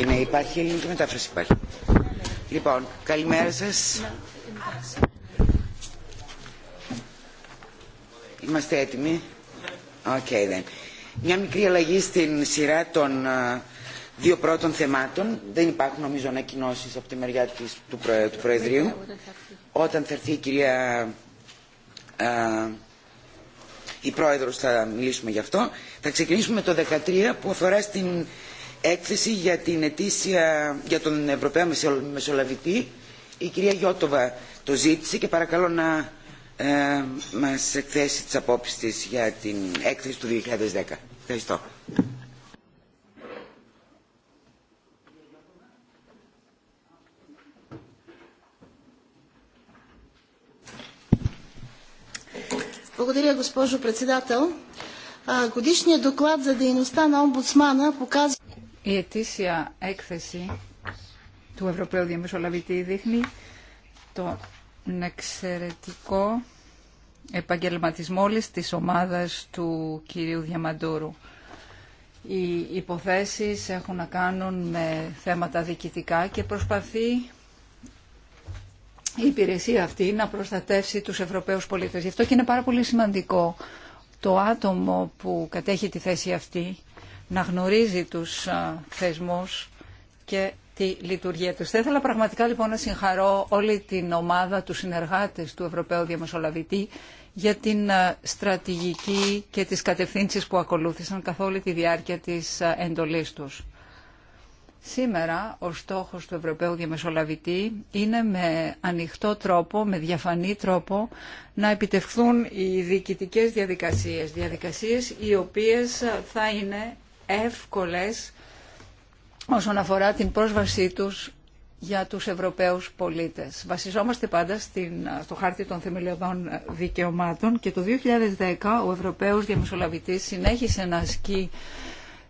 Είναι, υπάρχει ελληνική μετάφραση, υπάρχει. Λοιπόν, καλημέρα σας. Είμαστε έτοιμοι. Μια μικρή αλλαγή στην σειρά των δύο πρώτων θεμάτων. Δεν υπάρχουν, νομίζω, ανακοινώσει από τη μεριά της, του, του Προεδρείου. Όταν θα έρθει η κυρία... η πρόεδρος θα μιλήσουμε γι' αυτό. Θα ξεκινήσουμε με το 13 που αφορά στην έκθεση για, την ετήσια, για τον Ευρωπαίο Μεσολαβητή. Η κυρία Γιώτοβα το ζήτησε και παρακαλώ να ε, μας εκθέσει τις απόψεις της για την έκθεση του 2010. Ευχαριστώ. Благодаря, госпожо председател. Годишният доклад за дейността на омбудсмана показва... Η ετήσια έκθεση του Ευρωπαίου Διαμεσολαβητή δείχνει τον εξαιρετικό επαγγελματισμό όλης της ομάδας του κυρίου Διαμαντούρου. Οι υποθέσεις έχουν να κάνουν με θέματα διοικητικά και προσπαθεί η υπηρεσία αυτή να προστατεύσει τους Ευρωπαίους πολίτες. Γι' αυτό και είναι πάρα πολύ σημαντικό το άτομο που κατέχει τη θέση αυτή να γνωρίζει τους θεσμούς και τη λειτουργία τους. Θα ήθελα πραγματικά λοιπόν να συγχαρώ όλη την ομάδα, του συνεργάτες του Ευρωπαίου Διαμεσολαβητή για την στρατηγική και τις κατευθύνσεις που ακολούθησαν καθ' όλη τη διάρκεια της εντολής τους. Σήμερα ο στόχος του Ευρωπαίου Διαμεσολαβητή είναι με ανοιχτό τρόπο, με διαφανή τρόπο να επιτευχθούν οι διοικητικές διαδικασίες. Διαδικασίες οι οποίες θα είναι εύκολες όσον αφορά την πρόσβασή τους για τους Ευρωπαίους πολίτες. Βασιζόμαστε πάντα στην, στο χάρτη των θεμελιωδών δικαιωμάτων και το 2010 ο Ευρωπαίος Διαμεσολαβητής συνέχισε να ασκεί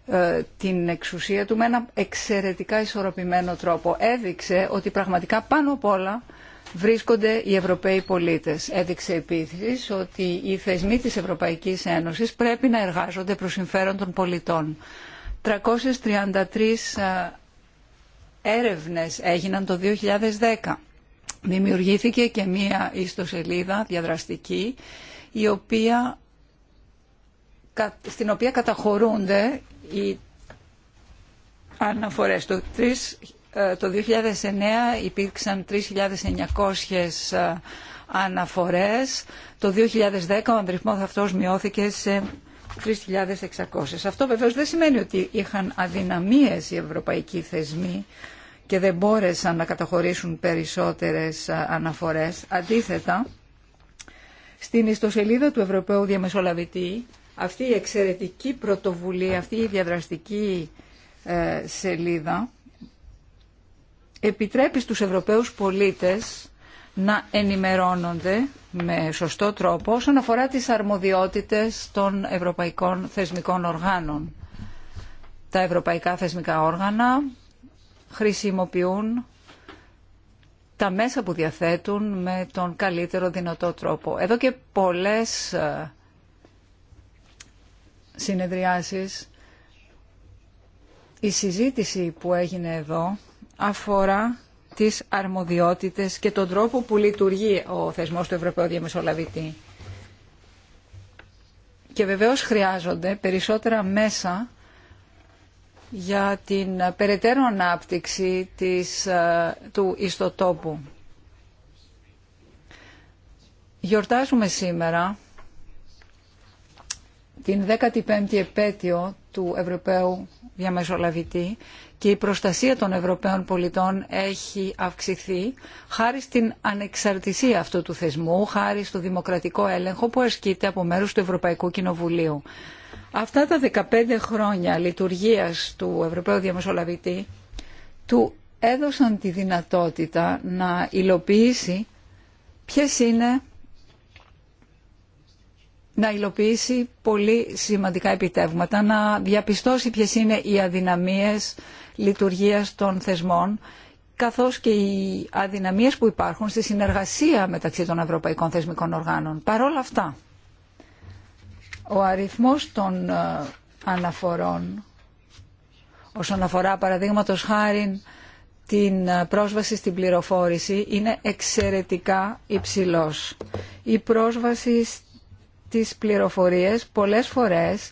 ε, την εξουσία του με ένα εξαιρετικά ισορροπημένο τρόπο. Έδειξε ότι πραγματικά πάνω απ' όλα βρίσκονται οι Ευρωπαίοι πολίτες. Έδειξε επίσης ότι οι θεσμοί της Ευρωπαϊκής Ένωσης πρέπει να εργάζονται προς συμφέρον των πολιτών. 333 ε, έρευνες έγιναν το 2010. Δημιουργήθηκε και μία ιστοσελίδα διαδραστική η οποία, στην οποία καταχωρούνται οι αναφορές. του ε, το 2009 υπήρξαν 3.900 ε, αναφορές. Το 2010 ο αριθμός αυτός μειώθηκε σε 3.600. Αυτό βεβαίως δεν σημαίνει ότι είχαν αδυναμίες οι ευρωπαϊκοί θεσμοί και δεν μπόρεσαν να καταχωρήσουν περισσότερες ε, αναφορές. Αντίθετα, στην ιστοσελίδα του Ευρωπαίου Διαμεσολαβητή αυτή η εξαιρετική πρωτοβουλία, αυτή η διαδραστική σελίδα επιτρέπει στους Ευρωπαίους πολίτες να ενημερώνονται με σωστό τρόπο όσον αφορά τις αρμοδιότητες των ευρωπαϊκών θεσμικών οργάνων. Τα ευρωπαϊκά θεσμικά όργανα χρησιμοποιούν τα μέσα που διαθέτουν με τον καλύτερο δυνατό τρόπο. Εδώ και πολλές ε, συνεδριάσεις η συζήτηση που έγινε εδώ αφορά τις αρμοδιότητες και τον τρόπο που λειτουργεί ο θεσμός του Ευρωπαίου Διαμεσολαβητή. Και βεβαίως χρειάζονται περισσότερα μέσα για την περαιτέρω ανάπτυξη της, ε, του ιστοτόπου. Γιορτάζουμε σήμερα την 15η επέτειο του Ευρωπαίου Διαμεσολαβητή και η προστασία των Ευρωπαίων πολιτών έχει αυξηθεί χάρη στην ανεξαρτησία αυτού του θεσμού, χάρη στο δημοκρατικό έλεγχο που ασκείται από μέρους του Ευρωπαϊκού Κοινοβουλίου. Αυτά τα 15 χρόνια λειτουργίας του Ευρωπαίου Διαμεσολαβητή του έδωσαν τη δυνατότητα να υλοποιήσει ποιες είναι να υλοποιήσει πολύ σημαντικά επιτεύγματα, να διαπιστώσει ποιες είναι οι αδυναμίες λειτουργίας των θεσμών καθώς και οι αδυναμίες που υπάρχουν στη συνεργασία μεταξύ των ευρωπαϊκών θεσμικών οργάνων. Παρόλα αυτά, ο αριθμός των ε, αναφορών όσον αφορά παραδείγματο χάρη την ε, πρόσβαση στην πληροφόρηση είναι εξαιρετικά υψηλός. Η πρόσβαση στις πληροφορίες πολλές φορές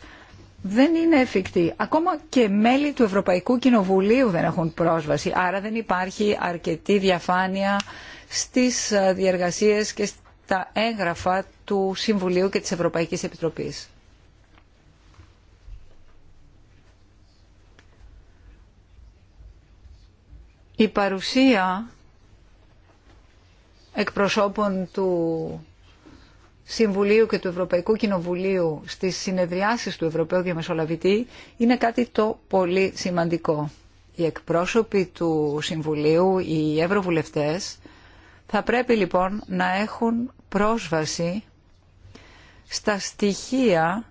δεν είναι εφικτή. Ακόμα και μέλη του Ευρωπαϊκού Κοινοβουλίου δεν έχουν πρόσβαση. Άρα δεν υπάρχει αρκετή διαφάνεια στις ε, διεργασίες και στα έγγραφα του Συμβουλίου και της Ευρωπαϊκής Επιτροπής. Η παρουσία εκπροσώπων του Συμβουλίου και του Ευρωπαϊκού Κοινοβουλίου στις συνεδριάσεις του Ευρωπαίου Διαμεσολαβητή είναι κάτι το πολύ σημαντικό. Οι εκπρόσωποι του Συμβουλίου, οι Ευρωβουλευτές, θα πρέπει λοιπόν να έχουν πρόσβαση στα στοιχεία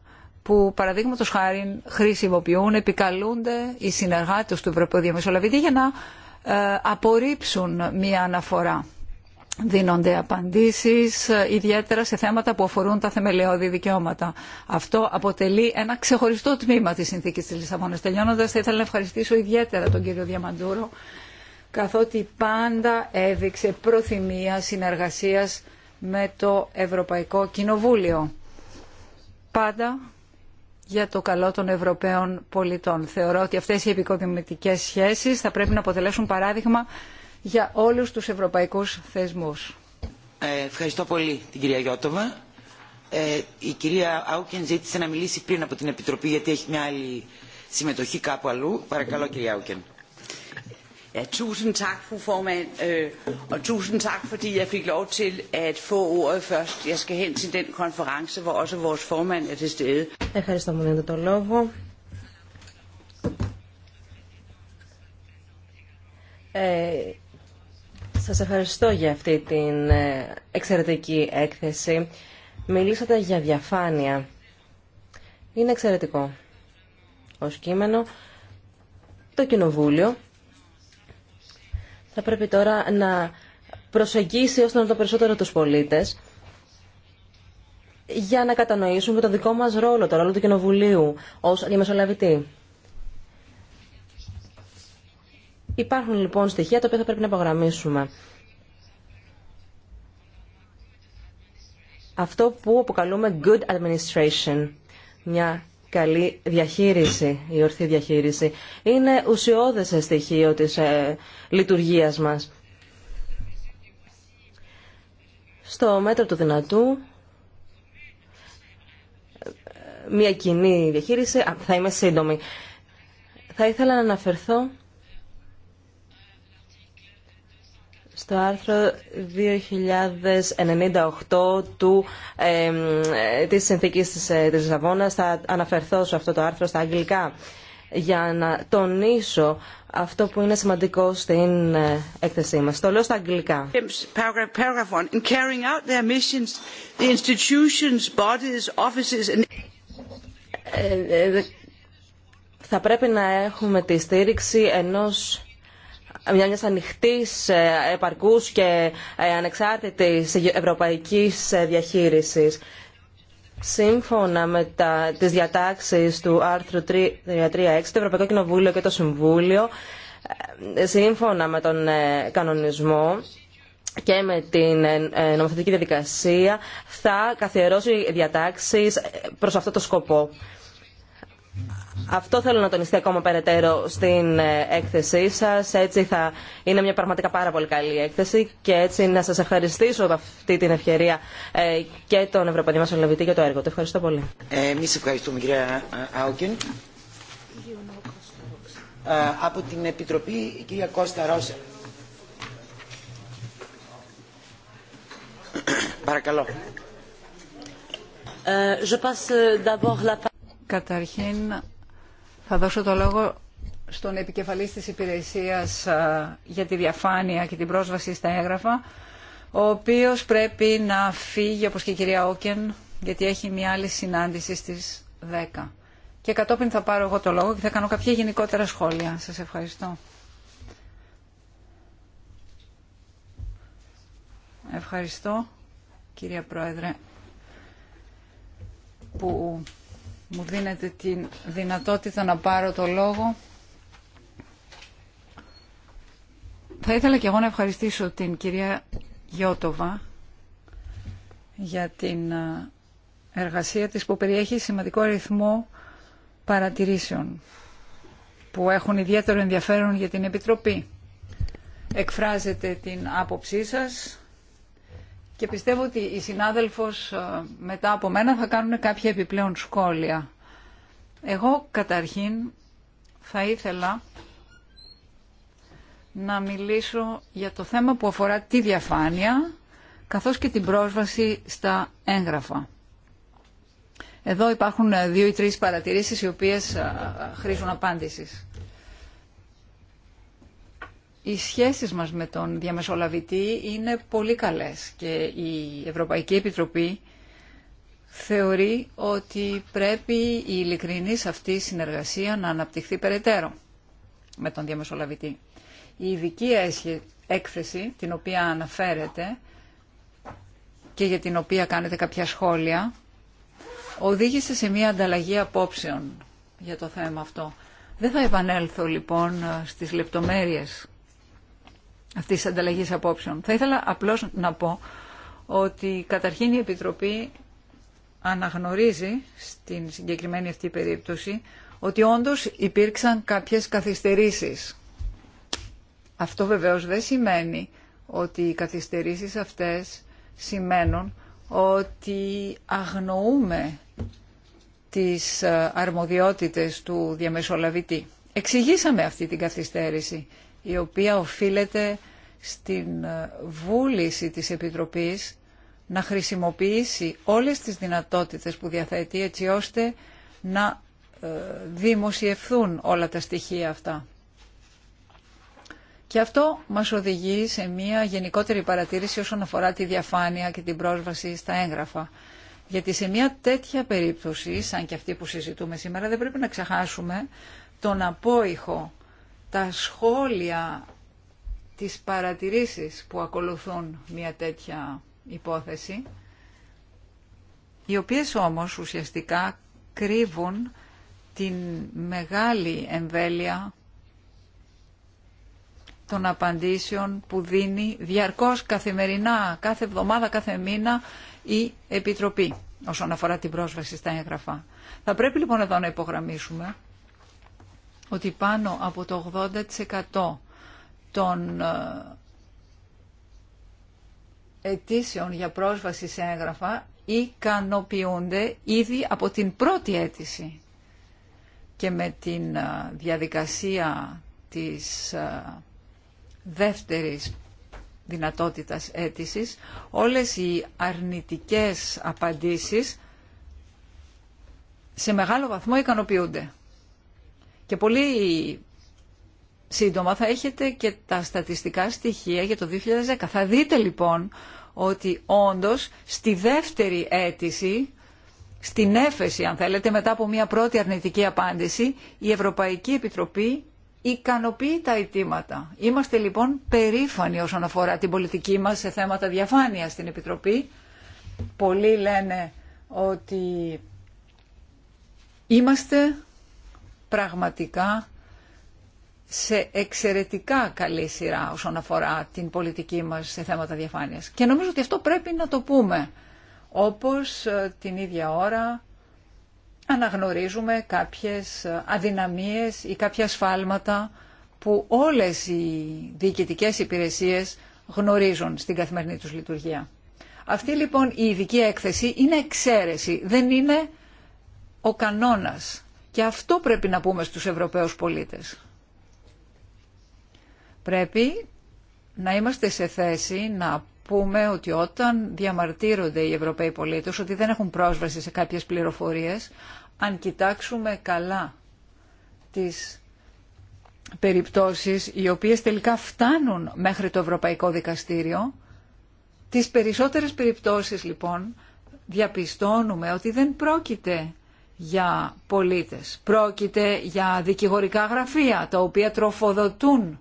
που παραδείγματο χάρη χρησιμοποιούν, επικαλούνται οι συνεργάτες του Ευρωπαίου Διαμεσολαβητή για να ε, απορρίψουν μία αναφορά δίνονται απαντήσεις ε, ιδιαίτερα σε θέματα που αφορούν τα θεμελιώδη δικαιώματα. Αυτό αποτελεί ένα ξεχωριστό τμήμα της συνθήκης της Λισαβόνας. Τελειώνοντας θα ήθελα να ευχαριστήσω ιδιαίτερα τον κύριο Διαμαντούρο καθότι πάντα έδειξε προθυμία συνεργασίας με το Ευρωπαϊκό Κοινοβούλιο. Πάντα για το καλό των Ευρωπαίων πολιτών. Θεωρώ ότι αυτές οι επικοδημητικές σχέσεις θα πρέπει να αποτελέσουν παράδειγμα για όλους τους ευρωπαϊκούς θεσμούς. Ε, ευχαριστώ πολύ την κυρία Γιώτοβα. Ε, η κυρία Άουκεν ζήτησε να μιλήσει πριν από την Επιτροπή γιατί έχει μια άλλη συμμετοχή κάπου αλλού. Παρακαλώ κυρία Άουκεν. Ja, tusind tak, fru formand, øh, og tusind tak, fordi jeg fik lov til at få ordet først. Jeg skal hen til den konference, hvor også vores formand er til stede. Ευχαριστώ που δίνετε το λόγο. Ε, σας ευχαριστώ για αυτή την ε, εξαιρετική έκθεση. Μιλήσατε για διαφάνεια. Είναι εξαιρετικό. Ως κείμενο, το Κοινοβούλιο θα πρέπει τώρα να προσεγγίσει ώστε να το περισσότερο τους πολίτες για να κατανοήσουν τον το δικό μας ρόλο, το ρόλο του Κοινοβουλίου ως διαμεσολαβητή. Υπάρχουν λοιπόν στοιχεία τα οποία θα πρέπει να απογραμμίσουμε. Αυτό που αποκαλούμε good administration, μια καλή διαχείριση, η ορθή διαχείριση, είναι ουσιώδες στοιχείο της ε, λειτουργίας μας. Στο μέτρο του δυνατού, ε, μια κοινή διαχείριση, θα είμαι σύντομη, θα ήθελα να αναφερθώ στο άρθρο 2098 του, ε, της συνθήκης της, ε, της θα αναφερθώ σε αυτό το άρθρο στα αγγλικά για να τονίσω αυτό που είναι σημαντικό στην ε, έκθεσή μας. Το λέω στα αγγλικά. θα πρέπει να έχουμε τη στήριξη ενός μια ανοιχτής, ε, επαρκούς και ε, ανεξάρτητης ευρωπαϊκής ε, διαχείρισης. Σύμφωνα με τα, τις διατάξεις του άρθρου 336, το Ευρωπαϊκό Κοινοβούλιο και το Συμβούλιο, σύμφωνα με τον κανονισμό και με την νομοθετική διαδικασία, θα καθιερώσει διατάξεις προς αυτό το σκοπό. Αυτό θέλω να τονιστεί ακόμα περαιτέρω στην ε, έκθεσή σας. Έτσι θα είναι μια πραγματικά πάρα πολύ καλή έκθεση και έτσι να σας ευχαριστήσω από αυτή την ευκαιρία ε, και τον Ευρωπαϊκό Μεσολαβητή για το έργο του. Ευχαριστώ πολύ. Ε, Εμεί ευχαριστούμε κυρία ε, Άουκεν. από την Επιτροπή η κυρία Κώστα Ρώσα. Παρακαλώ. Ε, je passe d'abord la... Καταρχήν θα δώσω το λόγο στον επικεφαλής της υπηρεσίας για τη διαφάνεια και την πρόσβαση στα έγγραφα, ο οποίος πρέπει να φύγει, όπως και η κυρία Όκεν, γιατί έχει μια άλλη συνάντηση στις 10. Και κατόπιν θα πάρω εγώ το λόγο και θα κάνω κάποια γενικότερα σχόλια. Σας ευχαριστώ. Ευχαριστώ, κυρία Πρόεδρε, που μου δίνετε τη δυνατότητα να πάρω το λόγο. Θα ήθελα και εγώ να ευχαριστήσω την κυρία Γιώτοβα για την ε, εργασία της που περιέχει σημαντικό αριθμό παρατηρήσεων που έχουν ιδιαίτερο ενδιαφέρον για την Επιτροπή. Εκφράζετε την άποψή σας και πιστεύω ότι οι συνάδελφοι ε, μετά από μένα θα κάνουν κάποια επιπλέον σχόλια. Εγώ καταρχήν θα ήθελα να μιλήσω για το θέμα που αφορά τη διαφάνεια καθώς και την πρόσβαση στα έγγραφα. Εδώ υπάρχουν ε, δύο ή τρεις παρατηρήσεις οι οποίες ε, χρήσουν απάντησης οι σχέσεις μας με τον διαμεσολαβητή είναι πολύ καλές και η Ευρωπαϊκή Επιτροπή θεωρεί ότι πρέπει η ειλικρινή αυτή συνεργασία να αναπτυχθεί περαιτέρω με τον διαμεσολαβητή. Η ειδική έκθεση την οποία αναφέρετε και για την οποία κάνετε κάποια σχόλια οδήγησε σε μια ανταλλαγή απόψεων για το θέμα αυτό. Δεν θα επανέλθω λοιπόν στις λεπτομέρειες αυτή τη ανταλλαγή απόψεων. Θα ήθελα απλώς να πω ότι καταρχήν η Επιτροπή αναγνωρίζει στην συγκεκριμένη αυτή περίπτωση ότι όντως υπήρξαν κάποιες καθυστερήσεις. Αυτό βεβαίως δεν σημαίνει ότι οι καθυστερήσεις αυτές σημαίνουν ότι αγνοούμε τις ε, αρμοδιότητες του διαμεσολαβητή. Εξηγήσαμε αυτή την καθυστέρηση η οποία οφείλεται στην ε, βούληση της Επιτροπής να χρησιμοποιήσει όλες τις δυνατότητες που διαθέτει έτσι ώστε να ε, δημοσιευθούν όλα τα στοιχεία αυτά. Και αυτό μας οδηγεί σε μια γενικότερη παρατήρηση όσον αφορά τη διαφάνεια και την πρόσβαση στα έγγραφα. Γιατί σε μια τέτοια περίπτωση, σαν και αυτή που συζητούμε σήμερα, δεν πρέπει να ξεχάσουμε τον απόϊχο τα σχόλια, της παρατηρήσεις που ακολουθούν μια τέτοια υπόθεση, οι οποίες όμως ουσιαστικά κρύβουν την μεγάλη εμβέλεια των απαντήσεων που δίνει διαρκώς καθημερινά, κάθε εβδομάδα, κάθε μήνα η Επιτροπή όσον αφορά την πρόσβαση στα έγγραφα. Θα πρέπει λοιπόν εδώ να υπογραμμίσουμε ότι πάνω από το 80% των ε, αιτήσεων για πρόσβαση σε έγγραφα ικανοποιούνται ήδη από την πρώτη αίτηση. Και με την ε, διαδικασία της ε, δεύτερης δυνατότητας αίτησης, όλες οι αρνητικές απαντήσεις σε μεγάλο βαθμό ικανοποιούνται. Και πολύ σύντομα θα έχετε και τα στατιστικά στοιχεία για το 2010. Θα δείτε λοιπόν ότι όντως στη δεύτερη αίτηση, στην έφεση αν θέλετε, μετά από μια πρώτη αρνητική απάντηση, η Ευρωπαϊκή Επιτροπή ικανοποιεί τα αιτήματα. Είμαστε λοιπόν περήφανοι όσον αφορά την πολιτική μας σε θέματα διαφάνειας στην Επιτροπή. Πολλοί λένε ότι είμαστε πραγματικά σε εξαιρετικά καλή σειρά όσον αφορά την πολιτική μας σε θέματα διαφάνειας. Και νομίζω ότι αυτό πρέπει να το πούμε. Όπως ε, την ίδια ώρα αναγνωρίζουμε κάποιες ε, αδυναμίες ή κάποια σφάλματα που όλες οι διοικητικές υπηρεσίες γνωρίζουν στην καθημερινή τους λειτουργία. Αυτή λοιπόν η ειδική έκθεση είναι εξαίρεση, δεν είναι ο κανόνας και αυτό πρέπει να πούμε στους Ευρωπαίους πολίτες. Πρέπει να είμαστε σε θέση να πούμε ότι όταν διαμαρτύρονται οι Ευρωπαίοι πολίτες ότι δεν έχουν πρόσβαση σε κάποιες πληροφορίες, αν κοιτάξουμε καλά τις περιπτώσεις οι οποίες τελικά φτάνουν μέχρι το Ευρωπαϊκό Δικαστήριο, τις περισσότερες περιπτώσεις λοιπόν διαπιστώνουμε ότι δεν πρόκειται για πολίτες. Πρόκειται για δικηγορικά γραφεία τα οποία τροφοδοτούν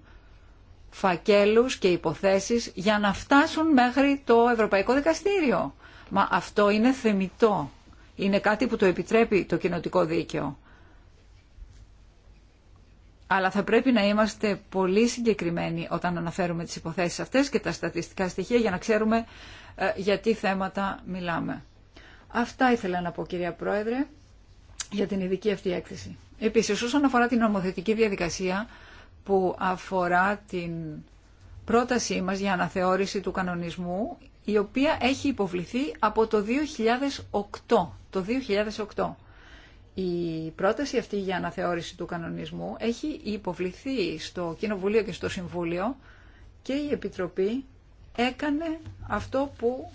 φακέλους και υποθέσεις για να φτάσουν μέχρι το Ευρωπαϊκό Δικαστήριο. Μα αυτό είναι θεμητό. Είναι κάτι που το επιτρέπει το κοινοτικό δίκαιο. Αλλά θα πρέπει να είμαστε πολύ συγκεκριμένοι όταν αναφέρουμε τις υποθέσεις αυτές και τα στατιστικά στοιχεία για να ξέρουμε ε, για τι θέματα μιλάμε. Αυτά ήθελα να πω κυρία Πρόεδρε για την ειδική αυτή έκθεση. Επίσης, όσον αφορά την νομοθετική διαδικασία που αφορά την πρότασή μας για αναθεώρηση του κανονισμού, η οποία έχει υποβληθεί από το 2008. Το 2008. Η πρόταση αυτή για αναθεώρηση του κανονισμού έχει υποβληθεί στο Κοινοβουλίο και στο Συμβούλιο και η Επιτροπή έκανε αυτό που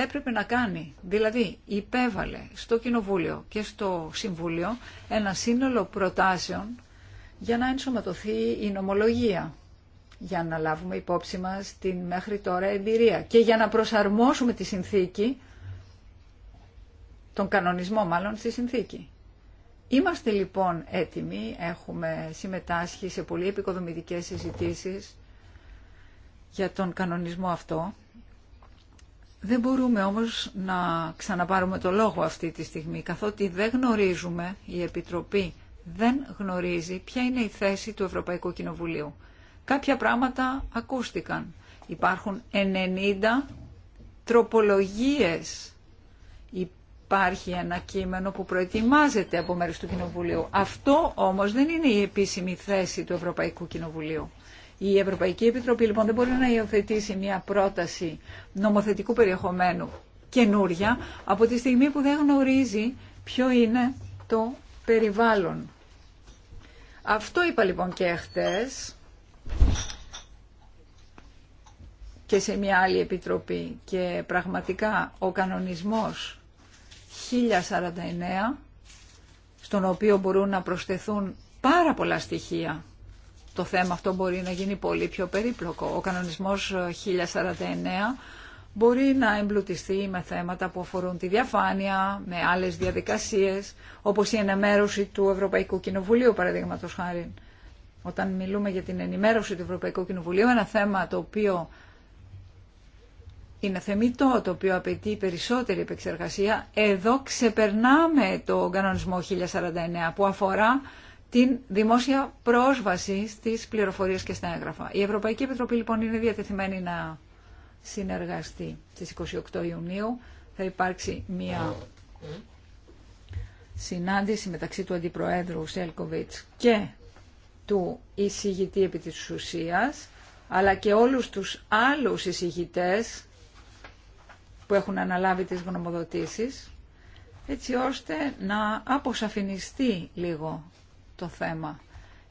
έπρεπε να κάνει. Δηλαδή υπέβαλε στο Κοινοβούλιο και στο Συμβούλιο ένα σύνολο προτάσεων για να ενσωματωθεί η νομολογία, για να λάβουμε υπόψη μας την μέχρι τώρα εμπειρία και για να προσαρμόσουμε τη συνθήκη, τον κανονισμό μάλλον στη συνθήκη. Είμαστε λοιπόν έτοιμοι, έχουμε συμμετάσχει σε πολύ επικοδομητικές συζητήσεις για τον κανονισμό αυτό δεν μπορούμε όμως να ξαναπάρουμε το λόγο αυτή τη στιγμή, καθότι δεν γνωρίζουμε, η Επιτροπή δεν γνωρίζει ποια είναι η θέση του Ευρωπαϊκού Κοινοβουλίου. Κάποια πράγματα ακούστηκαν. Υπάρχουν 90 τροπολογίες. Υπάρχει ένα κείμενο που προετοιμάζεται από μέρους του Κοινοβουλίου. Αυτό όμως δεν είναι η επίσημη θέση του Ευρωπαϊκού Κοινοβουλίου. Η Ευρωπαϊκή Επιτροπή λοιπόν δεν μπορεί να υιοθετήσει μια πρόταση νομοθετικού περιεχομένου καινούρια από τη στιγμή που δεν γνωρίζει ποιο είναι το περιβάλλον. Αυτό είπα λοιπόν και χτες και σε μια άλλη επιτροπή και πραγματικά ο κανονισμός 1049 στον οποίο μπορούν να προσθεθούν πάρα πολλά στοιχεία το θέμα αυτό μπορεί να γίνει πολύ πιο περίπλοκο. Ο κανονισμός 1049 μπορεί να εμπλουτιστεί με θέματα που αφορούν τη διαφάνεια, με άλλες διαδικασίες, όπως η ενημέρωση του Ευρωπαϊκού Κοινοβουλίου, παραδείγματο χάρη. Όταν μιλούμε για την ενημέρωση του Ευρωπαϊκού Κοινοβουλίου, ένα θέμα το οποίο είναι θεμητό, το οποίο απαιτεί περισσότερη επεξεργασία, εδώ ξεπερνάμε το κανονισμό 1049 που αφορά την δημόσια πρόσβαση στις πληροφορίες και στα έγγραφα. Η Ευρωπαϊκή Επιτροπή λοιπόν είναι διατεθειμένη να συνεργαστεί. Στις 28 Ιουνίου θα υπάρξει μία συνάντηση μεταξύ του Αντιπροέδρου Σέλκοβιτς και του εισηγητή επί της ουσίας, αλλά και όλους τους άλλους εισηγητές που έχουν αναλάβει τις γνωμοδοτήσεις, έτσι ώστε να αποσαφινιστεί λίγο το θέμα.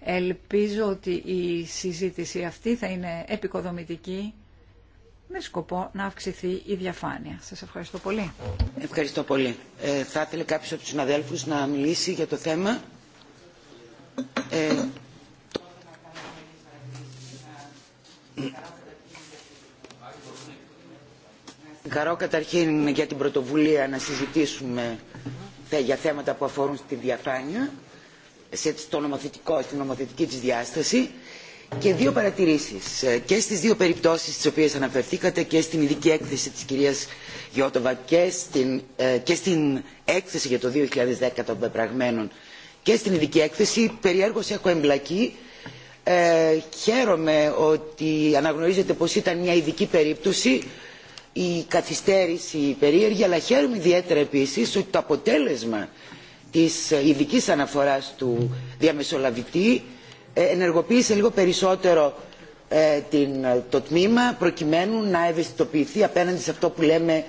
Ελπίζω ότι η συζήτηση αυτή θα είναι επικοδομητική με σκοπό να αυξηθεί η διαφάνεια. Σας ευχαριστώ πολύ. Ευχαριστώ πολύ. Ε, θα ήθελε κάποιος από τους συναδέλφους να μιλήσει για το θέμα. Ε, Καρό καταρχήν για την πρωτοβουλία να συζητήσουμε για θέματα που αφορούν στη διαφάνεια στο νομοθετικό, στην νομοθετική της διάσταση και δύο παρατηρήσεις ε, και στις δύο περιπτώσεις τις οποίες αναφερθήκατε και στην ειδική έκθεση της κυρίας Γιώτοβα και στην, ε, έκθεση για το 2010 των πεπραγμένων και στην ειδική έκθεση περιέργως έχω εμπλακεί ε, χαίρομαι ότι αναγνωρίζετε πως ήταν μια ειδική περίπτωση η καθυστέρηση η περίεργη αλλά χαίρομαι ιδιαίτερα επίσης ότι το αποτέλεσμα της ειδικής αναφοράς του διαμεσολαβητή ε, ενεργοποίησε λίγο περισσότερο ε, ε, το τμήμα προκειμένου να ευαισθητοποιηθεί απέναντι σε αυτό που λέμε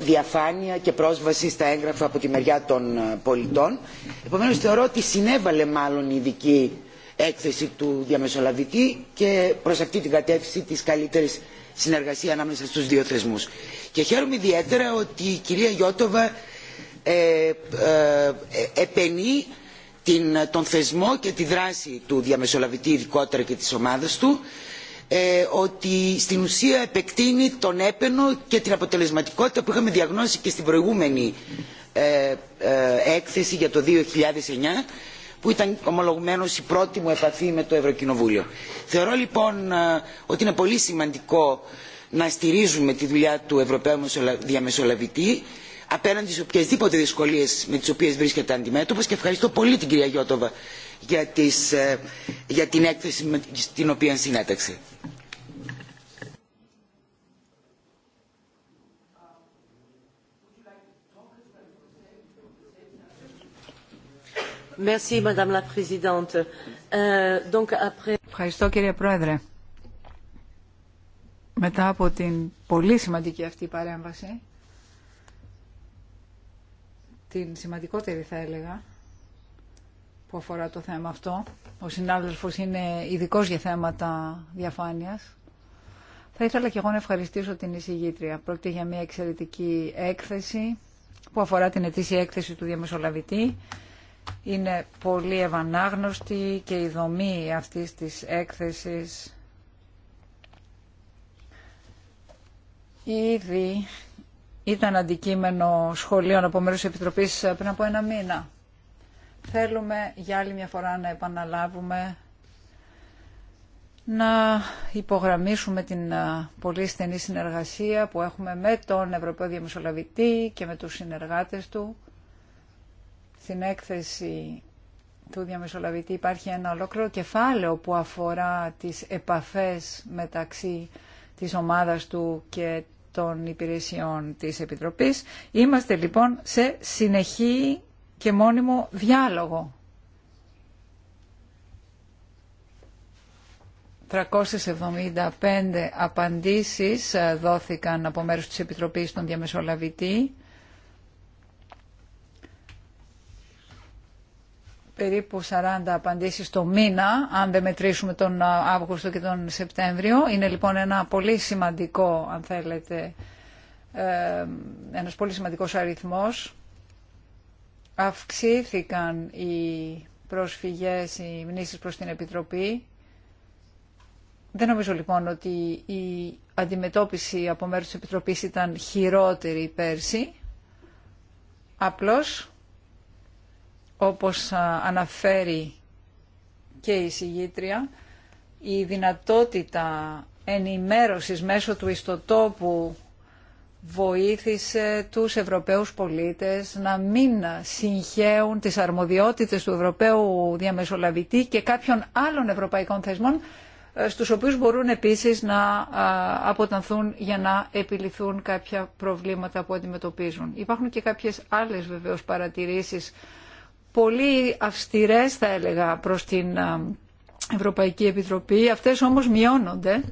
διαφάνεια και πρόσβαση στα έγγραφα από τη μεριά των πολιτών. Επομένως θεωρώ ότι συνέβαλε μάλλον η ειδική έκθεση του διαμεσολαβητή και προς αυτή την κατεύθυνση της καλύτερης συνεργασίας ανάμεσα στους δύο θεσμούς. Και χαίρομαι ιδιαίτερα ότι η κυρία Γιώτοβα ε, ε, επενεί τον θεσμό και τη δράση του διαμεσολαβητή ειδικότερα και της ομάδας του ε, ότι στην ουσία επεκτείνει τον έπαινο και την αποτελεσματικότητα που είχαμε διαγνώσει και στην προηγούμενη έκθεση για το 2009 που ήταν ομολογουμένως η πρώτη μου επαφή με το Ευρωκοινοβούλιο. Θεωρώ λοιπόν ότι είναι πολύ σημαντικό να στηρίζουμε τη δουλειά του Ευρωπαίου Διαμεσολαβητή απέναντι σε οποιασδήποτε δυσκολίες με τις οποίες βρίσκεται αντιμέτωπος και ευχαριστώ πολύ την κυρία Γιώτοβα για, ε, την έκθεση με την οποία συνέταξε. Euh, ευχαριστώ κύριε Πρόεδρε. Μετά από την πολύ σημαντική αυτή παρέμβαση την σημαντικότερη θα έλεγα που αφορά το θέμα αυτό. Ο συνάδελφος είναι ειδικό για θέματα διαφάνειας. Θα ήθελα και εγώ να ευχαριστήσω την εισηγήτρια. Πρόκειται για μια εξαιρετική έκθεση που αφορά την ετήσια έκθεση του διαμεσολαβητή. Είναι πολύ ευανάγνωστη και η δομή αυτής της έκθεσης ήδη ήταν αντικείμενο σχολείων από μέρους της Επιτροπής πριν από ένα μήνα. Θέλουμε για άλλη μια φορά να επαναλάβουμε να υπογραμμίσουμε την πολύ στενή συνεργασία που έχουμε με τον Ευρωπαίο Διαμεσολαβητή και με τους συνεργάτες του. Στην έκθεση του Διαμεσολαβητή υπάρχει ένα ολόκληρο κεφάλαιο που αφορά τις επαφές μεταξύ της ομάδας του και των υπηρεσιών της Επιτροπής. Είμαστε λοιπόν σε συνεχή και μόνιμο διάλογο. 375 απαντήσεις ε, δόθηκαν από μέρους της Επιτροπής των διαμεσολαβητή. περίπου 40 απαντήσεις το μήνα, αν δεν μετρήσουμε τον Αύγουστο και τον Σεπτέμβριο. Είναι λοιπόν ένα πολύ σημαντικό, αν θέλετε, ε, ένας πολύ σημαντικός αριθμός. Αυξήθηκαν οι προσφυγές, οι μνήσεις προς την Επιτροπή. Δεν νομίζω λοιπόν ότι η αντιμετώπιση από μέρους της Επιτροπής ήταν χειρότερη πέρσι. Απλώς όπως αναφέρει και η συγγήτρια, η δυνατότητα ενημέρωσης μέσω του ιστοτόπου βοήθησε τους Ευρωπαίους πολίτες να μην συγχέουν τις αρμοδιότητες του Ευρωπαίου διαμεσολαβητή και κάποιων άλλων ευρωπαϊκών θεσμών ε, στους οποίους μπορούν επίσης να αποτανθούν για να επιληθούν κάποια προβλήματα που αντιμετωπίζουν. Υπάρχουν και κάποιες άλλες βεβαίως παρατηρήσεις πολύ αυστηρές θα έλεγα προς την Ευρωπαϊκή Επιτροπή. Αυτές όμως μειώνονται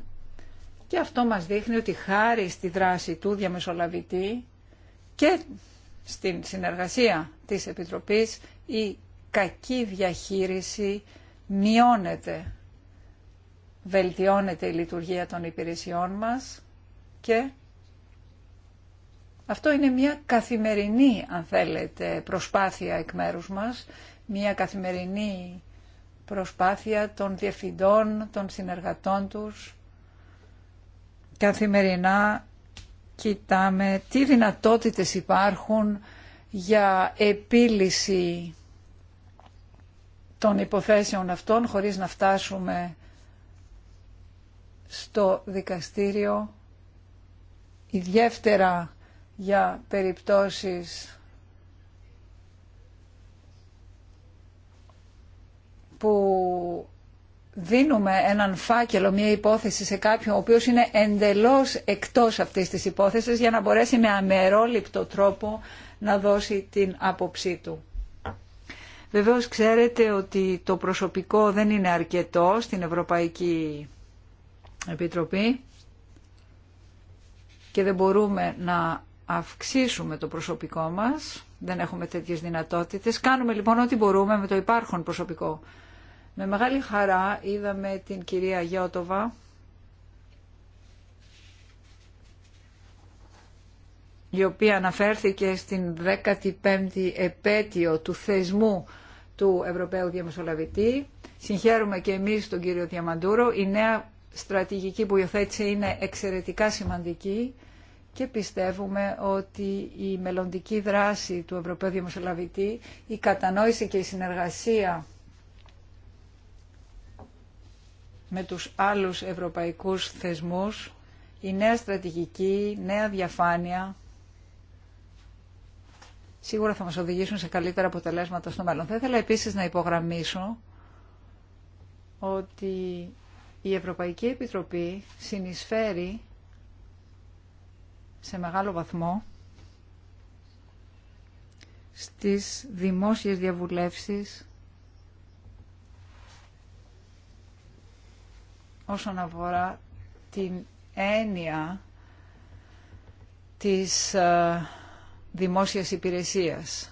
και αυτό μας δείχνει ότι χάρη στη δράση του διαμεσολαβητή και στην συνεργασία της Επιτροπής η κακή διαχείριση μειώνεται. Βελτιώνεται η λειτουργία των υπηρεσιών μας και αυτό είναι μια καθημερινή, αν θέλετε, προσπάθεια εκ μέρους μας, μια καθημερινή προσπάθεια των διευθυντών, των συνεργατών τους. Καθημερινά κοιτάμε τι δυνατότητες υπάρχουν για επίλυση των υποθέσεων αυτών χωρίς να φτάσουμε στο δικαστήριο Η ιδιαίτερα για περιπτώσεις που δίνουμε έναν φάκελο, μια υπόθεση σε κάποιον ο οποίος είναι εντελώς εκτός αυτής της υπόθεσης για να μπορέσει με αμερόληπτο τρόπο να δώσει την άποψή του. Βεβαίως ξέρετε ότι το προσωπικό δεν είναι αρκετό στην Ευρωπαϊκή Επιτροπή και δεν μπορούμε να αυξήσουμε το προσωπικό μας. Δεν έχουμε τέτοιες δυνατότητες. Κάνουμε λοιπόν ό,τι μπορούμε με το υπάρχον προσωπικό. Με μεγάλη χαρά είδαμε την κυρία Γιώτοβα η οποία αναφέρθηκε στην 15η επέτειο του θεσμού του Ευρωπαίου Διαμεσολαβητή. Συγχαίρουμε και εμείς τον κύριο Διαμαντούρο. Η νέα στρατηγική που υιοθέτησε είναι εξαιρετικά σημαντική και πιστεύουμε ότι η μελλοντική δράση του Ευρωπαίου Διαμεσολαβητή, η κατανόηση και η συνεργασία με τους άλλους ευρωπαϊκούς θεσμούς, η νέα στρατηγική, η νέα διαφάνεια, σίγουρα θα μας οδηγήσουν σε καλύτερα αποτελέσματα στο μέλλον. Θα ήθελα επίσης να υπογραμμίσω ότι η Ευρωπαϊκή Επιτροπή συνεισφέρει σε μεγάλο βαθμό στις δημόσιες διαβουλεύσεις όσον αφορά την έννοια της ε, δημόσιας υπηρεσίας.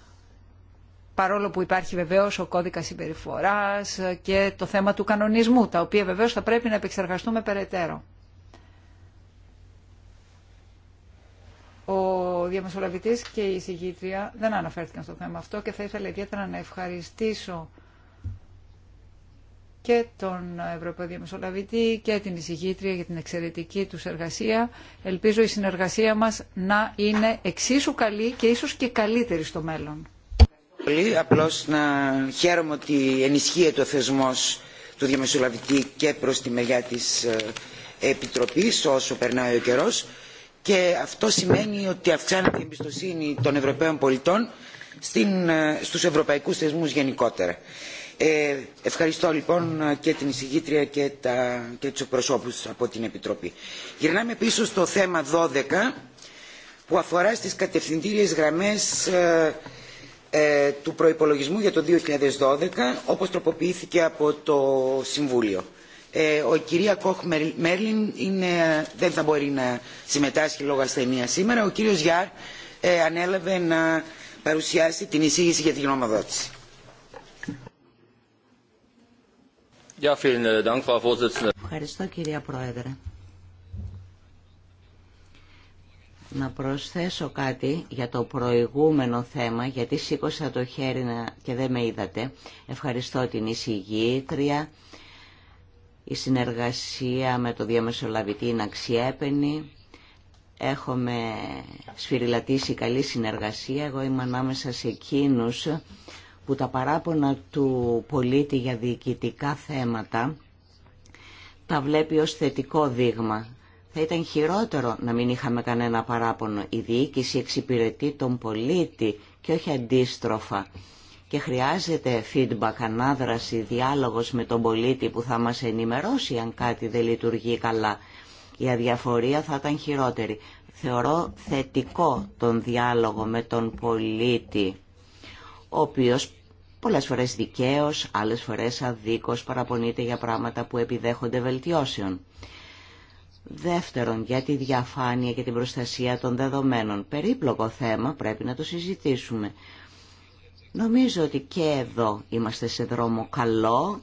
Παρόλο που υπάρχει βεβαίως ο κώδικας συμπεριφοράς και το θέμα του κανονισμού, τα οποία βεβαίως θα πρέπει να επεξεργαστούμε περαιτέρω. ο διαμεσολαβητής και η εισηγήτρια δεν αναφέρθηκαν στο θέμα αυτό και θα ήθελα ιδιαίτερα να ευχαριστήσω και τον Ευρωπαϊκό Διαμεσολαβητή και την εισηγήτρια για την εξαιρετική τους εργασία. Ελπίζω η συνεργασία μας να είναι εξίσου καλή και ίσως και καλύτερη στο μέλλον. Πολύ απλώς να χαίρομαι ότι ενισχύεται ο θεσμός του Διαμεσολαβητή και προς τη μεριά της ε, Επιτροπής όσο περνάει ο καιρό και αυτό σημαίνει ότι αυξάνεται η εμπιστοσύνη των Ευρωπαίων πολιτών στην, ε, στους ευρωπαϊκούς θεσμούς γενικότερα. Ε, ευχαριστώ λοιπόν και την εισηγήτρια και, τα, τους εκπροσώπους από την Επιτροπή. Γυρνάμε πίσω στο θέμα 12 που αφορά στις κατευθυντήριες γραμμές ε, του προϋπολογισμού για το 2012 όπως τροποποιήθηκε από το Συμβούλιο ε, ο κυρία Κόχ Μέρλιν δεν θα μπορεί να συμμετάσχει λόγω ασθενείας σήμερα. Ο κύριος Γιάρ ε, ανέλαβε να παρουσιάσει την εισήγηση για την γνωμοδότηση. Äh, Ευχαριστώ κυρία Πρόεδρε. Να προσθέσω κάτι για το προηγούμενο θέμα, γιατί σήκωσα το χέρι και δεν με είδατε. Ευχαριστώ την εισηγήτρια η συνεργασία με το διαμεσολαβητή είναι αξιέπαινη. Έχουμε σφυριλατήσει καλή συνεργασία. Εγώ είμαι ανάμεσα σε εκείνους που τα παράπονα του πολίτη για διοικητικά θέματα τα βλέπει ως θετικό δείγμα. Θα ήταν χειρότερο να μην είχαμε κανένα παράπονο. Η διοίκηση εξυπηρετεί τον πολίτη και όχι αντίστροφα και χρειάζεται feedback, ανάδραση, διάλογος με τον πολίτη που θα μας ενημερώσει αν κάτι δεν λειτουργεί καλά. Η αδιαφορία θα ήταν χειρότερη. Θεωρώ θετικό τον διάλογο με τον πολίτη, ο οποίος πολλές φορές δικαίως, άλλες φορές αδίκως παραπονείται για πράγματα που επιδέχονται βελτιώσεων. Δεύτερον, για τη διαφάνεια και την προστασία των δεδομένων. Περίπλοκο θέμα πρέπει να το συζητήσουμε. Νομίζω ότι και εδώ είμαστε σε δρόμο καλό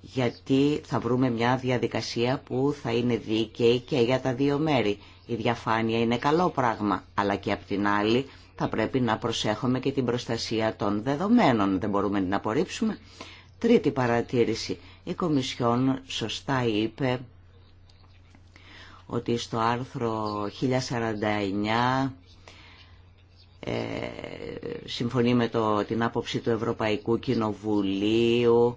γιατί θα βρούμε μια διαδικασία που θα είναι δίκαιη και για τα δύο μέρη. Η διαφάνεια είναι καλό πράγμα, αλλά και απ' την άλλη θα πρέπει να προσέχουμε και την προστασία των δεδομένων. Δεν μπορούμε να την απορρίψουμε. Τρίτη παρατήρηση. Η Κομισιόν σωστά είπε ότι στο άρθρο 1049 ε, συμφωνεί με το, την άποψη του Ευρωπαϊκού Κοινοβουλίου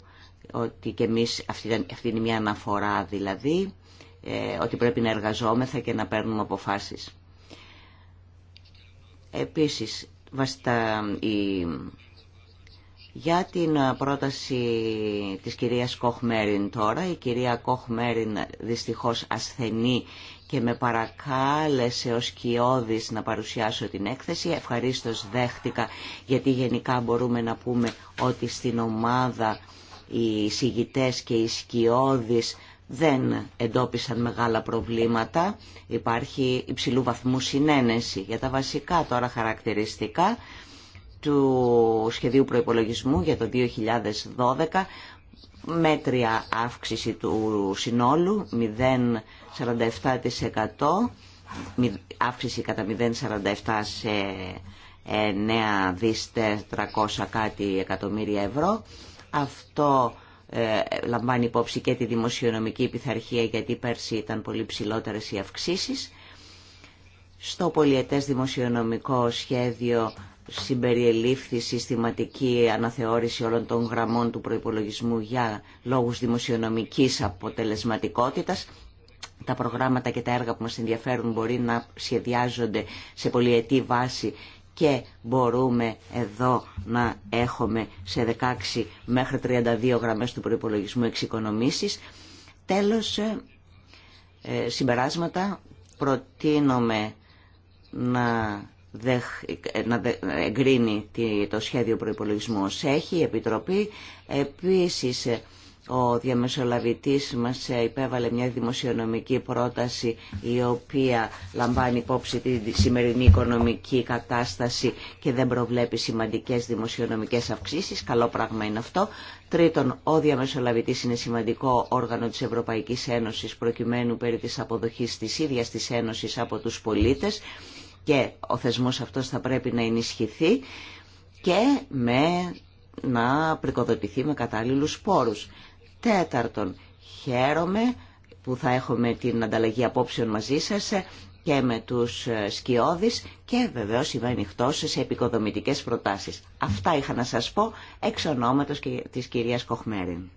ότι και εμείς, αυτή, αυτή είναι μια αναφορά δηλαδή, ε, ότι πρέπει να εργαζόμεθα και να παίρνουμε αποφάσεις. Επίσης, βαστα, η, για την πρόταση της κυρίας Κοχμέριν τώρα, η κυρία Κοχμέριν δυστυχώς ασθενεί και με παρακάλεσε ο Σκιώδης να παρουσιάσω την έκθεση. Ευχαρίστως δέχτηκα γιατί γενικά μπορούμε να πούμε ότι στην ομάδα οι συγητές και οι Σκιώδης δεν εντόπισαν μεγάλα προβλήματα. Υπάρχει υψηλού βαθμού συνένεση για τα βασικά τώρα χαρακτηριστικά του σχεδίου προϋπολογισμού για το 2012 μέτρια αύξηση του συνόλου 47% αύξηση κατά 0,47 σε 9 δίστε 400 κάτι εκατομμύρια ευρώ. Αυτό ε, λαμβάνει υπόψη και τη δημοσιονομική πειθαρχία γιατί πέρσι ήταν πολύ ψηλότερες οι αυξήσεις. Στο πολιετές δημοσιονομικό σχέδιο συμπεριελήφθη συστηματική αναθεώρηση όλων των γραμμών του προϋπολογισμού για λόγους δημοσιονομικής αποτελεσματικότητας τα προγράμματα και τα έργα που μας ενδιαφέρουν μπορεί να σχεδιάζονται σε πολυετή βάση και μπορούμε εδώ να έχουμε σε 16 μέχρι 32 γραμμές του προϋπολογισμού εξοικονομήσεις. Τέλος, ε, ε, συμπεράσματα Προτείνομαι να ε, να εγκρίνει το σχέδιο προϋπολογισμού ως έχει η Επιτροπή. Επίσης ο διαμεσολαβητής μας υπέβαλε μια δημοσιονομική πρόταση η οποία λαμβάνει υπόψη τη σημερινή οικονομική κατάσταση και δεν προβλέπει σημαντικές δημοσιονομικές αυξήσεις. Καλό πράγμα είναι αυτό. Τρίτον, ο διαμεσολαβητής είναι σημαντικό όργανο της Ευρωπαϊκής Ένωσης προκειμένου περί της αποδοχής της ίδιας της Ένωσης από τους πολίτες και ο θεσμός αυτός θα πρέπει να ενισχυθεί και με να πρικοδοτηθεί με κατάλληλους πόρους. Τέταρτον, χαίρομαι που θα έχουμε την ανταλλαγή απόψεων μαζί σας και με τους ε, σκιώδεις και βεβαίως είμαι ανοιχτό σε επικοδομητικές προτάσεις. Αυτά είχα να σας πω εξ ονόματος και της κυρίας Κοχμέριν.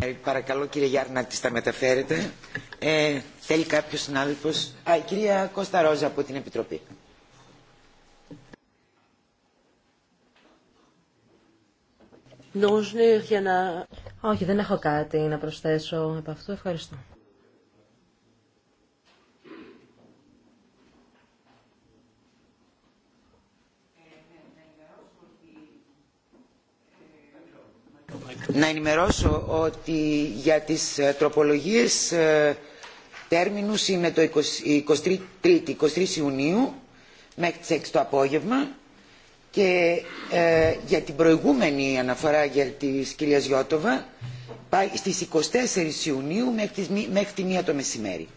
Ε, παρακαλώ κύριε Γιάννα να τα μεταφέρετε. Ε, θέλει κάποιος συνάδελφος. Α, η κυρία Κώστα Ρόζα από την Επιτροπή. Όχι, δεν έχω κάτι να προσθέσω από αυτού. Ευχαριστώ. Να ενημερώσω ότι για τις ε, τροπολογίες ε, τέρμινους είναι το 23, 23 Ιουνίου μέχρι τις 6 το απόγευμα και ε, για την προηγούμενη αναφορά για τη κυρία Γιώτοβα πάει στις 24 Ιουνίου μέχρι, μέχρι τη μία το μεσημέρι.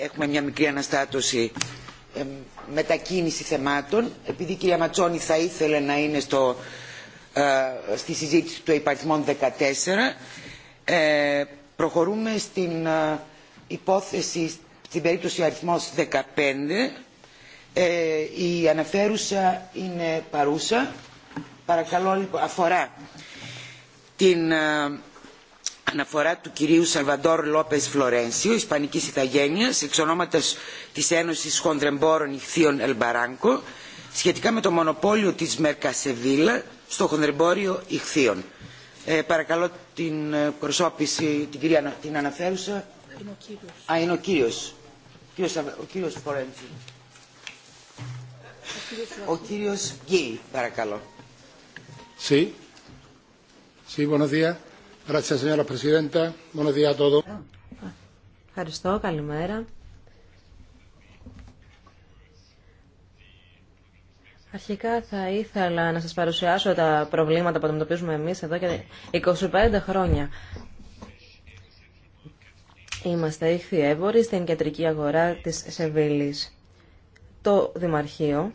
Έχουμε μια μικρή αναστάτωση ε, μετακίνηση θεμάτων. Επειδή η κυρία Ματσόνη θα ήθελε να είναι στο, ε, στη συζήτηση του υπαριθμών 14 ε, προχωρούμε στην ε, υπόθεση στην περίπτωση αριθμός 15 ε, η αναφέρουσα είναι παρούσα παρακαλώ λοιπόν, αφορά την αναφορά του κυρίου Σαλβαντόρ Λόπες Φλωρένσιο, Ισπανικής Ιθαγένειας, εξ ονόματος της Ένωσης Χονδρεμπόρων Ιχθείων Ελμπαράνκο, σχετικά με το μονοπόλιο της Μερκασεβίλα στο χονδρεμπόριο Ιχθείων. παρακαλώ την ε, προσώπηση, την κυρία την αναφέρουσα. Α, είναι ο κύριος. Ο κύριος, ο Φορέντζη. Ο κύριος παρακαλώ. Sí. Sí, Ευχαριστώ. Καλημέρα. Αρχικά θα ήθελα να σας παρουσιάσω τα προβλήματα που αντιμετωπίζουμε εμείς εδώ και 25 χρόνια. Είμαστε ήχθιεύοροι στην κεντρική αγορά της Σεβίλης. Το Δημαρχείο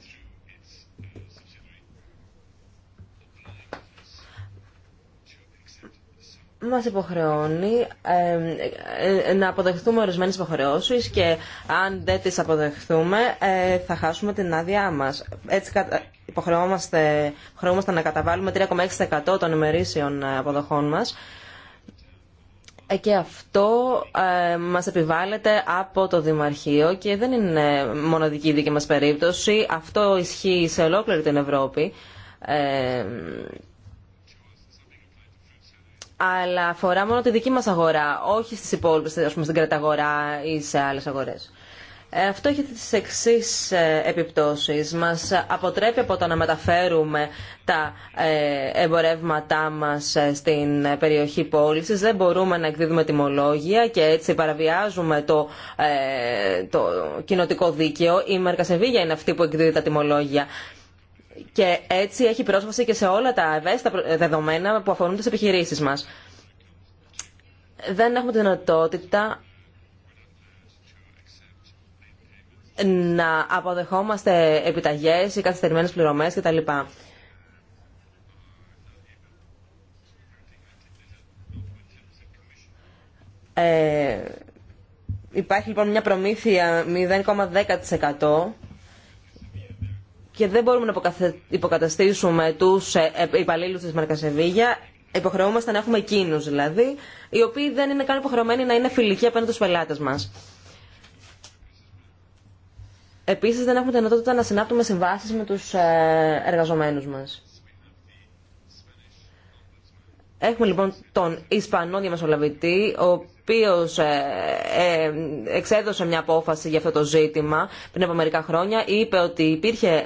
Μα υποχρεώνει ε, να αποδεχθούμε ορισμένες υποχρεώσει και αν δεν τις αποδεχθούμε ε, θα χάσουμε την άδειά μας. Έτσι ε, υποχρεώμαστε, υποχρεώμαστε να καταβάλουμε 3,6% των ημερήσεων αποδοχών μας και αυτό μας επιβάλλεται από το Δημαρχείο και δεν είναι μοναδική η δική μας περίπτωση. Αυτό ισχύει σε ολόκληρη την Ευρώπη αλλά αφορά μόνο τη δική μας αγορά, όχι στις υπόλοιπες, ας πούμε στην κρεταγορά ή σε άλλες αγορές. Ε, αυτό έχει τις εξής ε, επιπτώσεις. Μας αποτρέπει από το να μεταφέρουμε τα ε, εμπορεύματά μας στην περιοχή πώλησης. Δεν μπορούμε να εκδίδουμε τιμολόγια και έτσι παραβιάζουμε το, το κοινοτικό δίκαιο. Η Μερκασεβίγια είναι αυτή που εκδίδει τα τιμολόγια και έτσι έχει πρόσβαση και σε όλα τα ευαίσθητα ε, δεδομένα που αφορούν τις επιχειρήσεις μας. Δεν έχουμε τη δυνατότητα να αποδεχόμαστε επιταγές ή καθυστερημένες πληρωμές κτλ. Ε, υπάρχει λοιπόν μια προμήθεια 0,10% και δεν μπορούμε να υποκαταστήσουμε τους ε, ε, υπαλλήλους της Μαρκασεβίγια. Υποχρεούμαστε να έχουμε εκείνου δηλαδή, οι οποίοι δεν είναι καν υποχρεωμένοι να είναι φιλικοί απέναντι στους πελάτες μας. Επίσης δεν έχουμε την δυνατότητα να συνάπτουμε συμβάσεις με τους ε, εργαζομένους μας. Έχουμε λοιπόν τον Ισπανό διαμεσολαβητή, ο οποίο ε, ε, εξέδωσε μια απόφαση για αυτό το ζήτημα πριν από μερικά χρόνια, είπε ότι υπήρχε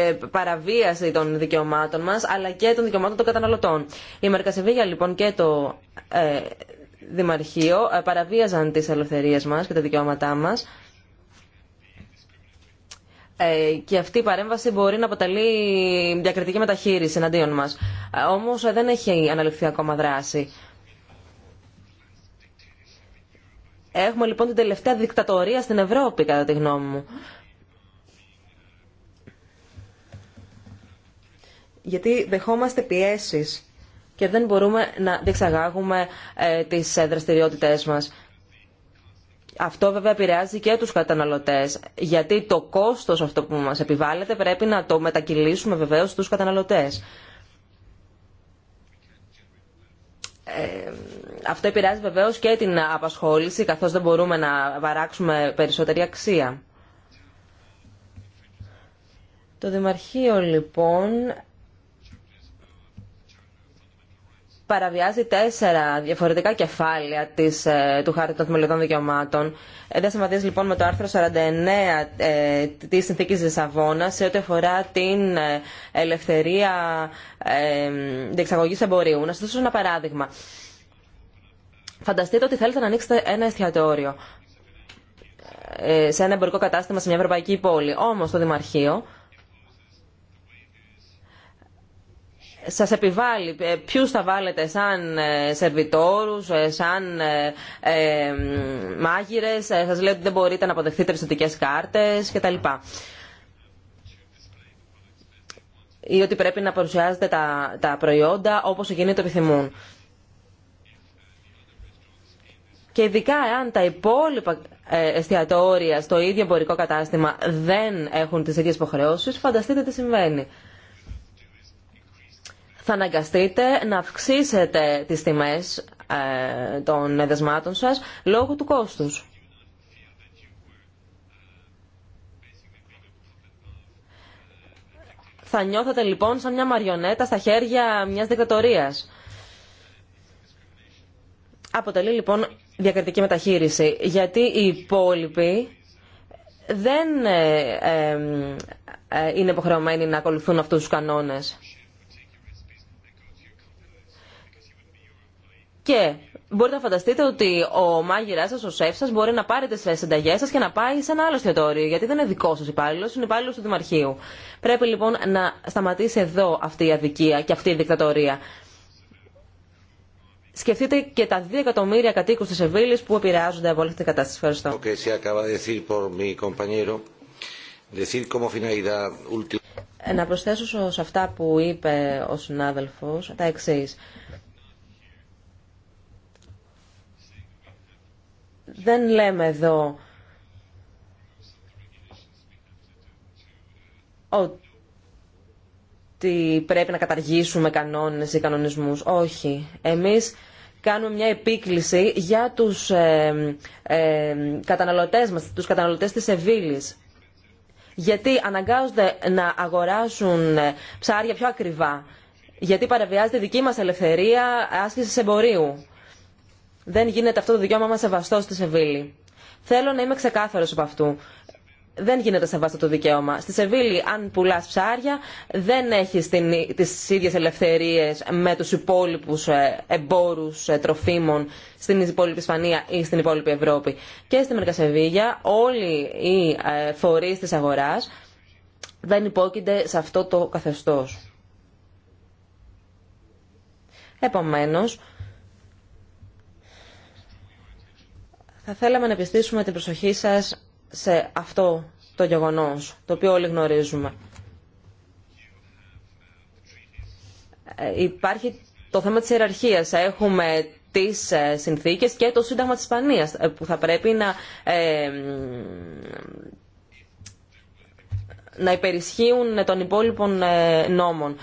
ε, παραβίαση των δικαιωμάτων μας αλλά και των δικαιωμάτων των καταναλωτών. Η μερικασεβίγια λοιπόν και το ε, Δημαρχείο παραβίαζαν τις ελευθερίες μας και τα δικαιώματά μας ε, και αυτή η παρέμβαση μπορεί να αποτελεί διακριτική μεταχείριση εναντίον μας. Ε, όμως δεν έχει αναλυφθεί ακόμα δράση. Έχουμε λοιπόν την τελευταία δικτατορία στην Ευρώπη, κατά τη γνώμη μου. Γιατί δεχόμαστε πιέσεις και δεν μπορούμε να διεξαγάγουμε ε, τις ε, δραστηριότητές μας. Αυτό βέβαια επηρεάζει και τους καταναλωτές, γιατί το κόστος αυτό που μας επιβάλλεται πρέπει να το μετακυλήσουμε βεβαίως στους καταναλωτές. Ε, αυτό επηρεάζει βεβαίω και την απασχόληση, καθώς δεν μπορούμε να βαράξουμε περισσότερη αξία. Το Δημαρχείο λοιπόν παραβιάζει τέσσερα διαφορετικά κεφάλαια της, ε, του Χάρτη των Θεμελιωδών Δικαιωμάτων. Ε, δεν συμμαθείς λοιπόν με το άρθρο 49 ε, της Συνθήκης σε ό,τι αφορά την ε, ελευθερία ε, διεξαγωγής εμπορίου. Να σας δώσω ένα παράδειγμα. Φανταστείτε ότι θέλετε να ανοίξετε ένα εστιατόριο σε ένα εμπορικό κατάστημα σε μια ευρωπαϊκή πόλη. Όμως το Δημαρχείο σας επιβάλλει ε, ποιους θα βάλετε σαν ε, σερβιτόρους, ε, σαν ε, μάγειρες, σας λέει ότι δεν μπορείτε να αποδεχθείτε ρευστοτικές κάρτες κτλ. Ή ότι πρέπει να παρουσιάζετε τα, τα προϊόντα όπως το επιθυμούν. Και ειδικά αν τα υπόλοιπα εστιατόρια στο ίδιο εμπορικό κατάστημα δεν έχουν τις ίδιες υποχρεώσεις, φανταστείτε τι συμβαίνει θα αναγκαστείτε να αυξήσετε τις τιμές ε, των δεσμάτων σας λόγω του κόστους. Θα νιώθετε λοιπόν σαν μια μαριονέτα στα χέρια μιας δικτατορίας. Αποτελεί λοιπόν διακριτική μεταχείριση, γιατί οι υπόλοιποι δεν ε, ε, είναι υποχρεωμένοι να ακολουθούν αυτούς τους κανόνες. Και μπορείτε να φανταστείτε ότι ο μάγειρά σα, ο σεφ σα, μπορεί να πάρει τι συνταγέ σα και να πάει σε ένα άλλο εστιατόριο, γιατί δεν είναι δικό σα υπάλληλο, είναι υπάλληλο του Δημαρχείου. Πρέπει λοιπόν να σταματήσει εδώ αυτή η αδικία και αυτή η δικτατορία. Σκεφτείτε και τα δύο εκατομμύρια κατοίκου τη Σεβίλη που επηρεάζονται από όλη αυτή την κατάσταση. Ευχαριστώ. Να προσθέσω σε αυτά που είπε ο συνάδελφος τα εξής. δεν λέμε εδώ ότι πρέπει να καταργήσουμε κανόνες ή κανονισμούς. Όχι. Εμείς κάνουμε μια επίκληση για τους ε, ε καταναλωτές μας, τους καταναλωτές της Ευήλης. Γιατί αναγκάζονται να αγοράσουν ψάρια πιο ακριβά. Γιατί παραβιάζεται δική μας ελευθερία άσκησης εμπορίου δεν γίνεται αυτό το δικαίωμά μας σεβαστό στη Σεβίλη. Θέλω να είμαι ξεκάθαρος από αυτού. Δεν γίνεται σεβαστό το δικαίωμα. Στη Σεβίλη, αν πουλά ψάρια, δεν έχει τι ίδιε ελευθερίε με του υπόλοιπου ε, εμπόρου ε, τροφίμων στην υπόλοιπη Ισπανία ή στην υπόλοιπη Ευρώπη. Και στη Μερκασεβίγια, όλοι οι ε, φορεί τη αγορά δεν υπόκεινται σε αυτό το καθεστώ. Επομένως, Θα θέλαμε να επιστήσουμε την προσοχή σας σε αυτό το γεγονός, το οποίο όλοι γνωρίζουμε. Ε, υπάρχει το θέμα της ιεραρχίας. Έχουμε τις ε, συνθήκες και το Σύνταγμα της Ισπανίας, ε, που θα πρέπει να, να υπερισχύουν των υπόλοιπων νόμων.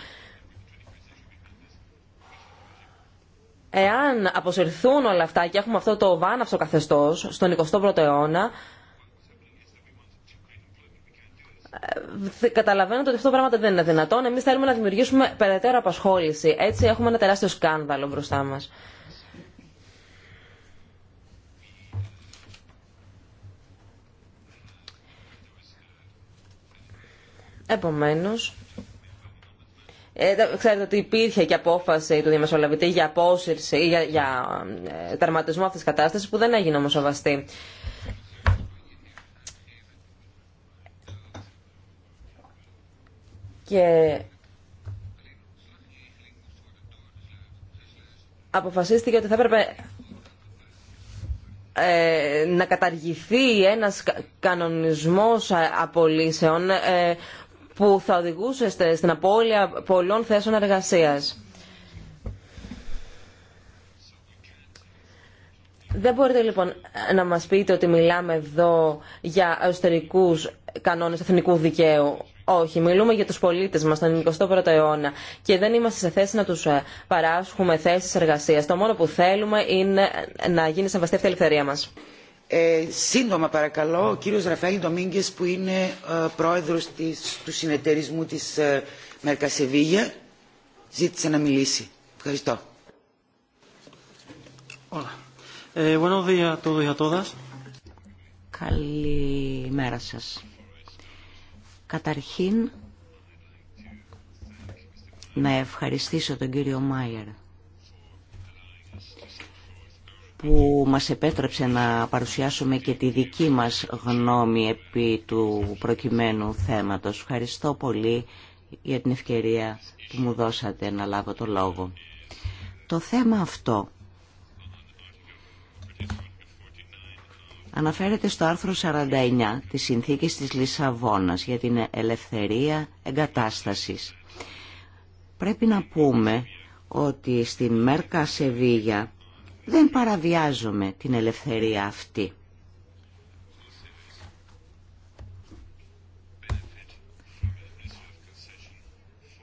Εάν αποσυρθούν όλα αυτά και έχουμε αυτό το βάναυσο καθεστώς στον 21ο αιώνα, ε, καταλαβαίνετε ότι αυτό το πράγμα δεν είναι δυνατόν. Εμεί θέλουμε να δημιουργήσουμε περαιτέρω απασχόληση. Έτσι έχουμε ένα τεράστιο σκάνδαλο μπροστά μα. Επομένως, ε, ξέρετε ότι υπήρχε και απόφαση του διαμεσολαβητή για απόσυρση ή για, για ε, τερματισμό αυτής της κατάστασης που δεν έγινε όμως σοβαστή. Και αποφασίστηκε ότι θα έπρεπε ε, να καταργηθεί ένας κανονισμός απολύσεων που θα οδηγούσε στην απώλεια πολλών θέσεων εργασίας. Δεν μπορείτε λοιπόν να μας πείτε ότι μιλάμε εδώ για εσωτερικούς κανόνες εθνικού δικαίου. Όχι, μιλούμε για τους πολίτες μας τον 21ο αιώνα και δεν είμαστε σε θέση να τους ε, παράσχουμε θέσεις εργασίας. Το μόνο που θέλουμε είναι να γίνει σεβαστή αυτή η ελευθερία μας. Ε, σύντομα παρακαλώ, ο κύριος Ραφαήλ Ντομίγκες που είναι ε, πρόεδρος του συνεταιρισμού της ε, Μερκασεβίγια ζήτησε να μιλήσει. Ευχαριστώ. Καλημέρα σας. Καταρχήν, να ευχαριστήσω τον κύριο Μάιερ που μας επέτρεψε να παρουσιάσουμε και τη δική μας γνώμη επί του προκειμένου θέματος. Ευχαριστώ πολύ για την ευκαιρία που μου δώσατε να λάβω το λόγο. Το θέμα αυτό αναφέρεται στο άρθρο 49 της Συνθήκης της Λισαβόνας για την ελευθερία εγκατάστασης. Πρέπει να πούμε ότι στη Μέρκα Σεβίγια δεν παραβιάζομαι την ελευθερία αυτή.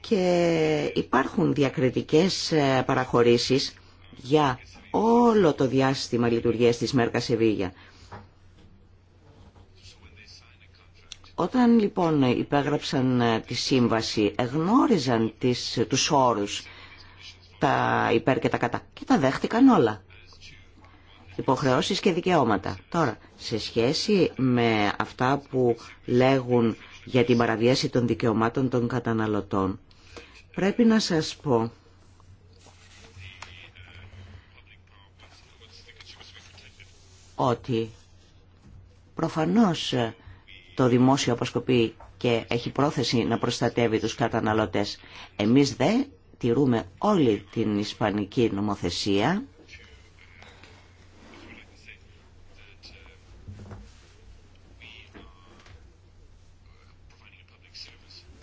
Και υπάρχουν διακριτικές ε, παραχωρήσεις για όλο το διάστημα λειτουργίας της Μέρκα Σεβίγια. Όταν λοιπόν υπέγραψαν ε, τη σύμβαση, εγνώριζαν τις, τους όρους, τα υπέρ και τα κατά, και τα δέχτηκαν όλα υποχρεώσεις και δικαιώματα. Τώρα, σε σχέση με αυτά που λέγουν για την παραβίαση των δικαιωμάτων των καταναλωτών, πρέπει να σας πω ότι προφανώς το δημόσιο αποσκοπεί και έχει πρόθεση να προστατεύει τους καταναλωτές. Εμείς δε τηρούμε όλη την ισπανική νομοθεσία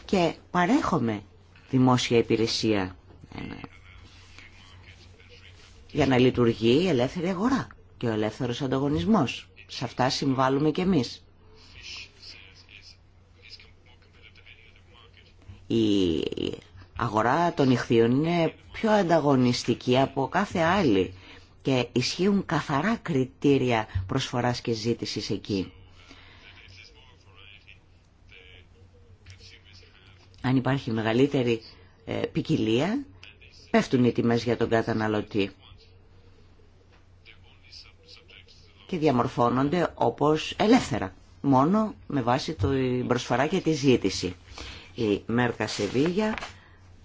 και παρέχομαι δημόσια υπηρεσία για να λειτουργεί η ελεύθερη αγορά και ο ελεύθερος ανταγωνισμός. Σε αυτά συμβάλλουμε και εμείς. Η αγορά των ηχθείων είναι πιο ανταγωνιστική από κάθε άλλη και ισχύουν καθαρά κριτήρια προσφοράς και ζήτησης εκεί. Αν υπάρχει μεγαλύτερη ε, ποικιλία, πέφτουν οι τιμές για τον καταναλωτή και διαμορφώνονται όπως ελεύθερα, μόνο με βάση την προσφορά και τη ζήτηση. Η Μέρκα Σεβίγια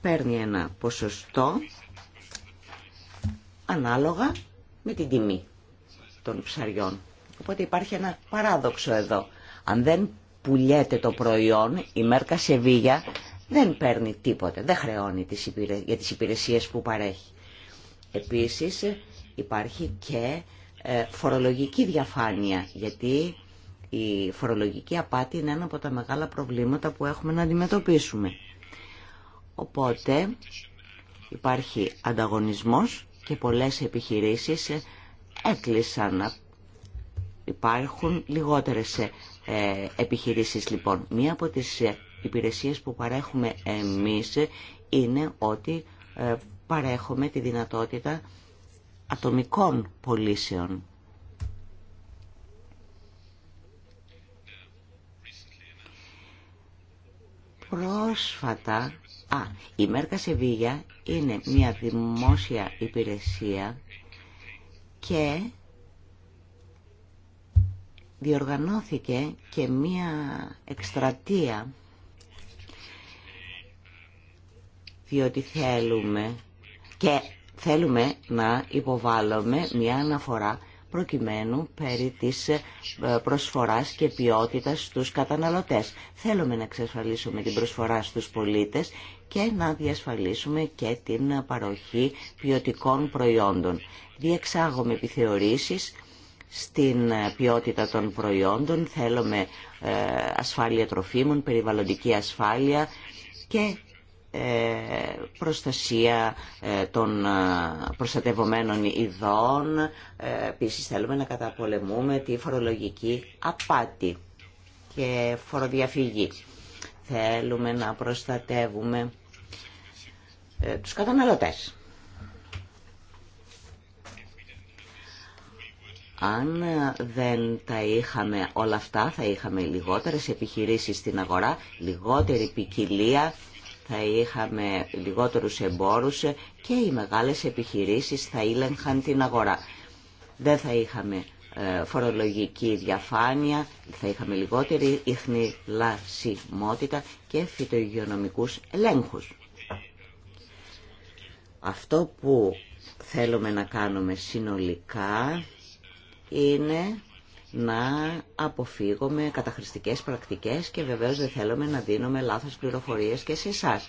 παίρνει ένα ποσοστό ανάλογα με την τιμή των ψαριών. Οπότε υπάρχει ένα παράδοξο εδώ. Αν δεν πουλιέται το προϊόν, η Μέρκα Σεβίγια δεν παίρνει τίποτα, δεν χρεώνει για τις υπηρεσίες που παρέχει. Επίσης υπάρχει και ε, φορολογική διαφάνεια, γιατί η φορολογική απάτη είναι ένα από τα μεγάλα προβλήματα που έχουμε να αντιμετωπίσουμε. Οπότε υπάρχει ανταγωνισμός και πολλές επιχειρήσεις έκλεισαν. Υπάρχουν λιγότερες ε, επιχειρήσεις λοιπόν. Μία από τις ε, υπηρεσίες που παρέχουμε εμείς είναι ότι ε, παρέχουμε τη δυνατότητα ατομικών πωλήσεων. Πρόσφατα, α, η Μέρκα Σεβίγια είναι μια δημόσια υπηρεσία και διοργανώθηκε και μια εκστρατεία διότι θέλουμε και θέλουμε να υποβάλλουμε μια αναφορά προκειμένου περί της ε, προσφοράς και ποιότητας στους καταναλωτές. Θέλουμε να εξασφαλίσουμε την προσφορά στους πολίτες και να διασφαλίσουμε και την παροχή ποιοτικών προϊόντων. Διεξάγουμε επιθεωρήσεις στην ε, ποιότητα των προϊόντων, θέλουμε ε, ασφάλεια τροφίμων, περιβαλλοντική ασφάλεια και ε, προστασία ε, των ε, προστατευομένων ειδών. Επίσης θέλουμε να καταπολεμούμε τη φορολογική απάτη και φοροδιαφυγή. Θέλουμε να προστατεύουμε τους καταναλωτές. Αν δεν τα είχαμε όλα αυτά, θα είχαμε λιγότερες επιχειρήσεις στην αγορά, λιγότερη ποικιλία θα είχαμε λιγότερους εμπόρους και οι μεγάλες επιχειρήσεις θα ήλεγχαν την αγορά. Δεν θα είχαμε ε, φορολογική διαφάνεια, θα είχαμε λιγότερη λασιμότητα και φυτογειονομικούς ελέγχους. Αυτό που θέλουμε να κάνουμε συνολικά είναι να αποφύγουμε καταχρηστικές πρακτικές και βεβαίως δεν θέλουμε να δίνουμε λάθος πληροφορίες και σε εσά.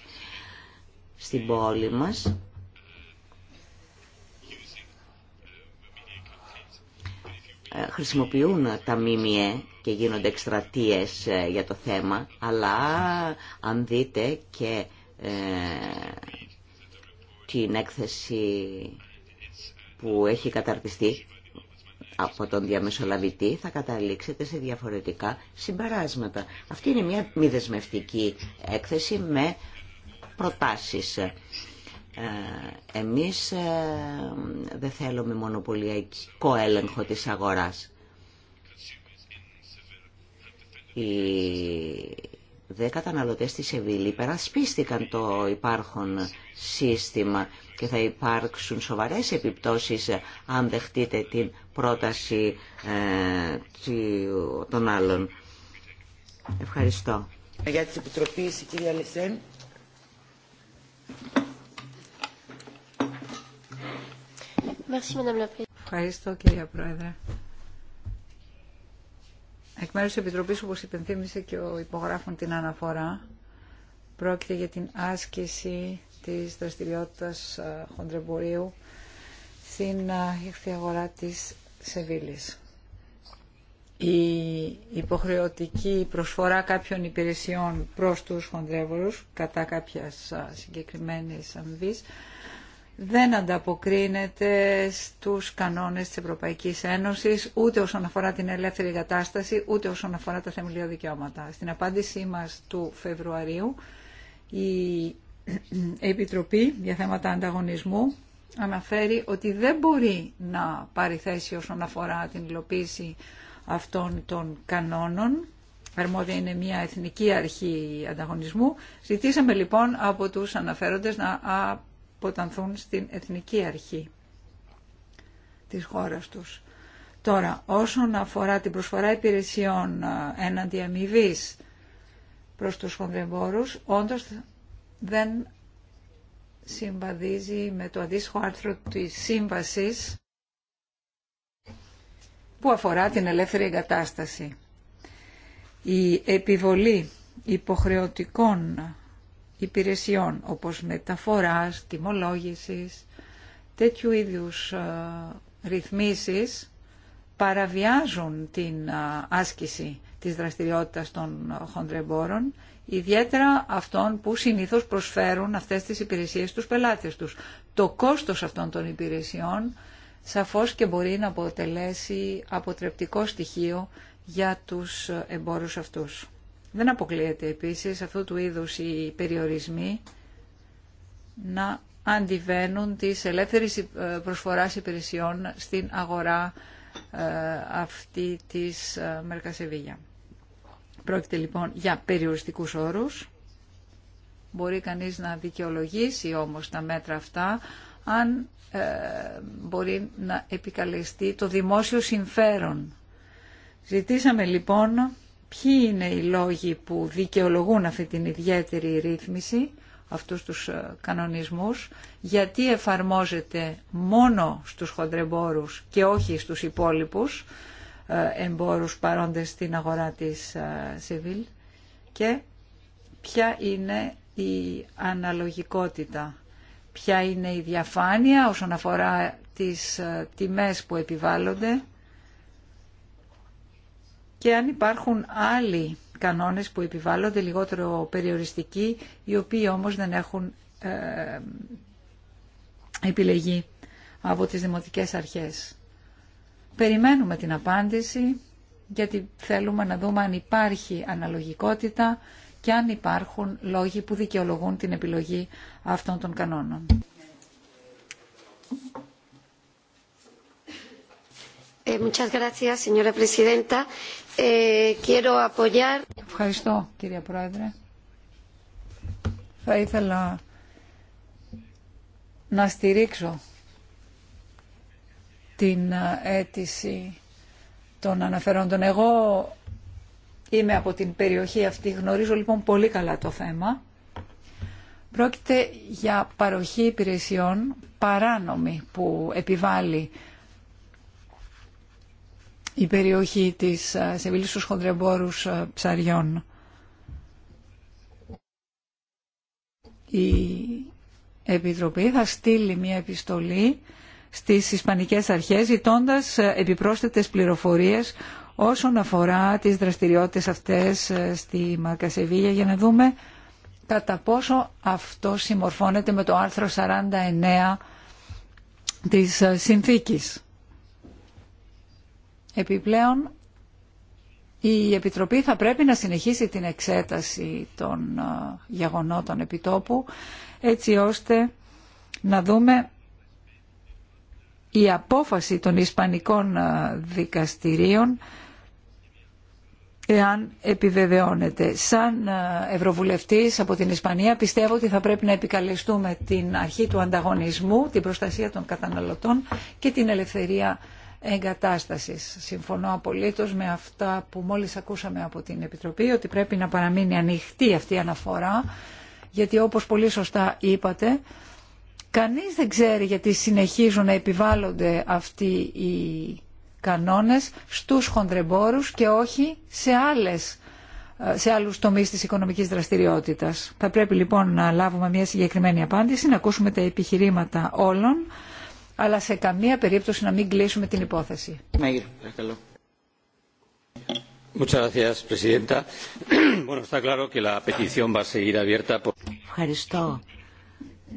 Στην πόλη μας ε, χρησιμοποιούν τα ΜΜΕ και γίνονται εκστρατείες ε, για το θέμα, αλλά αν δείτε και ε, την έκθεση που έχει καταρτιστεί από τον διαμεσολαβητή θα καταλήξετε σε διαφορετικά συμπεράσματα. Αυτή είναι μια μη δεσμευτική έκθεση με προτάσεις. Ε, εμείς ε, δεν θέλουμε μονοπωλιακό έλεγχο της αγοράς. Οι δε καταναλωτές της Σεβίλη υπερασπίστηκαν το υπάρχον σύστημα και θα υπάρξουν σοβαρές επιπτώσεις ε, αν δεχτείτε την πρόταση ε, των άλλων. Ευχαριστώ. Για τις επιτροπές, η κυρία Λεσέν. Ευχαριστώ κυρία Πρόεδρε. Εκ μέρους της Επιτροπής, όπως υπενθύμησε και ο υπογράφων την αναφορά, πρόκειται για την άσκηση της δραστηριότητας ε, χοντρεμπορίου στην ε, ηχθή αγορά της Σεβίλης. Η υποχρεωτική προσφορά κάποιων υπηρεσιών προς τους χοντρεύωρους κατά κάποια ε, συγκεκριμένη αμοιβής δεν ανταποκρίνεται στους κανόνες της Ευρωπαϊκής Ένωσης ούτε όσον αφορά την ελεύθερη κατάσταση ούτε όσον αφορά τα θεμελιώδη δικαιώματα. Στην απάντησή μας του Φεβρουαρίου η η Επιτροπή για θέματα ανταγωνισμού αναφέρει ότι δεν μπορεί να πάρει θέση όσον αφορά την υλοποίηση αυτών των κανόνων. Αρμόδια είναι μια εθνική αρχή ανταγωνισμού. Ζητήσαμε λοιπόν από τους αναφέροντες να αποτανθούν στην εθνική αρχή της χώρας τους. Τώρα, όσον αφορά την προσφορά υπηρεσιών έναντι ε, αμοιβή προς τους χονδρεμπόρους, όντως δεν συμβαδίζει με το αντίστοιχο άρθρο της σύμβασης που αφορά την ελεύθερη εγκατάσταση. Η επιβολή υποχρεωτικών υπηρεσιών όπως μεταφοράς, τιμολόγησης, τέτοιου είδους ε, ρυθμίσεις παραβιάζουν την ε, άσκηση της δραστηριότητας των ε, χοντρεμπόρων ιδιαίτερα αυτών που συνήθως προσφέρουν αυτές τις υπηρεσίες στους πελάτες τους. Το κόστος αυτών των υπηρεσιών σαφώς και μπορεί να αποτελέσει αποτρεπτικό στοιχείο για τους εμπόρους αυτούς. Δεν αποκλείεται επίσης αυτού του είδους οι περιορισμοί να αντιβαίνουν της ελεύθερης προσφοράς υπηρεσιών στην αγορά ε, αυτή της Μερκασεβίγια. Πρόκειται λοιπόν για περιοριστικούς όρους. Μπορεί κανείς να δικαιολογήσει όμως τα μέτρα αυτά αν ε, μπορεί να επικαλεστεί το δημόσιο συμφέρον. Ζητήσαμε λοιπόν ποιοι είναι οι λόγοι που δικαιολογούν αυτή την ιδιαίτερη ρύθμιση, αυτούς τους ε, κανονισμούς, γιατί εφαρμόζεται μόνο στους χοντρεμπόρους και όχι στους υπόλοιπους. Ε, εμπόρους παρόντες στην αγορά της Σιβίλ ε, και ποια είναι η αναλογικότητα, ποια είναι η διαφάνεια όσον αφορά τις ε, τιμές που επιβάλλονται και αν υπάρχουν άλλοι κανόνες που επιβάλλονται λιγότερο περιοριστικοί, οι οποίοι όμως δεν έχουν ε, επιλεγεί από τις δημοτικές αρχές. Περιμένουμε την απάντηση γιατί θέλουμε να δούμε αν υπάρχει αναλογικότητα και αν υπάρχουν λόγοι που δικαιολογούν την επιλογή αυτών των κανόνων. Ε, ε, Ευχαριστώ, κύριε Πρόεδρε. Θα ήθελα να στηρίξω την αίτηση των αναφερόντων. Εγώ είμαι από την περιοχή αυτή, γνωρίζω λοιπόν πολύ καλά το θέμα. Πρόκειται για παροχή υπηρεσιών παράνομη που επιβάλλει η περιοχή της ε, Σεβίλης στους χοντρεμπόρους ε, ψαριών. Η Επιτροπή θα στείλει μια επιστολή στις Ισπανικές Αρχές ζητώντας ε, επιπρόσθετες πληροφορίες όσον αφορά τις δραστηριότητες αυτές ε, στη Μαρκασεβίλια για να δούμε κατά πόσο αυτό συμμορφώνεται με το άρθρο 49 της ε, συνθήκης. Επιπλέον, η Επιτροπή θα πρέπει να συνεχίσει την εξέταση των γεγονότων επιτόπου έτσι ώστε να δούμε η απόφαση των Ισπανικών δικαστηρίων εάν επιβεβαιώνεται. Σαν Ευρωβουλευτής από την Ισπανία πιστεύω ότι θα πρέπει να επικαλεστούμε την αρχή του ανταγωνισμού, την προστασία των καταναλωτών και την ελευθερία εγκατάστασης. Συμφωνώ απολύτως με αυτά που μόλις ακούσαμε από την Επιτροπή, ότι πρέπει να παραμείνει ανοιχτή αυτή η αναφορά, γιατί όπως πολύ σωστά είπατε, Κανείς δεν ξέρει γιατί συνεχίζουν να επιβάλλονται αυτοί οι κανόνες στους χονδρεμπόρους και όχι σε, άλλες, σε άλλους τομείς της οικονομικής δραστηριότητας. Θα πρέπει λοιπόν να λάβουμε μια συγκεκριμένη απάντηση, να ακούσουμε τα επιχειρήματα όλων, αλλά σε καμία περίπτωση να μην κλείσουμε την υπόθεση.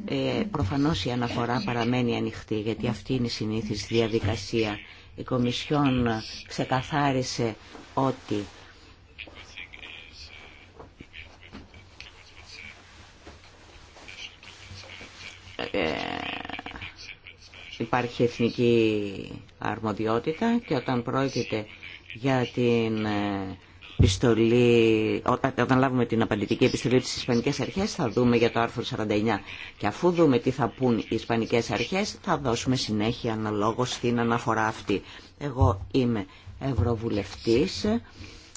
Ε, προφανώς η αναφορά παραμένει ανοιχτή, γιατί αυτή είναι η συνήθις διαδικασία. Η Κομισιόν ξεκαθάρισε ότι ε, υπάρχει εθνική αρμοδιότητα και όταν πρόκειται για την ε, επιστολή, όταν λάβουμε την απαντητική επιστολή της Ισπανικές Αρχές θα δούμε για το άρθρο 49 και αφού δούμε τι θα πούν οι Ισπανικές Αρχές θα δώσουμε συνέχεια αναλόγως στην αναφορά αυτή. Εγώ είμαι ευρωβουλευτής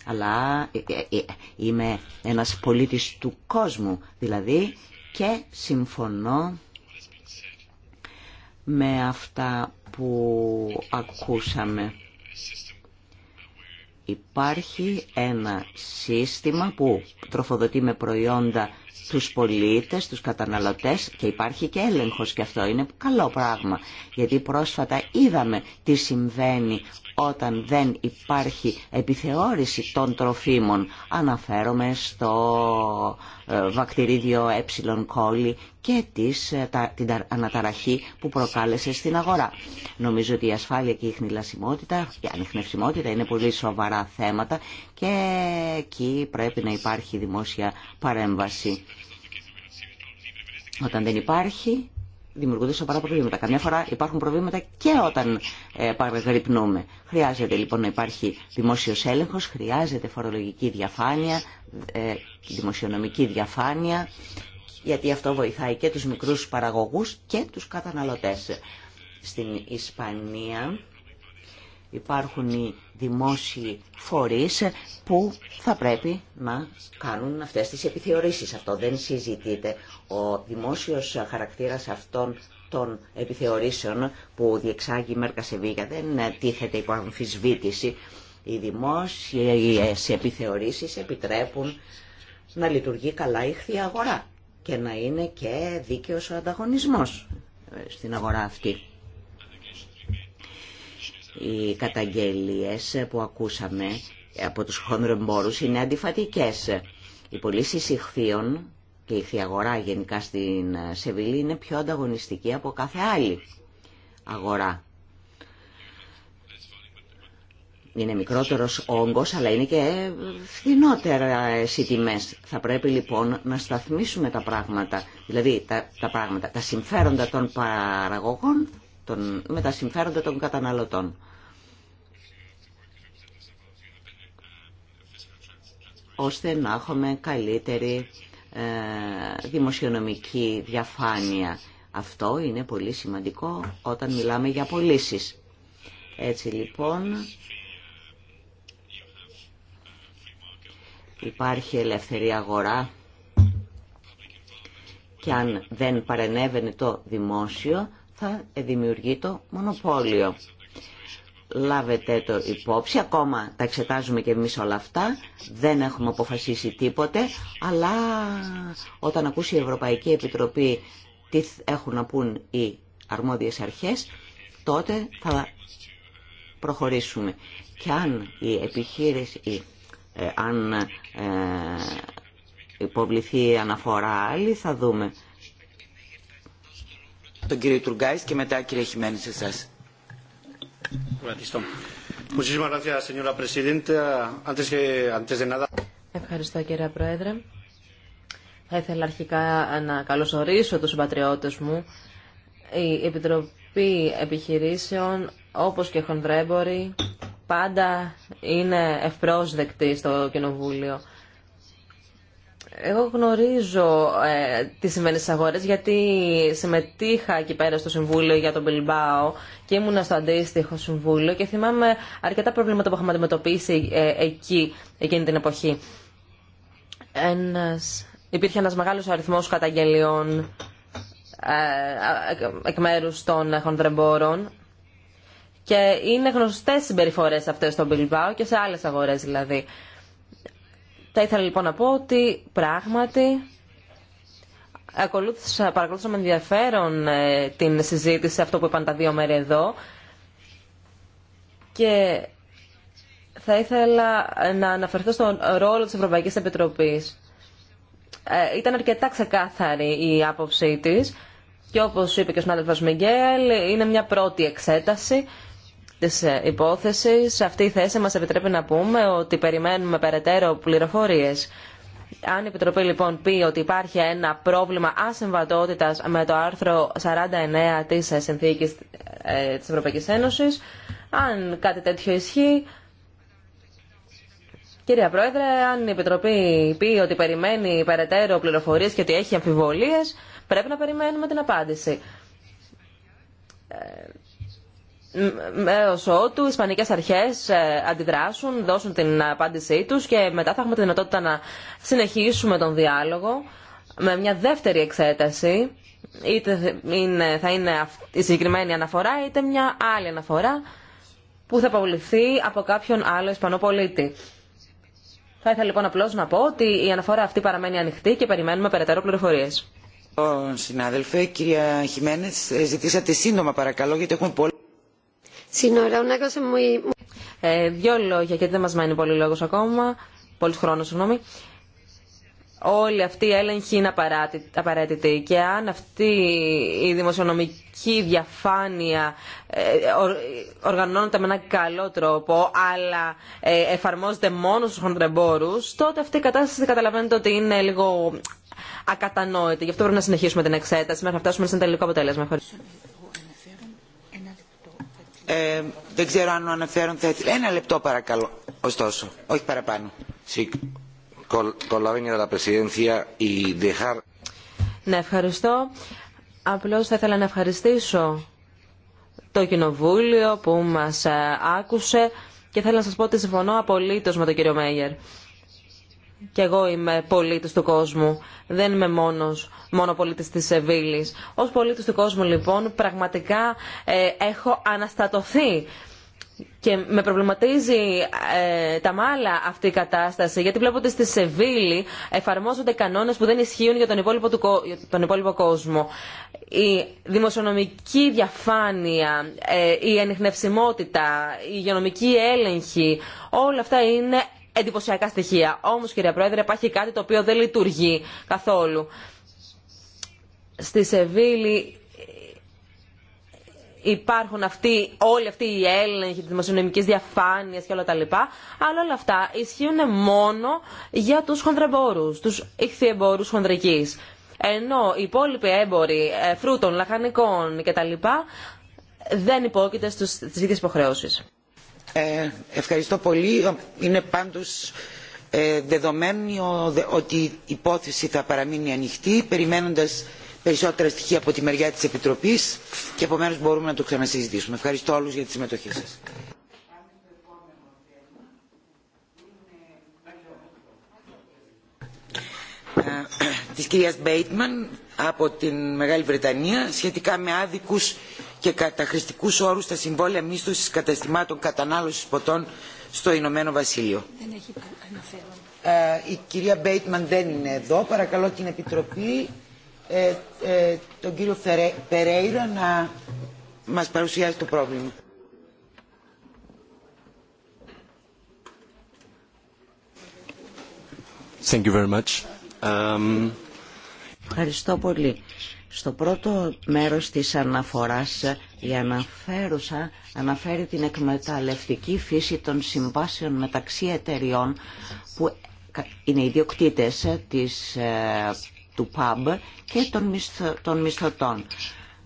αλλά ε, ε, ε, είμαι ένας πολίτης του κόσμου δηλαδή και συμφωνώ με αυτά που ακούσαμε. Υπάρχει ένα σύστημα που τροφοδοτεί με προϊόντα τους πολίτες, τους καταναλωτές και υπάρχει και έλεγχος και αυτό είναι καλό πράγμα. Γιατί πρόσφατα είδαμε τι συμβαίνει όταν δεν υπάρχει επιθεώρηση των τροφίμων. Αναφέρομαι στο ε, βακτηρίδιο ε κόλλη και της, ε, την αναταραχή που προκάλεσε στην αγορά. Νομίζω ότι η ασφάλεια και η χνηλασιμότητα, η ανιχνευσιμότητα είναι πολύ σοβαρά θέματα και εκεί πρέπει να υπάρχει δημόσια παρέμβαση. Όταν δεν υπάρχει, δημιουργούνται σοβαρά προβλήματα. Καμιά φορά υπάρχουν προβλήματα και όταν ε, παραγρυπνούμε. Χρειάζεται λοιπόν να υπάρχει δημόσιος έλεγχος, χρειάζεται φορολογική διαφάνεια, ε, δημοσιονομική διαφάνεια, γιατί αυτό βοηθάει και τους μικρούς παραγωγού και τους καταναλωτές. Στην Ισπανία Υπάρχουν οι δημόσιοι φορείς που θα πρέπει να κάνουν αυτές τις επιθεωρήσεις. Αυτό δεν συζητείται. Ο δημόσιος χαρακτήρας αυτών των επιθεωρήσεων που διεξάγει η Μέρκα Σεβίγια δεν τίθεται υπό αμφισβήτηση. Οι δημόσιες επιθεωρήσεις επιτρέπουν να λειτουργεί καλά η αγορά και να είναι και δίκαιος ο ανταγωνισμός στην αγορά αυτή. Οι καταγγελίες που ακούσαμε από τους χονρεμπόρους είναι αντιφατικές. Οι πωλήσει ηχθείων και η αγορά γενικά στην Σεβιλή είναι πιο ανταγωνιστική από κάθε άλλη αγορά. Είναι μικρότερος όγκος, αλλά είναι και φθηνότερα οι τιμές. Θα πρέπει λοιπόν να σταθμίσουμε τα πράγματα, δηλαδή τα, τα, πράγματα, τα συμφέροντα των παραγωγών με τα συμφέροντα των καταναλωτών. ώστε να έχουμε καλύτερη ε, δημοσιονομική διαφάνεια. Αυτό είναι πολύ σημαντικό όταν μιλάμε για πωλήσει. Έτσι λοιπόν υπάρχει ελευθερή αγορά και αν δεν παρενέβαινε το δημόσιο θα δημιουργεί το μονοπόλιο. Λάβετε το υπόψη, ακόμα τα εξετάζουμε και εμείς όλα αυτά, δεν έχουμε αποφασίσει τίποτε, αλλά όταν ακούσει η Ευρωπαϊκή Επιτροπή τι έχουν να πούν οι αρμόδιες αρχές, τότε θα προχωρήσουμε. Και αν η επιχείρηση, ε, αν ε, υποβληθεί αναφορά άλλη, θα δούμε τον κύριο Τουργκάης και μετά κύριε σε εσάς. Ευχαριστώ κύριε Πρόεδρε. Θα ήθελα αρχικά να καλωσορίσω τους συμπατριώτες μου. Η Επιτροπή Επιχειρήσεων, όπως και χονδρέμποροι, πάντα είναι ευπρόσδεκτη στο Κοινοβούλιο. Εγώ γνωρίζω ε, τι συμβαίνει στι αγορέ γιατί συμμετείχα εκεί πέρα στο Συμβούλιο για τον Μπιλμπάο και ήμουν στο αντίστοιχο Συμβούλιο και θυμάμαι αρκετά προβλήματα που είχαμε αντιμετωπίσει ε, εκεί εκείνη την εποχή. Ένας, υπήρχε ένα μεγάλο αριθμό καταγγελιών ε, εκ μέρου των χονδρεμπόρων και είναι γνωστές συμπεριφορέ αυτέ στον Μπιλμπάο και σε άλλε αγορέ, δηλαδή. Θα ήθελα λοιπόν να πω ότι πράγματι ακολούθησα, παρακολούθησα με ενδιαφέρον ε, την συζήτηση, αυτό που είπαν τα δύο μέρη εδώ και θα ήθελα ε, να αναφερθώ στον ρόλο της Ευρωπαϊκής Επιτροπής. Ε, ήταν αρκετά ξεκάθαρη η άποψή της και όπως είπε και ο συνάδελφος Μιγγέλ, είναι μια πρώτη εξέταση της ε, υπόθεσης. Αυτή η θέση μας επιτρέπει να πούμε ότι περιμένουμε περαιτέρω πληροφορίες. Αν η Επιτροπή λοιπόν πει ότι υπάρχει ένα πρόβλημα ασυμβατότητας με το άρθρο 49 της ε, Συνθήκης ε, της Ευρωπαϊκής Ένωσης, αν κάτι τέτοιο ισχύει, Κυρία Πρόεδρε, αν η Επιτροπή πει ότι περιμένει περαιτέρω πληροφορίες και ότι έχει αμφιβολίες, πρέπει να περιμένουμε την απάντηση μέσω ότου οι ισπανικέ αρχέ ε, αντιδράσουν, δώσουν την απάντησή του και μετά θα έχουμε τη δυνατότητα να συνεχίσουμε τον διάλογο με μια δεύτερη εξέταση είτε είναι, θα είναι η συγκεκριμένη αναφορά είτε μια άλλη αναφορά που θα αποβληθεί από κάποιον άλλο Ισπανό πολίτη. Θα ήθελα λοιπόν απλώ να πω ότι η αναφορά αυτή παραμένει ανοιχτή και περιμένουμε περαιτέρω πληροφορίε. Συνάδελφε, κυρία Χιμένες, ζητήσατε σύντομα παρακαλώ γιατί έχουμε πολύ δύο ε, λόγια, γιατί δεν μας μένει πολύ λόγος ακόμα, πολύς χρόνος συγγνώμη. Όλη αυτή η έλεγχη είναι απαραίτητη και αν αυτή η δημοσιονομική διαφάνεια ε, οργανώνεται με έναν καλό τρόπο αλλά ε, εφαρμόζεται μόνο στους χοντρεμπόρους, τότε αυτή η κατάσταση καταλαβαίνετε ότι είναι λίγο ακατανόητη. Γι' αυτό πρέπει να συνεχίσουμε την εξέταση μέχρι να φτάσουμε σε ένα τελικό αποτέλεσμα. Ευχαριστώ. Ε, δεν ξέρω αν ο αναφέρον θα ήθελε. Ένα λεπτό παρακαλώ, ωστόσο, όχι παραπάνω. Ναι, ευχαριστώ. Απλώς θα ήθελα να ευχαριστήσω το Κοινοβούλιο που μας ε, άκουσε και θέλω να σας πω ότι συμφωνώ απολύτως με τον κύριο Μέγερ και εγώ είμαι πολίτη του κόσμου. Δεν είμαι μόνος, μόνο πολίτη τη σεβίλη. Ω πολίτης του κόσμου λοιπόν πραγματικά ε, έχω αναστατωθεί και με προβληματίζει ε, τα μάλα αυτή η κατάσταση, γιατί βλέπω ότι στη Σεβίλη εφαρμόζονται κανόνες που δεν ισχύουν για τον υπόλοιπο, του, τον υπόλοιπο κόσμο. Η δημοσιονομική διαφάνεια, ε, η ανιχνευσιμότητα, η υγειονομική έλεγχη, όλα αυτά είναι εντυπωσιακά στοιχεία. Όμως, κύριε Πρόεδρε, υπάρχει κάτι το οποίο δεν λειτουργεί καθόλου. Στη Σεβίλη υπάρχουν αυτοί, όλοι αυτοί οι έλεγχοι της δημοσιονομικής διαφάνειας και όλα τα λοιπά, αλλά όλα αυτά ισχύουν μόνο για τους χονδρεμπόρους, τους ηχθιεμπόρους χονδρικής. Ενώ οι υπόλοιποι έμποροι ε, φρούτων, λαχανικών κτλ. δεν υπόκειται στις ίδιες υποχρεώσεις. Ε, ευχαριστώ πολύ. Είναι πάντως ε, δεδομένο ότι η υπόθεση θα παραμείνει ανοιχτή περιμένοντας περισσότερα στοιχεία από τη μεριά της Επιτροπής και επομένως μπορούμε να το ξανασυζητήσουμε. Ευχαριστώ όλους για τη συμμετοχή σας. Ε, της κυρίας Μπέιτμαν από την Μεγάλη Βρετανία σχετικά με άδικους και κατά όρους τα συμβόλαια μίσθωσης καταστημάτων κατανάλωσης ποτών στο Ηνωμένο Βασίλειο. Δεν έχει ε, η κυρία Μπέιτμαν δεν είναι εδώ. Παρακαλώ την Επιτροπή, ε, ε τον κύριο Φερέ, Περέιρα να μας παρουσιάσει το πρόβλημα. Thank you very much. Um, Ευχαριστώ πολύ. Στο πρώτο μέρος της αναφοράς η αναφέρουσα αναφέρει την εκμεταλλευτική φύση των συμβάσεων μεταξύ εταιριών που είναι ιδιοκτήτες ε, της, ε, του ΠΑΜΠ και των, των μισθωτών.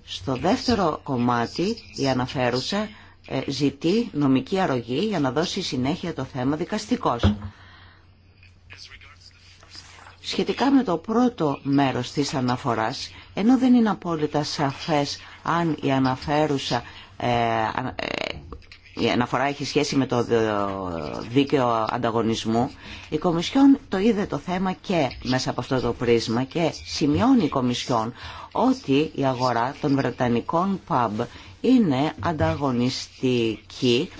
Στο δεύτερο κομμάτι η αναφέρουσα ε, ζητεί νομική αρρωγή για να δώσει συνέχεια το θέμα δικαστικός. Σχετικά με το πρώτο μέρος της αναφοράς, ενώ δεν είναι απόλυτα σαφές αν η αναφέρουσα ε, ε, η αναφορά έχει σχέση με το δίκαιο ανταγωνισμού. Η Κομισιόν το είδε το θέμα και μέσα από αυτό το πρίσμα και σημειώνει η Κομισιόν ότι η αγορά των Βρετανικών pub είναι ανταγωνιστική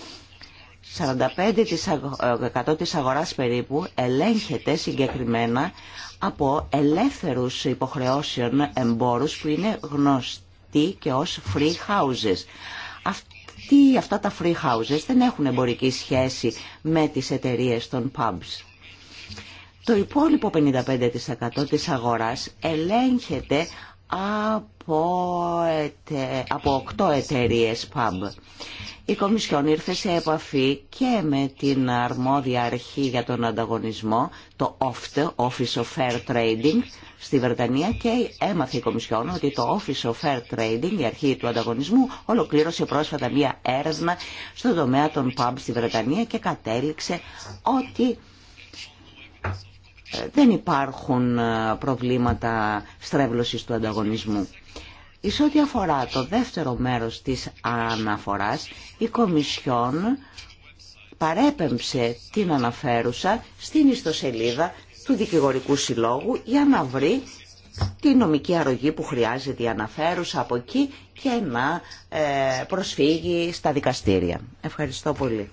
45% ε, της αγοράς περίπου ελέγχεται συγκεκριμένα από ελεύθερους υποχρεώσεων εμπόρους που είναι γνωστοί και ως free houses. Αυτή αυτά τα free houses δεν έχουν εμπορική σχέση με τις εταιρείες των pubs. Το υπόλοιπο 55% της αγοράς ελέγχεται από από 8 εταιρείε pub. Η Κομισιόν ήρθε σε επαφή και με την αρμόδια αρχή για τον ανταγωνισμό, το OFT, Office of Fair Trading, στη Βρετανία και έμαθε η Κομισιόν ότι το Office of Fair Trading, η αρχή του ανταγωνισμού, ολοκλήρωσε πρόσφατα μία έρευνα στον τομέα των pub στη Βρετανία και κατέληξε ότι δεν υπάρχουν ε, προβλήματα στρέβλωσης του ανταγωνισμού. Εις ό,τι αφορά το δεύτερο μέρος της αναφοράς, η Κομισιόν παρέπεμψε την αναφέρουσα στην ιστοσελίδα του Δικηγορικού Συλλόγου για να βρει τη νομική αρρωγή που χρειάζεται η αναφέρουσα από εκεί και να ε, προσφύγει στα δικαστήρια. Ευχαριστώ πολύ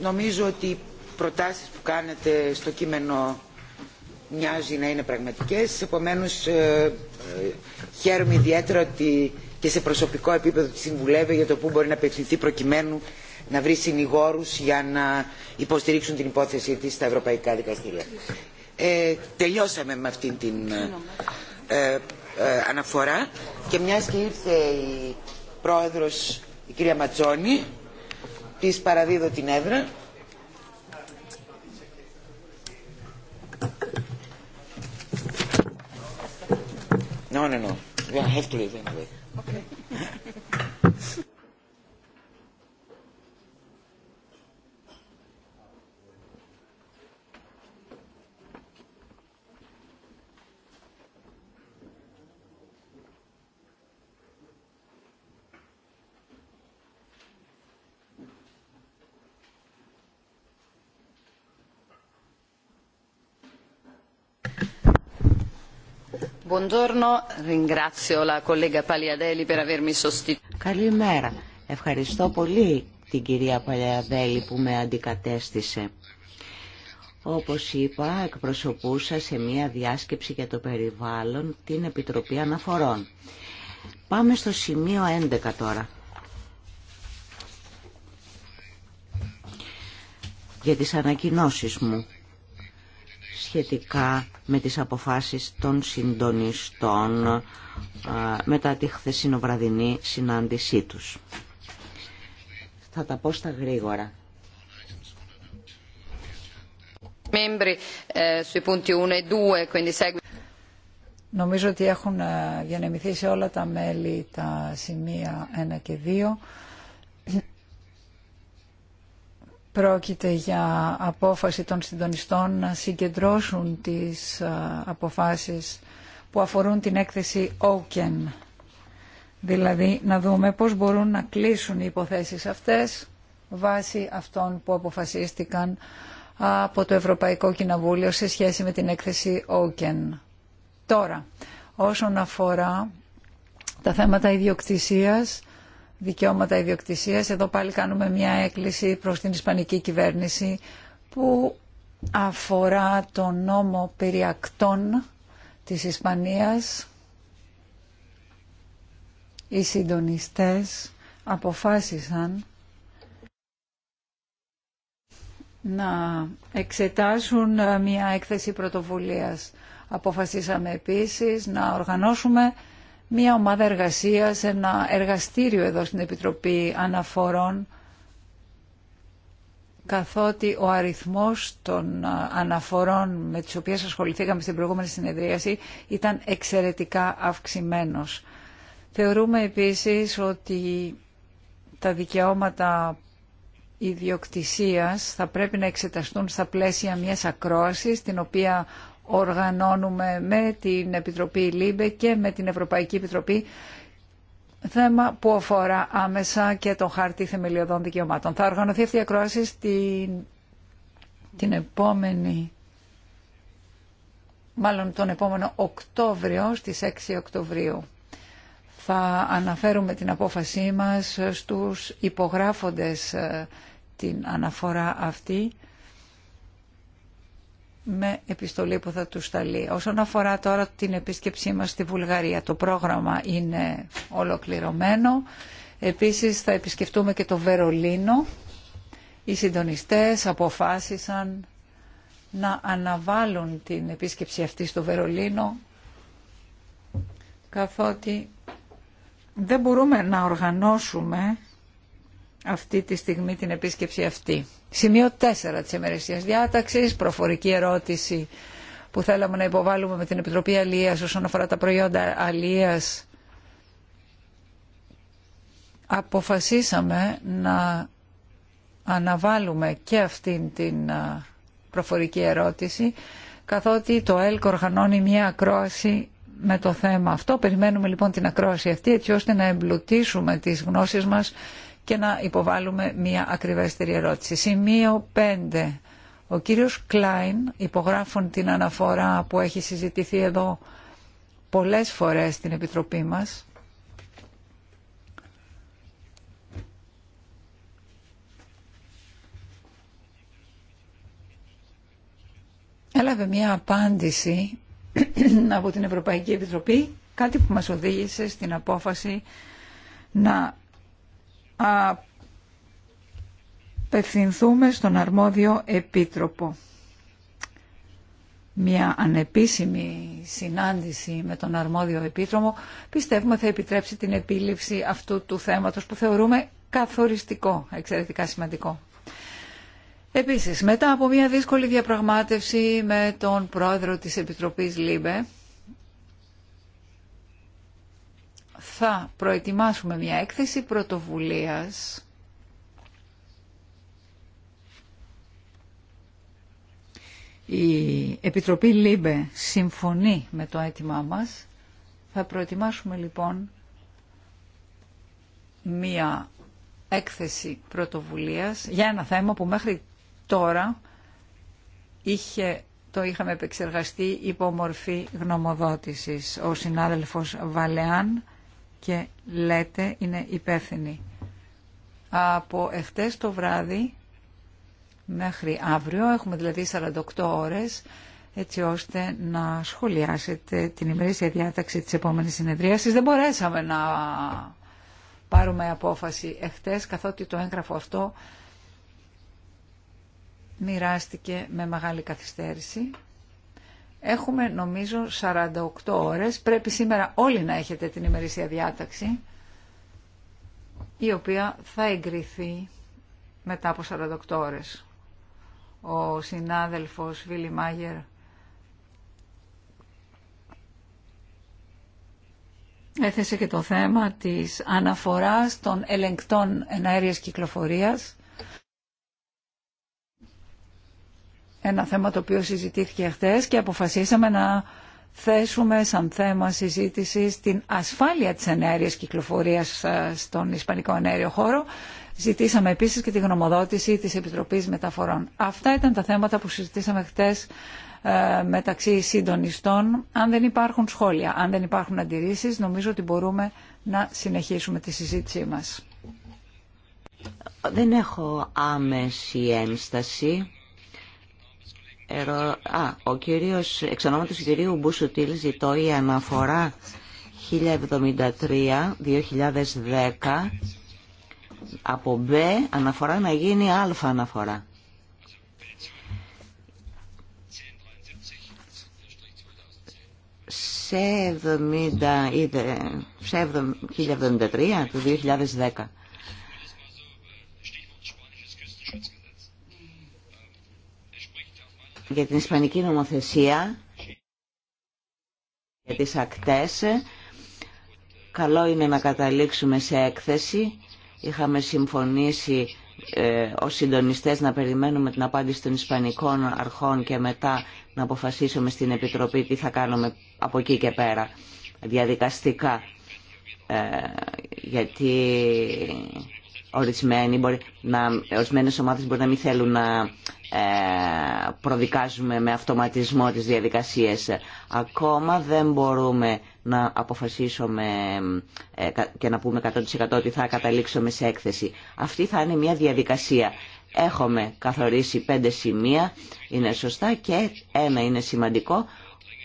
νομίζω ότι οι προτάσεις που κάνετε στο κείμενο μοιάζει να είναι πραγματικές. Επομένως, ε, ε, χαίρομαι ιδιαίτερα ότι και σε προσωπικό επίπεδο τη συμβουλεύει για το πού μπορεί να απευθυνθεί προκειμένου να βρει συνηγόρου για να υποστηρίξουν την υπόθεση της στα ευρωπαϊκά δικαστήρια. Ε, τελειώσαμε με αυτήν την ε, ε, αναφορά και μιας και ήρθε η πρόεδρος η κυρία Ματσόνη της παραδίδω την έδρα. No, no, no. You have to leave anyway. Okay. Καλημέρα. Ευχαριστώ πολύ την κυρία Παλιαδέλη που με αντικατέστησε. Όπως είπα, εκπροσωπούσα σε μία διάσκεψη για το περιβάλλον την Επιτροπή Αναφορών. Πάμε στο σημείο 11 τώρα. Για τις ανακοινώσεις μου σχετικά με τις αποφάσεις των συντονιστών μετά τη χθεσινοβραδινή συνάντησή τους. Θα τα πω στα γρήγορα. Ε, e Νομίζω ότι έχουν ε, διανεμηθεί σε όλα τα μέλη τα σημεία 1 και 2. Πρόκειται για απόφαση των συντονιστών να συγκεντρώσουν τις ε, αποφάσεις που αφορούν την έκθεση ΟΚΕΝ. Δηλαδή να δούμε πώς μπορούν να κλείσουν οι υποθέσεις αυτές βάσει αυτών που αποφασίστηκαν από το Ευρωπαϊκό Κοινοβούλιο σε σχέση με την έκθεση ΟΚΕΝ. Τώρα, όσον αφορά τα θέματα ιδιοκτησίας, δικαιώματα ιδιοκτησία. Εδώ πάλι κάνουμε μια έκκληση προ την Ισπανική κυβέρνηση που αφορά τον νόμο περιακτών της Ισπανίας. Οι συντονιστές αποφάσισαν να εξετάσουν ε, μια έκθεση πρωτοβουλίας. Αποφασίσαμε επίσης να οργανώσουμε μια ομάδα εργασίας, ένα εργαστήριο εδώ στην Επιτροπή Αναφορών καθότι ο αριθμός των αναφορών με τις οποίες ασχοληθήκαμε στην προηγούμενη συνεδρίαση ήταν εξαιρετικά αυξημένος. Θεωρούμε επίσης ότι τα δικαιώματα ιδιοκτησίας θα πρέπει να εξεταστούν στα πλαίσια μιας ακρόασης, την οποία οργανώνουμε με την Επιτροπή ΛΥΜΠΕ και με την Ευρωπαϊκή Επιτροπή θέμα που αφορά άμεσα και τον χάρτη θεμελιωδών δικαιωμάτων. Θα οργανωθεί αυτή η ακρόαση στην... την επόμενη μάλλον τον επόμενο Οκτώβριο στις 6 Οκτωβρίου. Θα αναφέρουμε την απόφασή μας στους υπογράφοντες ε, την αναφορά αυτή με επιστολή που θα του σταλεί. Όσον αφορά τώρα την επίσκεψή μας στη Βουλγαρία, το πρόγραμμα είναι ολοκληρωμένο. Επίσης θα επισκεφτούμε και το Βερολίνο. Οι συντονιστές αποφάσισαν να αναβάλουν την επίσκεψη αυτή στο Βερολίνο καθότι δεν μπορούμε να οργανώσουμε αυτή τη στιγμή την επίσκεψη αυτή. Σημείο 4 της ημερησίας διάταξης, προφορική ερώτηση που θέλαμε να υποβάλουμε με την Επιτροπή Αλίας όσον αφορά τα προϊόντα Αλίας. Αποφασίσαμε να αναβάλουμε και αυτήν την προφορική ερώτηση καθότι το ΕΛΚ οργανώνει μια ακρόαση με το θέμα αυτό. Περιμένουμε λοιπόν την ακρόαση αυτή έτσι ώστε να εμπλουτίσουμε τις γνώσεις μας και να υποβάλουμε μία ακριβέστερη ερώτηση. Σημείο 5. Ο κύριος Κλάιν, υπογράφων την αναφορά που έχει συζητηθεί εδώ πολλές φορές στην Επιτροπή μας, έλαβε μία απάντηση από την Ευρωπαϊκή Επιτροπή, κάτι που μας οδήγησε στην απόφαση να απευθυνθούμε στον αρμόδιο επίτροπο. Μια ανεπίσημη συνάντηση με τον αρμόδιο επίτροπο πιστεύουμε θα επιτρέψει την επίληψη αυτού του θέματος που θεωρούμε καθοριστικό, εξαιρετικά σημαντικό. Επίσης, μετά από μια δύσκολη διαπραγμάτευση με τον πρόεδρο της Επιτροπής ΛΥΜΠΕ, θα προετοιμάσουμε μια έκθεση πρωτοβουλίας Η Επιτροπή ΛΥΜΠΕ συμφωνεί με το αίτημά μας. Θα προετοιμάσουμε λοιπόν μία έκθεση πρωτοβουλίας για ένα θέμα που μέχρι τώρα είχε, το είχαμε επεξεργαστεί υπό μορφή γνωμοδότησης. Ο συνάδελφος Βαλεάν και λέτε είναι υπεύθυνοι. Από εχθές το βράδυ μέχρι αύριο, έχουμε δηλαδή 48 ώρες, έτσι ώστε να σχολιάσετε την ημερήσια διάταξη της επόμενης συνεδρίασης. Δεν μπορέσαμε να πάρουμε απόφαση εχθές, καθότι το έγγραφο αυτό μοιράστηκε με μεγάλη καθυστέρηση. Έχουμε νομίζω 48 ώρες. Πρέπει σήμερα όλοι να έχετε την ημερήσια διάταξη η οποία θα εγκριθεί μετά από 48 ώρες. Ο συνάδελφος Βίλι Μάγερ έθεσε και το θέμα της αναφοράς των ελεγκτών εναέριας κυκλοφορίας ένα θέμα το οποίο συζητήθηκε χθες και αποφασίσαμε να θέσουμε σαν θέμα συζήτησης την ασφάλεια της ενέργειας κυκλοφορίας ε, στον Ισπανικό ενέργειο χώρο. Ζητήσαμε επίσης και τη γνωμοδότηση της Επιτροπής Μεταφορών. Αυτά ήταν τα θέματα που συζητήσαμε χθε ε, μεταξύ συντονιστών. Αν δεν υπάρχουν σχόλια, αν δεν υπάρχουν αντιρρήσεις, νομίζω ότι μπορούμε να συνεχίσουμε τη συζήτησή μας. Δεν έχω άμεση ένσταση. Ερω... Α, ο κύριος, εξ του κυρίου Μπουσουτήλ ζητώ η αναφορά 1073-2010 από Μπ αναφορά να γίνει Α αναφορά. Σε 70, σε 1073 του 2010. για την Ισπανική νομοθεσία για τις ακτές. Καλό είναι να καταλήξουμε σε έκθεση. Είχαμε συμφωνήσει ε, ως συντονιστές να περιμένουμε την απάντηση των Ισπανικών αρχών και μετά να αποφασίσουμε στην Επιτροπή τι θα κάνουμε από εκεί και πέρα διαδικαστικά. Ε, γιατί Ορισμένοι μπορεί να, ορισμένες ομάδες μπορεί να μην θέλουν να ε, προδικάζουμε με αυτοματισμό τις διαδικασίες. Ακόμα δεν μπορούμε να αποφασίσουμε ε, και να πούμε 100% ότι θα καταλήξουμε σε έκθεση. Αυτή θα είναι μια διαδικασία. Έχουμε καθορίσει πέντε σημεία, είναι σωστά και ένα είναι σημαντικό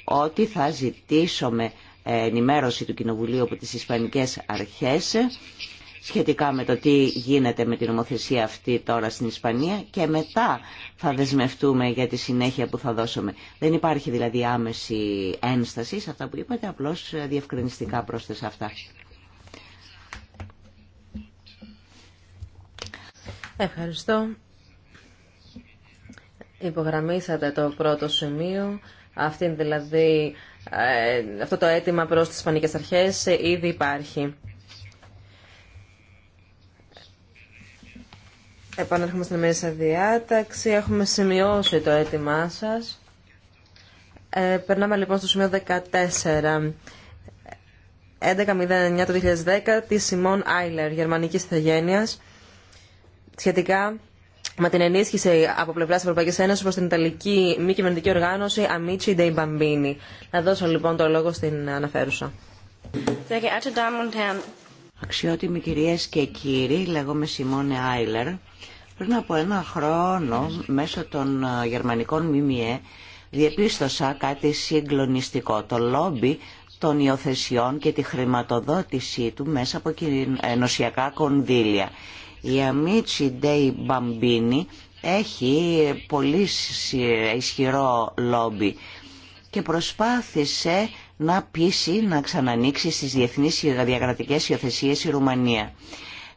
ότι θα ζητήσουμε ενημέρωση του Κοινοβουλίου από τις Ισπανικές Αρχές σχετικά με το τι γίνεται με την νομοθεσία αυτή τώρα στην Ισπανία και μετά θα δεσμευτούμε για τη συνέχεια που θα δώσουμε. Δεν υπάρχει δηλαδή άμεση ένσταση σε αυτά που είπατε, απλώς διευκρινιστικά πρόσθεσα αυτά. Ευχαριστώ. Υπογραμμίσατε το πρώτο σημείο, αυτή δηλαδή, ε, αυτό το αίτημα προς τις Ισπανικές Αρχές ήδη υπάρχει. Επανέρχομαι στην ημερήσια διάταξη. Έχουμε σημειώσει το αίτημά σα. Ε, περνάμε λοιπόν στο σημείο 14. 11.09 το 2010 τη Σιμών Άιλερ, γερμανική ηθογένεια, σχετικά με την ενίσχυση από πλευρά τη Ευρωπαϊκή Ένωση προ την Ιταλική μη κυβερνητική οργάνωση Amici dei Bambini. Να δώσω λοιπόν το λόγο στην αναφέρουσα. Αξιότιμοι κυρίες και κύριοι, λέγομαι Σιμώνε Άιλερ. Πριν από ένα χρόνο, μέσω των ε, γερμανικών ΜΜΕ, διεπίστωσα κάτι συγκλονιστικό. Το λόμπι των υιοθεσιών και τη χρηματοδότησή του μέσα από ενωσιακά κονδύλια. Η Αμίτσι Ντέι Bambini έχει πολύ ε, ισχυρό λόμπι και προσπάθησε να πείσει να ξανανοίξει στις διεθνείς διακρατικές υιοθεσίες η Ρουμανία.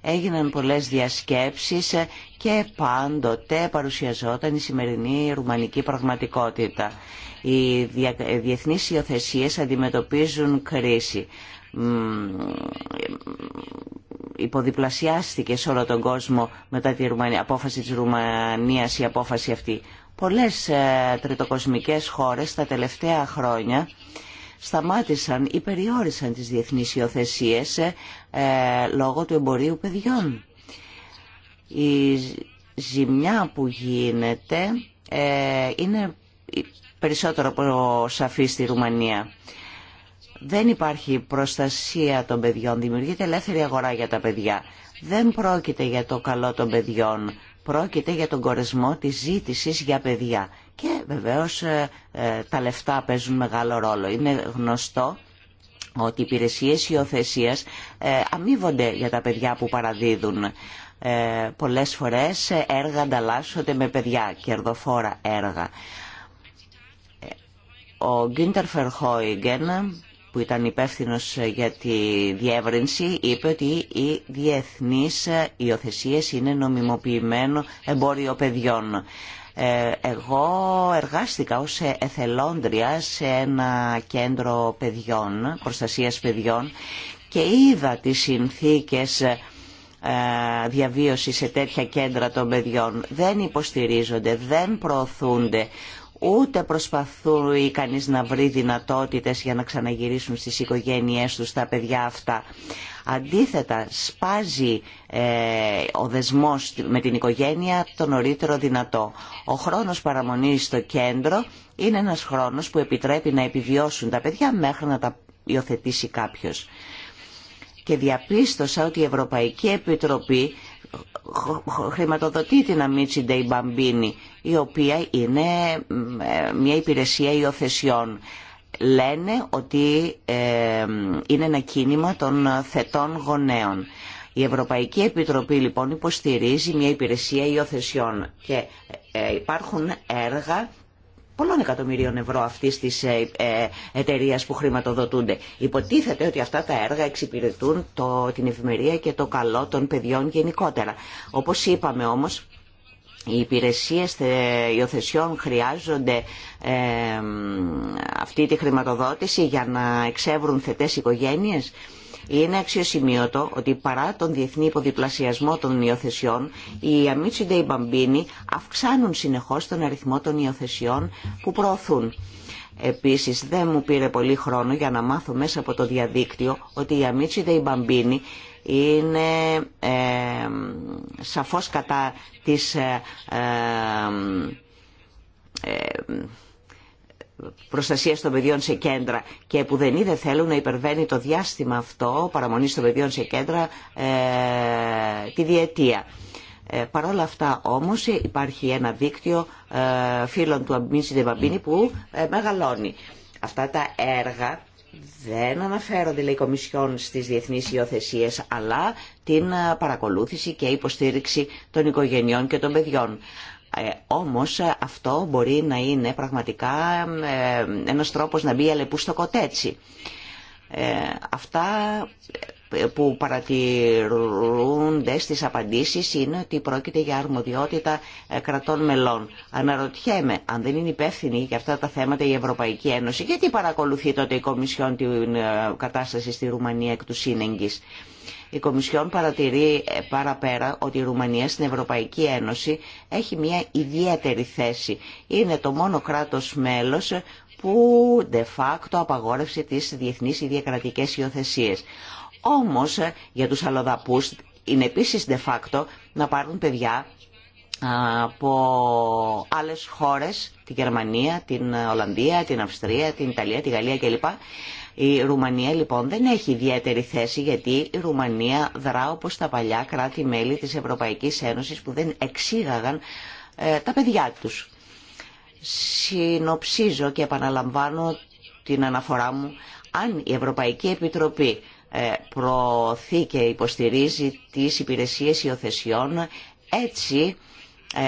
Έγιναν πολλές διασκέψεις και πάντοτε παρουσιαζόταν η σημερινή ρουμανική πραγματικότητα. Οι διεθνείς υιοθεσίες αντιμετωπίζουν κρίση. Υποδιπλασιάστηκε σε όλο τον κόσμο μετά την απόφαση της Ρουμανίας η απόφαση αυτή. Πολλές ε, τριτοκοσμικές χώρες τα τελευταία χρόνια σταμάτησαν ή περιόρισαν τις διεθνείς υιοθεσίες ε, ε, λόγω του εμπορίου παιδιών. Η ζημιά που γίνεται ε, είναι περισσότερο γινεται ειναι σαφή στη Ρουμανία. Δεν υπάρχει προστασία των παιδιών, δημιουργείται ελεύθερη αγορά για τα παιδιά. Δεν πρόκειται για το καλό των παιδιών, πρόκειται για τον κορεσμό της ζήτησης για παιδιά και βεβαίως ε, ε, τα λεφτά παίζουν μεγάλο ρόλο. Είναι γνωστό ότι οι υπηρεσίες υιοθεσία ε, αμείβονται για τα παιδιά που παραδίδουν. Πολλές φορές έργα ανταλλάσσονται με παιδιά, κερδοφόρα έργα. Ο Γκίντερ Φερχόιγκεν που ήταν υπεύθυνο για τη διεύρυνση, είπε ότι οι διεθνείς υιοθεσίε είναι νομιμοποιημένο εμπόριο παιδιών. Ε, εγώ εργάστηκα ως εθελόντρια σε ένα κέντρο παιδιών, προστασίας παιδιών και είδα τις συνθήκες ε, διαβίωση σε τέτοια κέντρα των παιδιών. Δεν υποστηρίζονται, δεν προωθούνται ούτε προσπαθούν κανείς να βρει δυνατότητες για να ξαναγυρίσουν στις οικογένειές τους τα παιδιά αυτά. Αντίθετα, σπάζει ε, ο δεσμός με την οικογένεια το νωρίτερο δυνατό. Ο χρόνος παραμονής στο κέντρο είναι ένας χρόνος που επιτρέπει να επιβιώσουν τα παιδιά μέχρι να τα υιοθετήσει κάποιος. Και διαπίστωσα ότι η Ευρωπαϊκή Επιτροπή χρηματοδοτεί την Αμίτσι Ντεϊμπαμπίνη η οποία είναι ε, μια υπηρεσία υιοθεσιών. Λένε ότι ε, είναι ένα κίνημα των θετών γονέων. Η Ευρωπαϊκή Επιτροπή λοιπόν υποστηρίζει μια υπηρεσία υιοθεσιών και ε, υπάρχουν έργα πολλών εκατομμυρίων ευρώ αυτή τη εταιρεία που χρηματοδοτούνται. Υποτίθεται ότι αυτά τα έργα εξυπηρετούν το, την ευημερία και το καλό των παιδιών γενικότερα. Όπως είπαμε όμως οι υπηρεσίες υιοθεσιών χρειάζονται αυτή τη χρηματοδότηση για να εξεύρουν θετές οικογένειες. Είναι αξιοσημείωτο ότι παρά τον διεθνή υποδιπλασιασμό των υιοθεσιών, οι αμίτσιντε οι μπαμπίνοι αυξάνουν συνεχώς τον αριθμό των υιοθεσιών που προωθούν. Επίσης δεν μου πήρε πολύ χρόνο για να μάθω μέσα από το διαδίκτυο ότι οι αμίτσιντε οι μπαμπίνοι είναι ε, σαφώς κατά της ε, ε, προστασίας των παιδιών σε κέντρα και που δεν είδε θέλουν να υπερβαίνει το διάστημα αυτό παραμονής των παιδιών σε κέντρα ε, τη διετία. Ε, Παρ' όλα αυτά όμως υπάρχει ένα δίκτυο ε, φίλων του Αμπίνση Βαμπίνη που ε, μεγαλώνει. Αυτά τα έργα δεν αναφέρονται λέει κομισιόν στις διεθνείς υιοθεσίε, αλλά την ε, παρακολούθηση και υποστήριξη των οικογενειών και των παιδιών. Ε, όμως ε, αυτό μπορεί να είναι πραγματικά ε, ένας τρόπος να μπει αλεπού στο κοτέτσι. αυτά που παρατηρούνται στις απαντήσεις είναι ότι πρόκειται για αρμοδιότητα ε, κρατών μελών. Αναρωτιέμαι, αν δεν είναι υπεύθυνη για αυτά τα θέματα η Ευρωπαϊκή Ένωση, γιατί παρακολουθεί τότε η Κομισιόν την ε, κατάσταση στη Ρουμανία εκ του σύνεγγης. Η Κομισιόν παρατηρεί ε, παραπέρα ότι η Ρουμανία στην Ευρωπαϊκή Ένωση έχει μια ιδιαίτερη θέση. Είναι το μόνο κράτος μέλος που de facto απαγόρευσε τις διεθνείς ιδιακρατικές υιοθεσίες. Όμως ε, για τους αλλοδαπούς είναι επίσης de facto να πάρουν παιδιά από άλλες χώρες, τη Γερμανία, την Ολλανδία, την Αυστρία, την Ιταλία, τη Γαλλία κλπ. Η Ρουμανία λοιπόν δεν έχει ιδιαίτερη θέση γιατί η Ρουμανία δρά όπως τα παλιά κράτη-μέλη της Ευρωπαϊκής Ένωσης που δεν εξήγαγαν ε, τα παιδιά τους. Συνοψίζω και επαναλαμβάνω την αναφορά μου αν η Ευρωπαϊκή Επιτροπή ε, προωθεί και υποστηρίζει τις υπηρεσίες υιοθεσιών έτσι ε,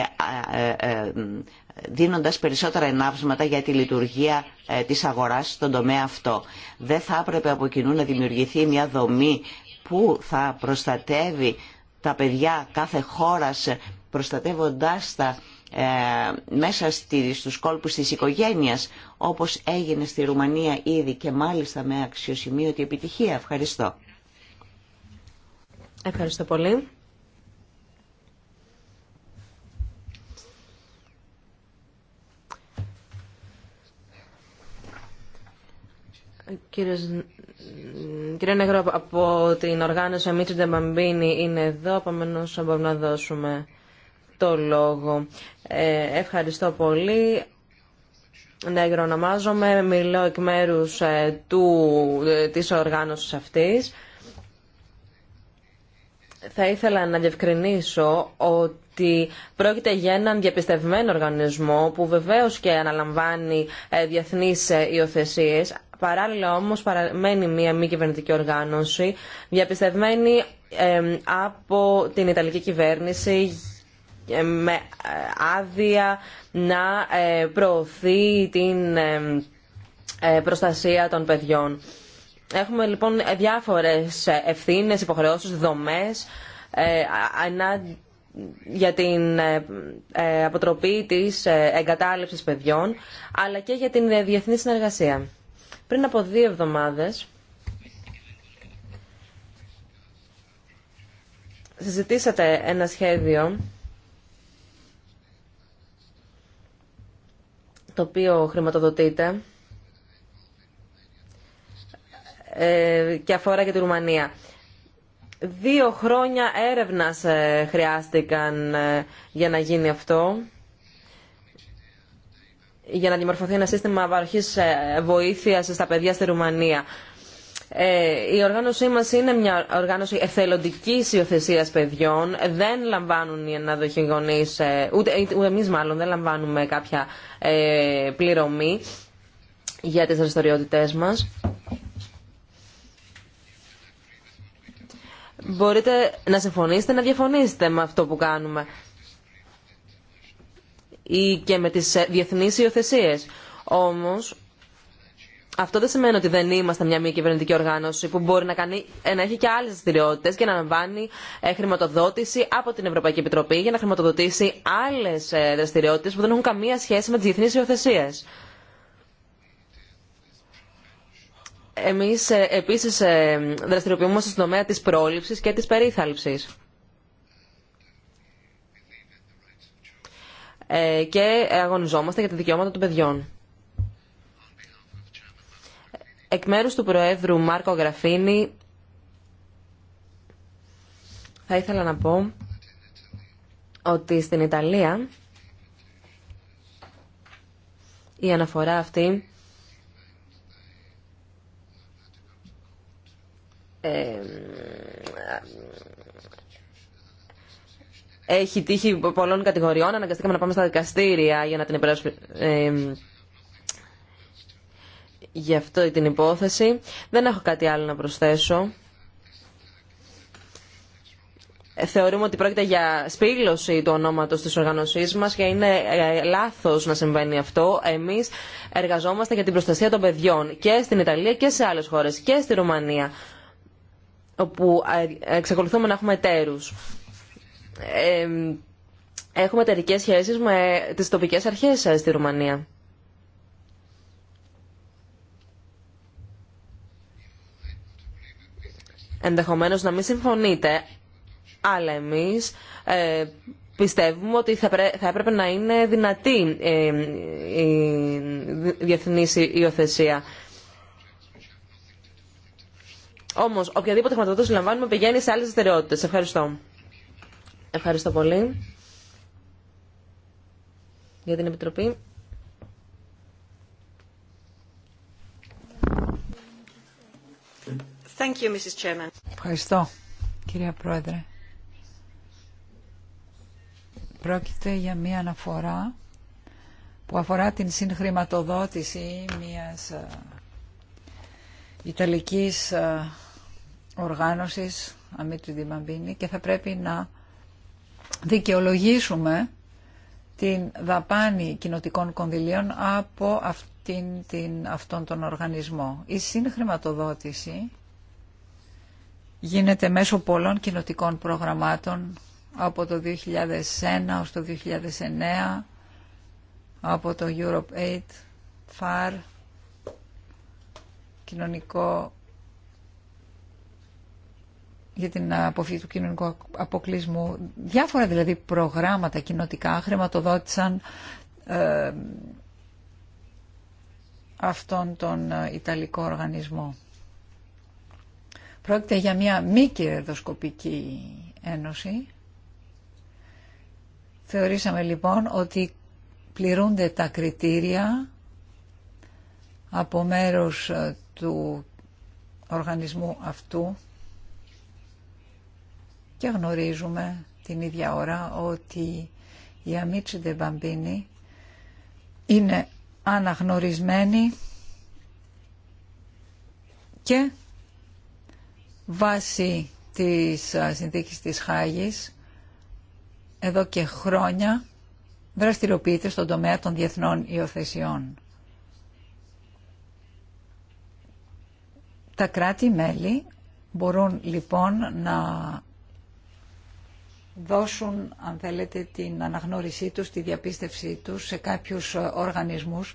ε, δίνοντας περισσότερα ενάψματα για τη λειτουργία της αγοράς στον τομέα αυτό. Δεν θα έπρεπε από κοινού να δημιουργηθεί μια δομή που θα προστατεύει τα παιδιά κάθε χώρας προστατεύοντάς τα ε, μέσα στους κόλπους της οικογένειας όπως έγινε στη Ρουμανία ήδη και μάλιστα με αξιοσημείωτη επιτυχία. Ευχαριστώ. Ευχαριστώ πολύ. Κύριος, κύριε Νεγρό, από την οργάνωση Μίτσου Ντεμπαμπίνη είναι εδώ, επομένως μπορούμε να δώσουμε το λόγο. Ε, ευχαριστώ πολύ. Ναι, ονομάζομαι, μιλώ εκ μέρους ε, του, ε, της οργάνωσης αυτής. Θα ήθελα να διευκρινίσω ότι πρόκειται για έναν διαπιστευμένο οργανισμό που βεβαίως και αναλαμβάνει ε, διεθνείς υιοθεσίες, παράλληλα όμως παραμένει μια μη κυβερνητική οργάνωση διαπιστευμένη από την Ιταλική κυβέρνηση ε, με ε, άδεια να ε, προωθεί την προστασία των παιδιών. Έχουμε λοιπόν διάφορες ευθύνες, υποχρεώσεις, δομές για την αποτροπή της εγκατάλειψης παιδιών, αλλά και για την διεθνή συνεργασία. Πριν από δύο εβδομάδες, συζητήσατε ένα σχέδιο το οποίο χρηματοδοτείται ε, και αφορά και τη Ρουμανία. Δύο χρόνια έρευνας ε, χρειάστηκαν ε, για να γίνει αυτό, για να δημορφωθεί ένα σύστημα βαρχής βοήθειας στα παιδιά στη Ρουμανία. Ε, η οργάνωσή μας είναι μια οργάνωση εθελοντική υιοθεσία παιδιών. Δεν λαμβάνουν οι αναδοχοί γονείς, ε, ούτε, ούτε εμείς μάλλον δεν λαμβάνουμε κάποια ε, πληρωμή για τις δραστηριότητε μας. Μπορείτε να συμφωνήσετε, να διαφωνήσετε με αυτό που κάνουμε ή και με τις ε, διεθνείς υιοθεσίε. Όμως, αυτό δεν σημαίνει ότι δεν είμαστε μια μη κυβερνητική οργάνωση που μπορεί να, κάνει, ε, να έχει και άλλε δραστηριότητε και να λαμβάνει ε, χρηματοδότηση από την Ευρωπαϊκή Επιτροπή για να χρηματοδοτήσει άλλε δραστηριότητε που δεν έχουν καμία σχέση με τι διεθνεί υιοθεσίε. Εμεί ε, επίση δραστηριοποιούμαστε στον τομέα τη πρόληψη και τη περίθαλψη. Και αγωνιζόμαστε για τα δικαιώματα των παιδιών. Εκ μέρους του Προέδρου Μάρκο Γραφίνη θα ήθελα να πω ότι στην Ιταλία η αναφορά αυτή ε, έχει τύχει πολλών κατηγοριών. Αναγκαστήκαμε να πάμε στα δικαστήρια για να την ε, για αυτό την υπόθεση. Δεν έχω κάτι άλλο να προσθέσω. Θεωρούμε ότι πρόκειται για σπήλωση του ονόματος της οργανωσής μας και είναι ε, λάθος να συμβαίνει αυτό. Εμείς εργαζόμαστε για την προστασία των παιδιών και στην Ιταλία και σε άλλες χώρες και στη Ρουμανία όπου ε, εξακολουθούμε να έχουμε εταίρους. Ε, έχουμε εταιρικές σχέσεις με τις τοπικές αρχές στη Ρουμανία. ενδεχομένως να μην συμφωνείτε, αλλά εμείς ε, πιστεύουμε ότι θα, θα έπρεπε να είναι δυνατή ε, η διεθνής υιοθεσία. Όμως, οποιαδήποτε χρηματοδότηση λαμβάνουμε πηγαίνει σε άλλες δραστηριότητες. Ευχαριστώ. Ευχαριστώ πολύ για την Επιτροπή. Ευχαριστώ, κυρία Πρόεδρε. Πρόκειται για μία αναφορά που αφορά την συγχρηματοδότηση μιας ε, Ιταλικής ε, οργάνωσης Αμήτρη Δημαμπίνη και θα πρέπει να δικαιολογήσουμε την δαπάνη κοινοτικών κονδυλίων από αυτήν, την, αυτόν τον οργανισμό. Η συγχρηματοδότηση γίνεται μέσω πολλών κοινοτικών προγραμμάτων από το 2001 ως το 2009, από το Europe Aid, FAR, κοινωνικό για την αποφύγη του κοινωνικού αποκλεισμού. Διάφορα δηλαδή προγράμματα κοινοτικά χρηματοδότησαν ε, αυτόν τον ε, Ιταλικό οργανισμό. Πρόκειται για μια μη κερδοσκοπική ένωση. Θεωρήσαμε λοιπόν ότι πληρούνται τα κριτήρια από μέρος ε, του οργανισμού αυτού και γνωρίζουμε την ίδια ώρα ότι η Αμίτσι Ντεμπαμπίνη είναι αναγνωρισμένη και Βάσει της συνθήκης της Χάγης, εδώ και χρόνια δραστηριοποιείται στον τομέα των διεθνών υιοθεσιών. Τα κράτη-μέλη μπορούν λοιπόν να δώσουν, αν θέλετε, την αναγνώρισή τους, τη διαπίστευσή τους σε κάποιους ε, οργανισμούς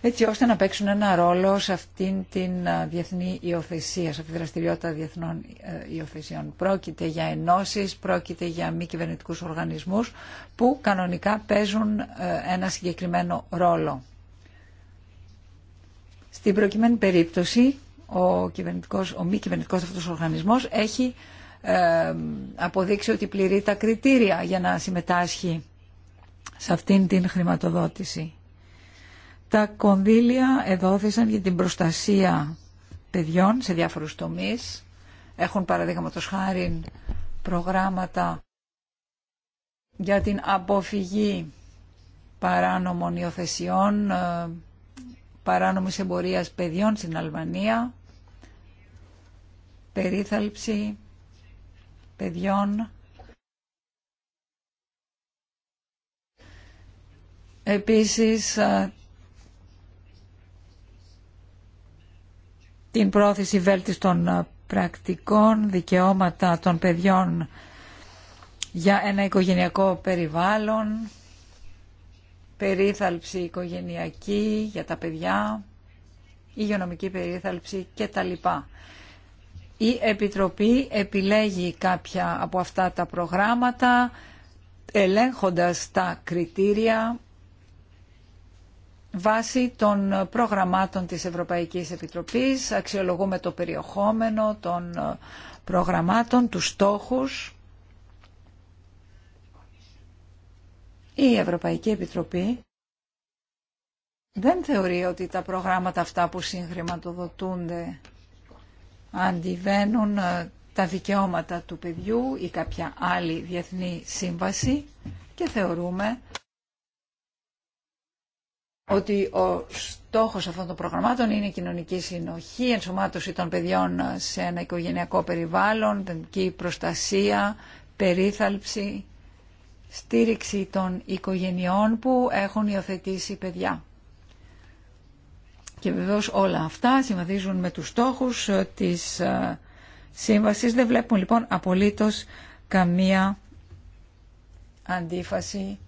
έτσι ώστε να παίξουν ένα ρόλο σε αυτήν την διεθνή υιοθεσία, σε αυτή τη δραστηριότητα διεθνών ε, υιοθεσιών. Πρόκειται για ενώσεις, πρόκειται για μη κυβερνητικούς οργανισμούς που κανονικά παίζουν ε, ένα συγκεκριμένο ρόλο. Στην προκειμένη περίπτωση, ο, κυβερνητικός, ο μη κυβερνητικός αυτός οργανισμός έχει ε, αποδείξει ότι πληρεί τα κριτήρια για να συμμετάσχει σε αυτήν την χρηματοδότηση. Τα κονδύλια εδόθησαν για την προστασία παιδιών σε διάφορους τομείς. Έχουν παραδείγματο χάρη προγράμματα για την αποφυγή παράνομων υιοθεσιών, ε, παράνομης εμπορίας παιδιών στην Αλβανία, περίθαλψη παιδιών. Επίσης ε, την πρόθεση βέλτιστων ε, πρακτικών, δικαιώματα των παιδιών για ένα οικογενειακό περιβάλλον, περίθαλψη οικογενειακή για τα παιδιά, υγειονομική περίθαλψη κτλ. Η Επιτροπή επιλέγει κάποια από αυτά τα προγράμματα ελέγχοντας τα κριτήρια Βάσει των προγραμμάτων της Ευρωπαϊκής Επιτροπής αξιολογούμε το περιεχόμενο των προγραμμάτων, τους στόχους. Η Ευρωπαϊκή Επιτροπή δεν θεωρεί ότι τα προγράμματα αυτά που συγχρηματοδοτούνται αντιβαίνουν ε, τα δικαιώματα του παιδιού ή κάποια άλλη διεθνή σύμβαση και θεωρούμε ότι ο στόχος αυτών των προγραμμάτων είναι η κοινωνική συνοχή, η ενσωμάτωση των παιδιών σε ένα οικογενειακό περιβάλλον, παιδική προστασία, περίθαλψη, στήριξη των οικογενειών που έχουν υιοθετήσει παιδιά. Και βεβαίως όλα αυτά συμβαδίζουν με τους στόχους ε, της ε, σύμβασης. Δεν βλέπουμε λοιπόν απολύτως καμία αντίφαση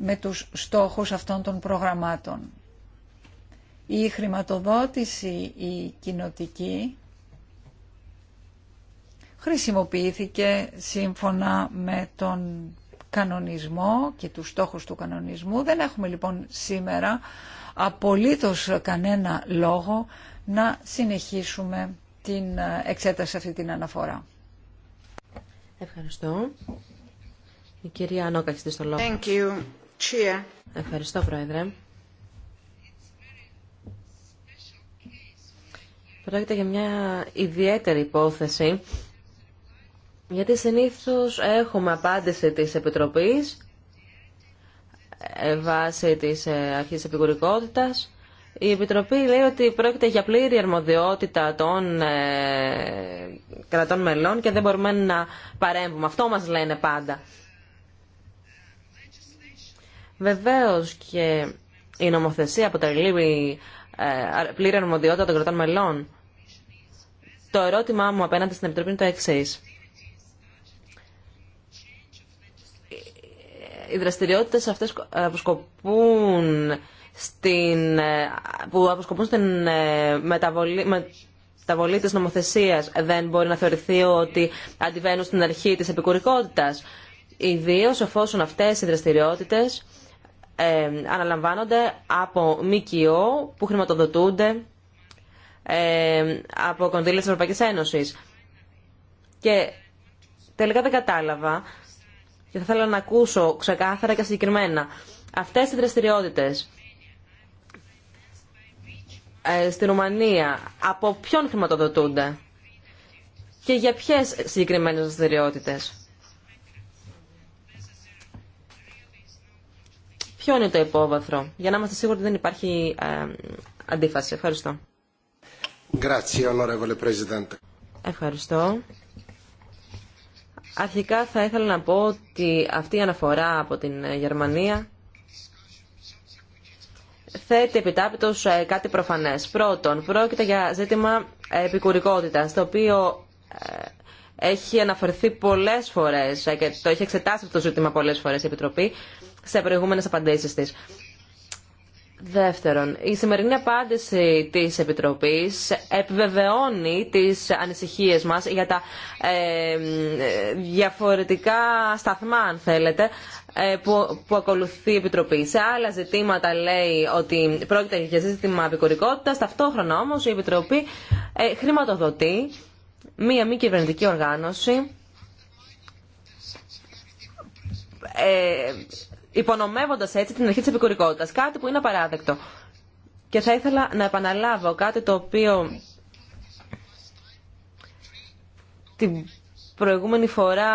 με τους στόχους αυτών των προγραμμάτων. Η χρηματοδότηση η κοινοτική χρησιμοποιήθηκε σύμφωνα με τον κανονισμό και τους στόχους του κανονισμού. Δεν έχουμε λοιπόν σήμερα απολύτως κανένα λόγο να συνεχίσουμε την εξέταση αυτή την αναφορά. Ευχαριστώ. Η κυρία Ανώκα, έχετε Ευχαριστώ, Πρόεδρε. Πρόκειται για μια ιδιαίτερη υπόθεση, γιατί συνήθως έχουμε απάντηση της Επιτροπής ε, βάσει της ε, αρχής επικουρικότητας. Η Επιτροπή λέει ότι πρόκειται για πλήρη αρμοδιότητα των ε, κρατών μελών και δεν μπορούμε να παρέμβουμε. Αυτό μας λένε πάντα. Βεβαίως και η νομοθεσία αποτελεί ε, πλήρη αρμοδιότητα των κρατών μελών. Το ερώτημά μου απέναντι στην Επιτροπή είναι το εξή. Οι δραστηριότητες αυτές αποσκοπούν στην, που αποσκοπούν στην ε, ε, μεταβολή, μεταβολή της νομοθεσίας δεν μπορεί να θεωρηθεί ότι αντιβαίνουν στην αρχή της επικουρικότητας. Ιδίως εφόσον αυτές οι δραστηριότητες ε, αναλαμβάνονται από ΜΚΟ που χρηματοδοτούνται ε, από κονδύλια της Ευρωπαϊκής Ένωσης. Και τελικά δεν κατάλαβα και θα ήθελα να ακούσω ξεκάθαρα και συγκεκριμένα αυτές οι δραστηριότητες ε, στη Ρουμανία από ποιον χρηματοδοτούνται και για ποιες συγκεκριμένες δραστηριότητες. Ποιο είναι το υπόβαθρο, για να είμαστε σίγουροι ότι δεν υπάρχει ε, αντίφαση. Ευχαριστώ. Ευχαριστώ. Αρχικά θα ήθελα να πω ότι αυτή η αναφορά από την Γερμανία θέτει επιτάπητος ε, κάτι προφανές. Πρώτον, πρόκειται για ζήτημα επικουρικότητας, το οποίο ε, έχει αναφερθεί πολλές φορές ε, και το έχει εξετάσει αυτό το ζήτημα πολλές φορές η Επιτροπή σε προηγούμενε απαντήσεις τη. Δεύτερον, η σημερινή απάντηση της Επιτροπής επιβεβαιώνει τις ανησυχίες μας για τα ε, διαφορετικά σταθμά, αν θέλετε, ε, που, ακολουθεί η Επιτροπή. Σε άλλα ζητήματα λέει ότι πρόκειται για ζήτημα απεικορικότητα. ταυτόχρονα όμως η Επιτροπή ε, χρηματοδοτεί μία μη κυβερνητική οργάνωση ε, Υπονομεύοντα έτσι την αρχή της επικουρικότητας. Κάτι που είναι απαράδεκτο. Και θα ήθελα να επαναλάβω κάτι το οποίο την προηγούμενη φορά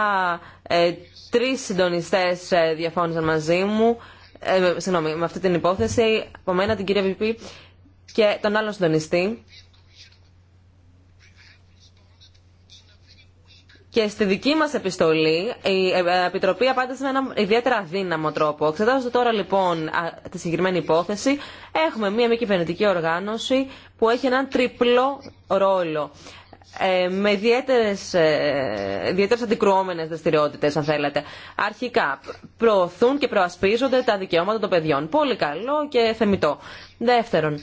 ε, τρεις συντονιστές ε, διαφώνησαν μαζί μου, ε, συγγνώμη, με αυτή την υπόθεση, από μένα την κυρία Βιπή και τον άλλον συντονιστή. Και στη δική μας επιστολή η ε, ε, Επιτροπή απάντησε με έναν ιδιαίτερα δύναμο τρόπο. το τώρα λοιπόν τη συγκεκριμένη υπόθεση, έχουμε μία μη κυβερνητική οργάνωση που έχει έναν τριπλό ρόλο. Ε, με ιδιαίτερες, ιδιαίτερες αντικρουόμενες δραστηριότητε, αν θέλετε. Αρχικά, προωθούν και προασπίζονται τα δικαιώματα των παιδιών. Πολύ καλό και θεμητό. Δεύτερον,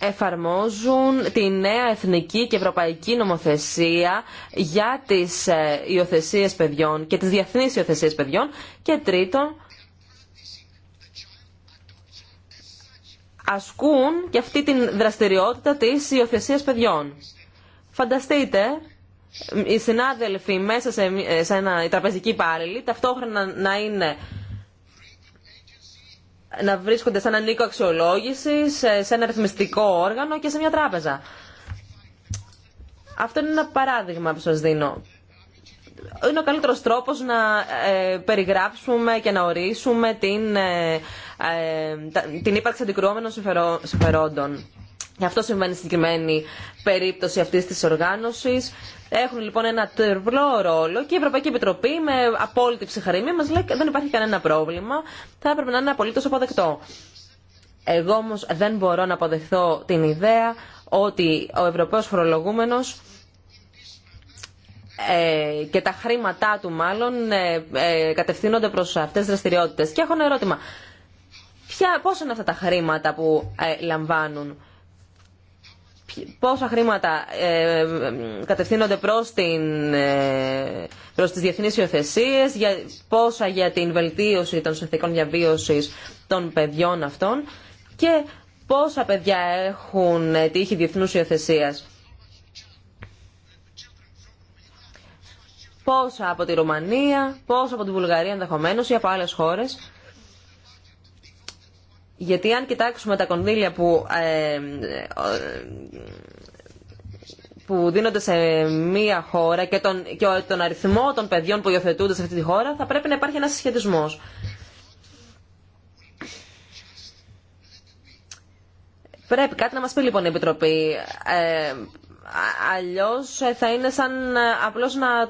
εφαρμόζουν τη νέα εθνική και ευρωπαϊκή νομοθεσία για τις ε, υιοθεσίε παιδιών και τις διεθνείς υιοθεσίε παιδιών και τρίτον ασκούν και αυτή την δραστηριότητα της υιοθεσία παιδιών. Φανταστείτε οι συνάδελφοι μέσα σε, ε, ένα τραπεζική υπάλληλοι ταυτόχρονα να είναι να βρίσκονται σε έναν οίκο αξιολόγηση, σε ένα ρυθμιστικό όργανο και σε μια τράπεζα. Αυτό είναι ένα παράδειγμα που σας δίνω. Είναι ο καλύτερος τρόπος να ε, περιγράψουμε και να ορίσουμε την, ε, ε, την ύπαρξη αντικρουόμενων συμφερόντων. Γι' αυτό συμβαίνει στην συγκεκριμένη περίπτωση αυτή τη οργάνωση. Έχουν λοιπόν ένα τερβλό ρόλο και η Ευρωπαϊκή Επιτροπή με απόλυτη ψυχαρήμια μα λέει δεν υπάρχει κανένα πρόβλημα. Θα έπρεπε να είναι απολύτω αποδεκτό. Εγώ όμω δεν μπορώ να αποδεχθώ την ιδέα ότι ο Ευρωπαίος φορολογούμενος ε, και τα χρήματά του μάλλον ε, ε, κατευθύνονται προς αυτές τις δραστηριότητες. Και έχω ένα ερώτημα. Ποια, πώς είναι αυτά τα χρήματα που ε, λαμβάνουν πόσα χρήματα ε, κατευθύνονται προς, την, ε, προς τις διεθνείς υιοθεσίες, για, πόσα για την βελτίωση των συνθήκων διαβίωσης των παιδιών αυτών και πόσα παιδιά έχουν τύχη διεθνούς υιοθεσίας. Πόσα από τη Ρουμανία, πόσα από τη Βουλγαρία ενδεχομένω ή από άλλες χώρες. Γιατί αν κοιτάξουμε τα κονδύλια που, ε, που δίνονται σε μία χώρα και τον, και τον αριθμό των παιδιών που υιοθετούνται σε αυτή τη χώρα, θα πρέπει να υπάρχει ένας συσχετισμός. Πρέπει κάτι να μας πει λοιπόν η Επιτροπή. Ε, αλλιώς θα είναι σαν ε, απλώς να,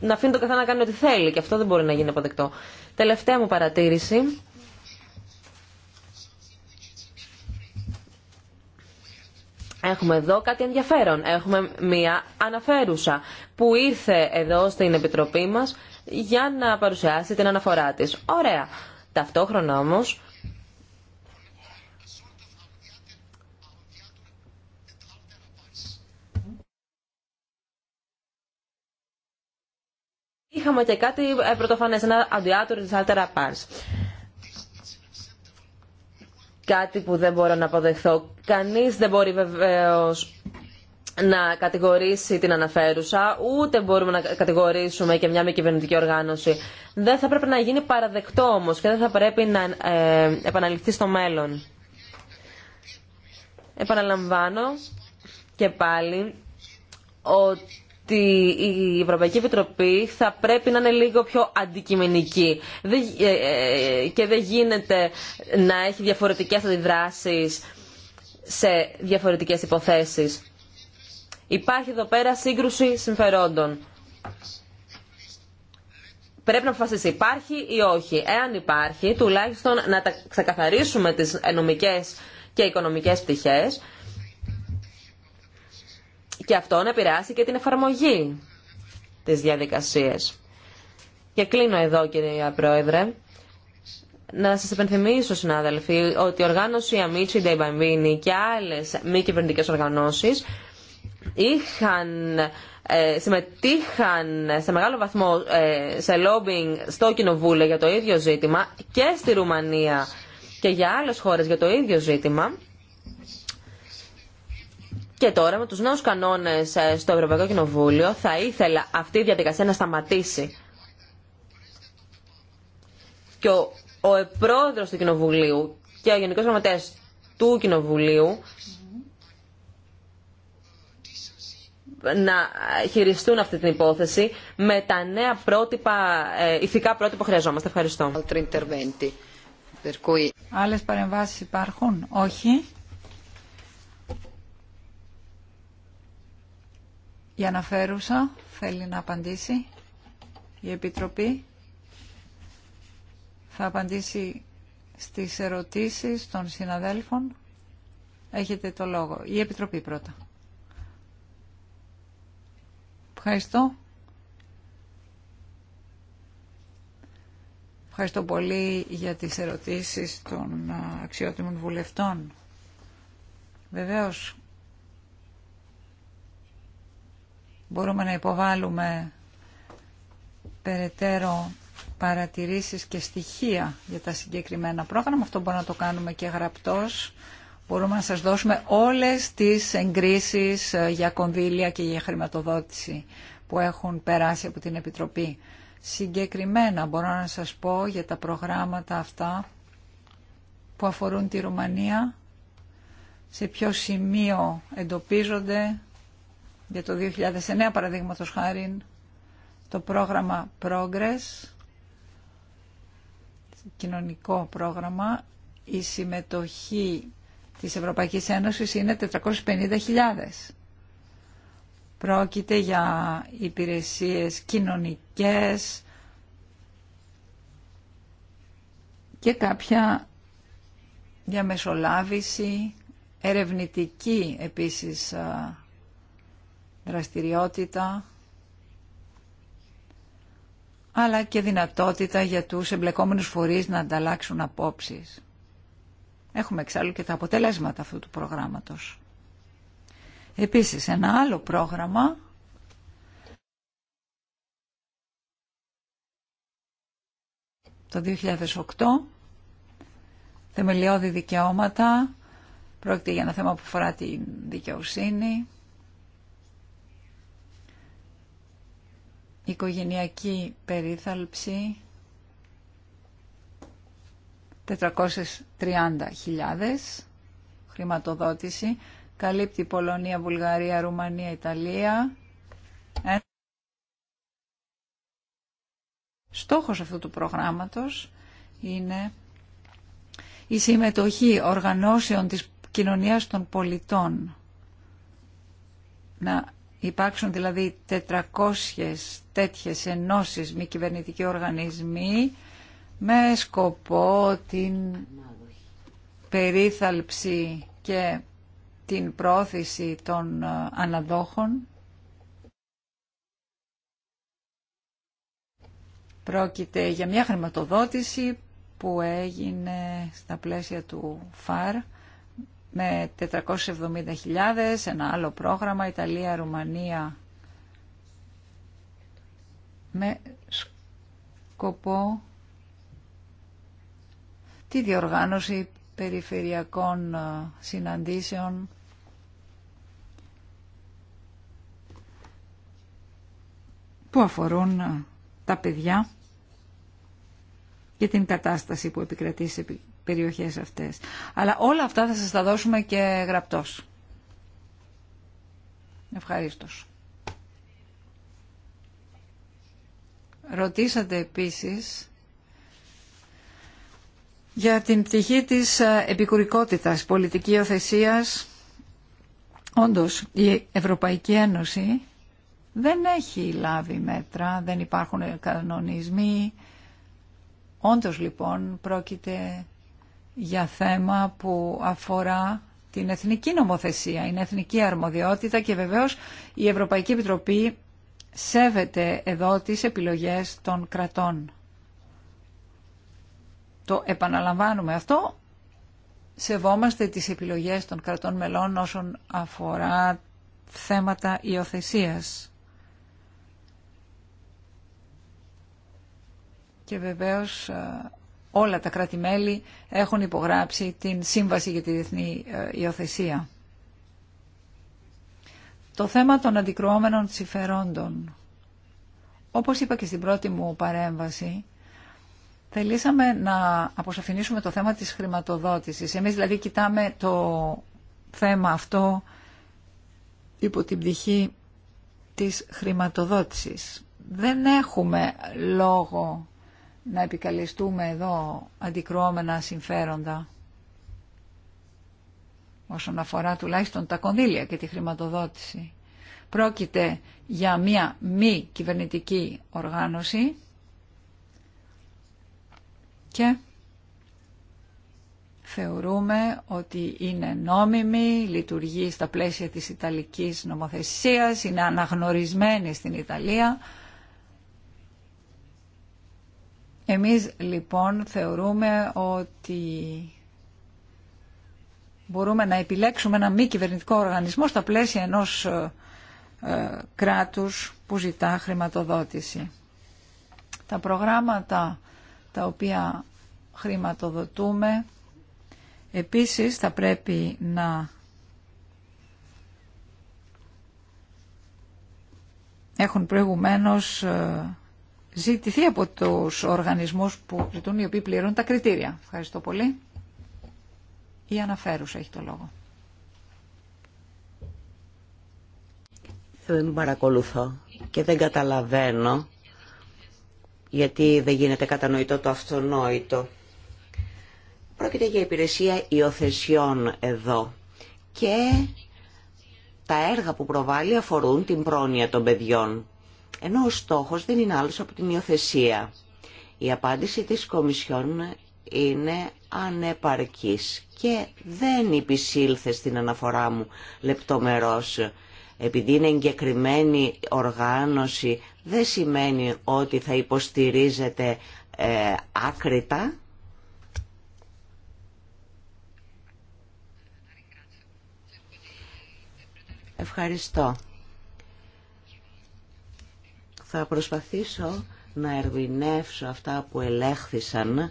να αφήνει το καθένα να κάνει ό,τι θέλει και αυτό δεν μπορεί να γίνει αποδεκτό. Τελευταία μου παρατήρηση Έχουμε εδώ κάτι ενδιαφέρον. Έχουμε μία αναφέρουσα που ήρθε εδώ στην Επιτροπή μας για να παρουσιάσει την αναφορά της. Ωραία. Ταυτόχρονα όμως είχαμε και κάτι ε, πρωτοφανέ, ένα αντιάτορο της Άλτερα κάτι που δεν μπορώ να αποδεχθώ. Κανείς δεν μπορεί βεβαίως να κατηγορήσει την αναφέρουσα, ούτε μπορούμε να κατηγορήσουμε και μια μη κυβερνητική οργάνωση. Δεν θα πρέπει να γίνει παραδεκτό όμως και δεν θα πρέπει να ε, επαναληφθεί στο μέλλον. Επαναλαμβάνω και πάλι ότι ότι η Ευρωπαϊκή Επιτροπή θα πρέπει να είναι λίγο πιο αντικειμενική ε, ε, και δεν γίνεται να έχει διαφορετικές αντιδράσεις σε διαφορετικές υποθέσεις. Υπάρχει εδώ πέρα σύγκρουση συμφερόντων. Πρέπει να αποφασίσει υπάρχει ή όχι. Εάν υπάρχει, τουλάχιστον να τα ξεκαθαρίσουμε τις νομικές και οικονομικές πτυχές και αυτό να επηρεάσει και την εφαρμογή της διαδικασίας. Και κλείνω εδώ κύριε Πρόεδρε. Να σας υπενθυμίσω συνάδελφοι, ότι η οργάνωση Amici Dei Bambini και άλλες μη κυβερνητικέ οργανώσεις είχαν, ε, συμμετείχαν σε μεγάλο βαθμό ε, σε lobbying στο Κοινοβούλιο για το ίδιο ζήτημα και στη Ρουμανία και για άλλες χώρες για το ίδιο ζήτημα. Και τώρα με τους νέους κανόνες ε, στο Ευρωπαϊκό Κοινοβούλιο θα ήθελα αυτή η διαδικασία να σταματήσει. Και ο, ο του Κοινοβουλίου και ο Γενικός Γραμματέας του Κοινοβουλίου να χειριστούν αυτή την υπόθεση με τα νέα πρότυπα, ε, ηθικά πρότυπα που χρειαζόμαστε. Ευχαριστώ. Άλλες παρεμβάσεις υπάρχουν. Όχι. Η αναφέρουσα θέλει να απαντήσει. Η Επιτροπή θα απαντήσει στις ερωτήσεις των συναδέλφων. Έχετε το λόγο. Η Επιτροπή πρώτα. Ευχαριστώ. Ευχαριστώ πολύ για τις ερωτήσεις των ε, αξιότιμων βουλευτών. Βεβαίως, μπορούμε να υποβάλουμε περαιτέρω παρατηρήσεις και στοιχεία για τα συγκεκριμένα πρόγραμμα. Αυτό μπορούμε να το κάνουμε και γραπτός. Μπορούμε να σας δώσουμε όλες τις εγκρίσεις ε, για κονδύλια και για χρηματοδότηση που έχουν περάσει από την Επιτροπή. Συγκεκριμένα μπορώ να σας πω για τα προγράμματα αυτά που αφορούν τη Ρουμανία, σε ποιο σημείο εντοπίζονται, για το 2009 παραδείγματος χάρη το πρόγραμμα Progress, κοινωνικό πρόγραμμα, η συμμετοχή της Ευρωπαϊκής Ένωσης είναι 450.000. Πρόκειται για υπηρεσίες κοινωνικές και κάποια διαμεσολάβηση, ερευνητική επίσης δραστηριότητα αλλά και δυνατότητα για τους εμπλεκόμενους φορείς να ανταλλάξουν απόψεις. Έχουμε εξάλλου και τα αποτελέσματα αυτού του προγράμματος. Επίσης, ένα άλλο πρόγραμμα το 2008 θεμελιώδη δικαιώματα πρόκειται για ένα θέμα που αφορά την δικαιοσύνη οικογενειακή περίθαλψη 430.000 χρηματοδότηση καλύπτει Πολωνία, Βουλγαρία, Ρουμανία, Ιταλία ε. Στόχος αυτού του προγράμματος είναι η συμμετοχή οργανώσεων της κοινωνίας των πολιτών να υπάρξουν δηλαδή 400 τέτοιες ενώσεις μη κυβερνητικοί οργανισμοί με σκοπό την περίθαλψη και την πρόθεση των ε, αναδόχων. Πρόκειται για μια χρηματοδότηση που έγινε στα πλαίσια του ΦΑΡ με 470.000, ένα άλλο πρόγραμμα Ιταλία-Ρουμανία με σκοπό τη διοργάνωση περιφερειακών ε, συναντήσεων που αφορούν ε, τα παιδιά και την κατάσταση που επικρατεί σε περιοχές αυτές. Αλλά όλα αυτά θα σας τα δώσουμε και γραπτός. Ευχαριστώ. Ρωτήσατε επίσης για την πτυχή της ε, επικουρικότητας, πολιτική οθεσίας. Όντως, η Ευρωπαϊκή Ένωση δεν έχει λάβει μέτρα, δεν υπάρχουν κανονισμοί. Όντως λοιπόν πρόκειται για θέμα που αφορά την εθνική νομοθεσία, την εθνική αρμοδιότητα και βεβαίως η Ευρωπαϊκή Επιτροπή σέβεται εδώ τις επιλογές των κρατών. Το επαναλαμβάνουμε αυτό, σεβόμαστε τις επιλογές των κρατών μελών όσον αφορά θέματα υιοθεσία. Και βεβαίως ε, όλα τα κράτη-μέλη έχουν υπογράψει την Σύμβαση για τη Διεθνή ε, Υιοθεσία. Το θέμα των αντικρουόμενων συμφερόντων. Όπως είπα και στην πρώτη μου παρέμβαση, θελήσαμε να αποσαφηνίσουμε το θέμα της χρηματοδότησης. Εμείς δηλαδή κοιτάμε το θέμα αυτό υπό την πτυχή της χρηματοδότησης. Δεν έχουμε λόγο να επικαλεστούμε εδώ αντικρουόμενα συμφέροντα όσον αφορά τουλάχιστον τα κονδύλια και τη χρηματοδότηση. Πρόκειται για μια μη κυβερνητική οργάνωση και θεωρούμε ότι είναι νόμιμη, λειτουργεί στα πλαίσια της Ιταλικής νομοθεσίας, είναι αναγνωρισμένη στην Ιταλία Εμείς λοιπόν θεωρούμε ότι μπορούμε να επιλέξουμε ένα μη κυβερνητικό οργανισμό στα πλαίσια ενός ε, ε, κράτους που ζητά χρηματοδότηση. Τα προγράμματα τα οποία χρηματοδοτούμε επίσης θα πρέπει να έχουν προηγουμένως ε, ζητηθεί από τους οργανισμούς που ζητούν οι οποίοι πληρώνουν τα κριτήρια. Ευχαριστώ πολύ. Η αναφέρουσα έχει το λόγο. Δεν παρακολουθώ και δεν καταλαβαίνω γιατί δεν γίνεται κατανοητό το αυτονόητο. Πρόκειται για υπηρεσία υιοθεσιών εδώ και τα έργα που προβάλλει αφορούν την πρόνοια των παιδιών ενώ ο στόχος δεν είναι άλλος από την υιοθεσία. Η απάντηση της Κομισιόν είναι ανεπαρκής και δεν υπησύλθε στην αναφορά μου λεπτομερώς. Επειδή είναι εγκεκριμένη οργάνωση δεν σημαίνει ότι θα υποστηρίζεται ε, άκρητα. Ευχαριστώ. Θα προσπαθήσω να ερμηνεύσω αυτά που ελέγχθησαν ε,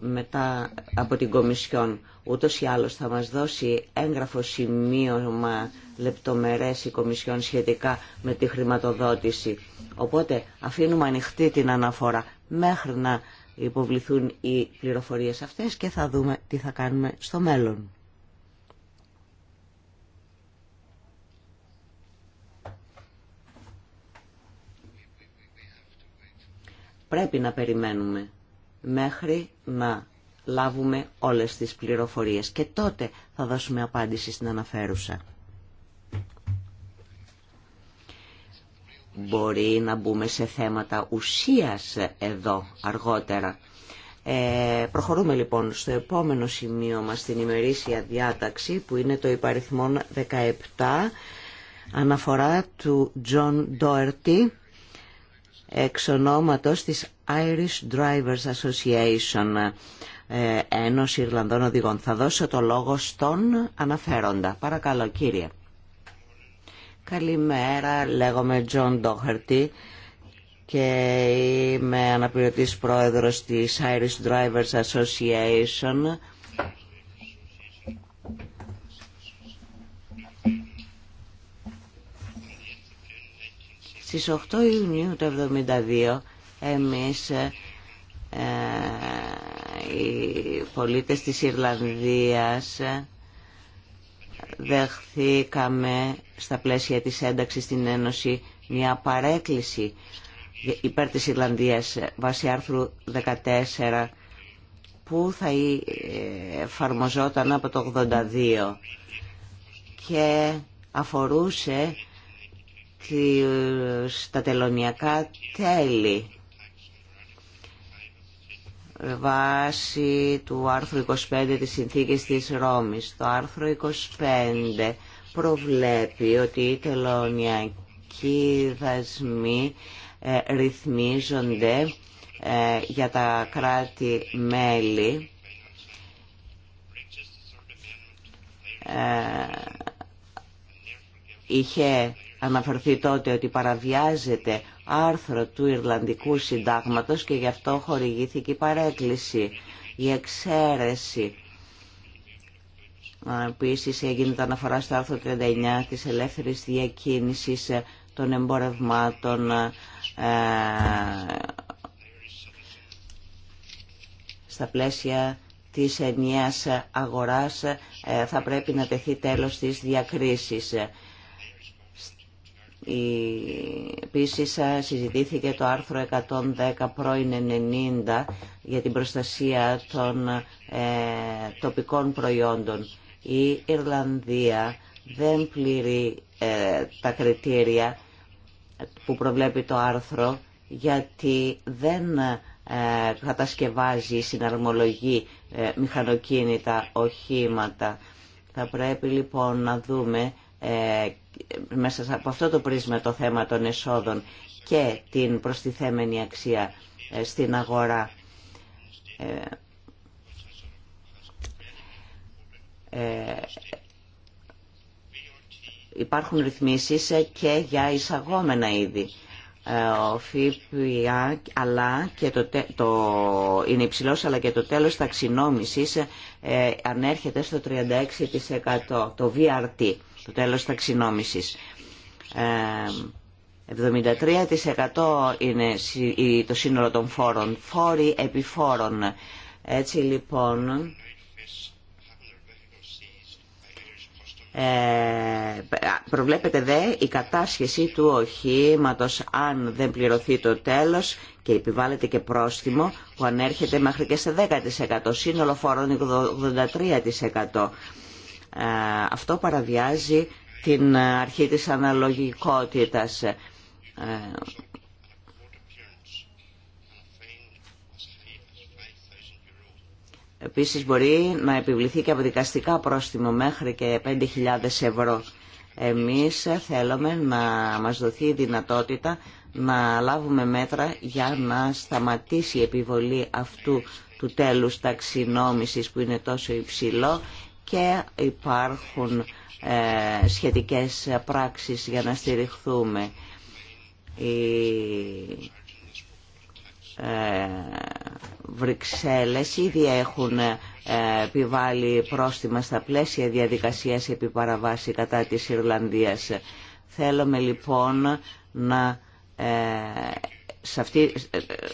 μετά από την Κομισιόν. Ούτως ή άλλως θα μας δώσει έγγραφο σημείωμα λεπτομερές η Κομισιόν σχετικά με τη χρηματοδότηση. Οπότε αφήνουμε ανοιχτή την αναφορά μέχρι να υποβληθούν οι πληροφορίες αυτές και θα δούμε τι θα κάνουμε στο μέλλον. πρέπει να περιμένουμε μέχρι να λάβουμε όλες τις πληροφορίες και τότε θα δώσουμε απάντηση στην αναφέρουσα. Μπορεί να μπούμε σε θέματα ουσίας εδώ αργότερα. Ε, προχωρούμε λοιπόν στο επόμενο σημείο μας στην ημερήσια διάταξη που είναι το υπαριθμόν 17 αναφορά του Τζον Doherty εξ ονόματος της Irish Drivers Association, ε, Ένωση Ιρλανδών Οδηγών. Θα δώσω το λόγο στον αναφέροντα. Παρακαλώ κύριε. Καλημέρα, λέγομαι John Doherty και είμαι αναπληρωτής πρόεδρος της Irish Drivers Association Στις 8 Ιουνίου του 1972 εμείς ε, ε, οι πολίτες της Ιρλανδίας ε, δεχθήκαμε στα πλαίσια της ένταξης στην Ένωση μια παρέκκληση υπέρ της Ιρλανδίας βάσει άρθρου 14 που θα εφαρμοζόταν από το 82 και αφορούσε στα τελωνιακά τέλη βάσει του άρθρου 25 της Συνθήκης της Ρώμης. Το άρθρο 25 προβλέπει ότι οι τελωνιακοί δασμοί ε, ρυθμίζονται ε, για τα κράτη-μέλη ε, είχε αναφερθεί τότε ότι παραβιάζεται άρθρο του Ιρλανδικού Συντάγματος και γι' αυτό χορηγήθηκε η παρέκκληση, η εξαίρεση. Ε, Επίση έγινε τα αναφορά στο άρθρο 39 της ελεύθερης διακίνησης ε, των εμπορευμάτων ε, στα πλαίσια της ενιαίας αγοράς θα πρέπει να τεθεί τέλος της διακρίσης. Επίσης ε, συζητήθηκε το άρθρο 110 πρώην 90 για την προστασία των ε, τοπικών προϊόντων. Η Ιρλανδία δεν πληρεί ε, τα κριτήρια που προβλέπει το άρθρο γιατί δεν ε, κατασκευάζει συναρμολογή μηχανοκίνητα οχήματα. Θα πρέπει λοιπόν να δούμε ε, μέσα από αυτό το πρίσμα το θέμα των εσόδων και την προστιθέμενη αξία ε, στην αγορά. Ε, ε, υπάρχουν ρυθμίσεις και για εισαγόμενα είδη. Ο ΦΥΠΙΑ αλλά και το, το, είναι υψηλό, αλλά και το τέλος ταξινόμησης ανέρχεται στο 36% το VRT το τέλος ταξινόμησης. 73% ε, είναι το σύνολο των φόρων, φόροι επιφόρων. Έτσι λοιπόν, ε, προβλέπεται δε η κατάσχεση του οχήματος αν δεν πληρωθεί το τέλος και επιβάλλεται και πρόστιμο που ανέρχεται μέχρι και σε 10% σύνολο φόρων 83% ε, αυτό παραβιάζει την αρχή της αναλογικότητας. Ε, επίσης μπορεί να επιβληθεί και από δικαστικά πρόστιμο μέχρι και 5.000 ευρώ. Εμείς θέλουμε να μας δοθεί η δυνατότητα να λάβουμε μέτρα για να σταματήσει η επιβολή αυτού του τέλους ταξινόμησης που είναι τόσο υψηλό και υπάρχουν ε, σχετικές πράξεις για να στηριχθούμε. Οι ε, Βρυξέλλες ήδη έχουν ε, επιβάλει πρόστιμα στα πλαίσια διαδικασίας επί παραβάση κατά της Ιρλανδίας. Θέλουμε λοιπόν να, ε, σε,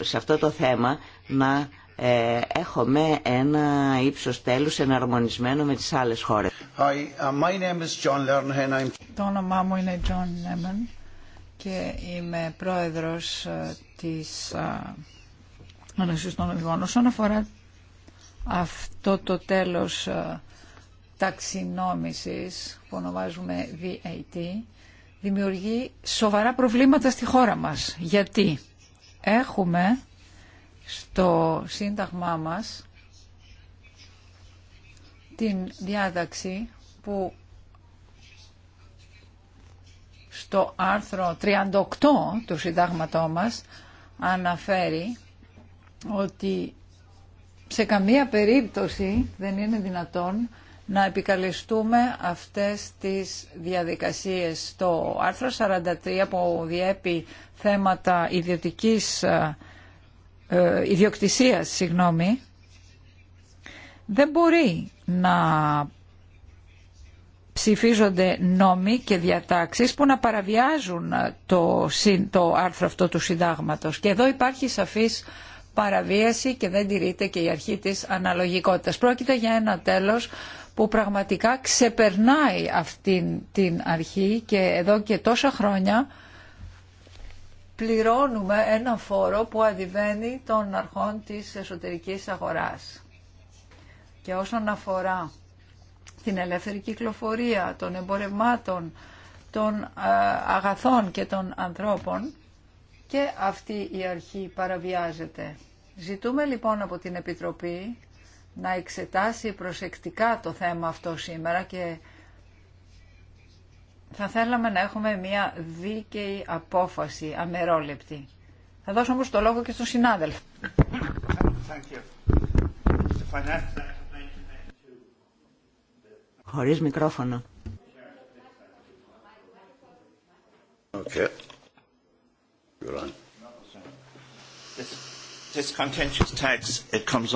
σε αυτό το θέμα να ε, έχουμε ένα ύψος τέλους εναρμονισμένο με τις άλλες χώρες. Hi, uh, my name is John I'm... Το όνομά μου είναι John και είμαι πρόεδρος ε, της ε, Ανασύσης των Οδηγών. Όσον αφορά αυτό το τέλος ταξινόμησης που ονομάζουμε VAT, δημιουργεί σοβαρά προβλήματα στη χώρα μας. Γιατί έχουμε στο σύνταγμά μας την διάταξη που στο άρθρο 38 του συντάγματό μας αναφέρει ότι σε καμία περίπτωση δεν είναι δυνατόν να επικαλεστούμε αυτές τις διαδικασίες. Το άρθρο 43 που διέπει θέματα ιδιωτικής ε, ε, ιδιοκτησίας, συγγνώμη, δεν μπορεί να ψηφίζονται νόμοι και διατάξεις που να παραβιάζουν το, το άρθρο αυτό του συντάγματος. Και εδώ υπάρχει σαφής παραβίαση και δεν τηρείται και η αρχή της αναλογικότητας. Πρόκειται για ένα τέλος που πραγματικά ξεπερνάει αυτήν την αρχή και εδώ και τόσα χρόνια πληρώνουμε ένα φόρο που αντιβαίνει των αρχών της εσωτερικής αγοράς. Και όσον αφορά την ελεύθερη κυκλοφορία των εμπορευμάτων, των ε, αγαθών και των ανθρώπων, και αυτή η αρχή παραβιάζεται. Ζητούμε λοιπόν από την Επιτροπή να εξετάσει προσεκτικά το θέμα αυτό σήμερα και θα θέλαμε να έχουμε μια δίκαιη απόφαση, αμερόλεπτη. Θα δώσω όμως το λόγο και στον συνάδελφο. Χωρίς μικρόφωνο. Okay. You're on. This, contentious tax, it comes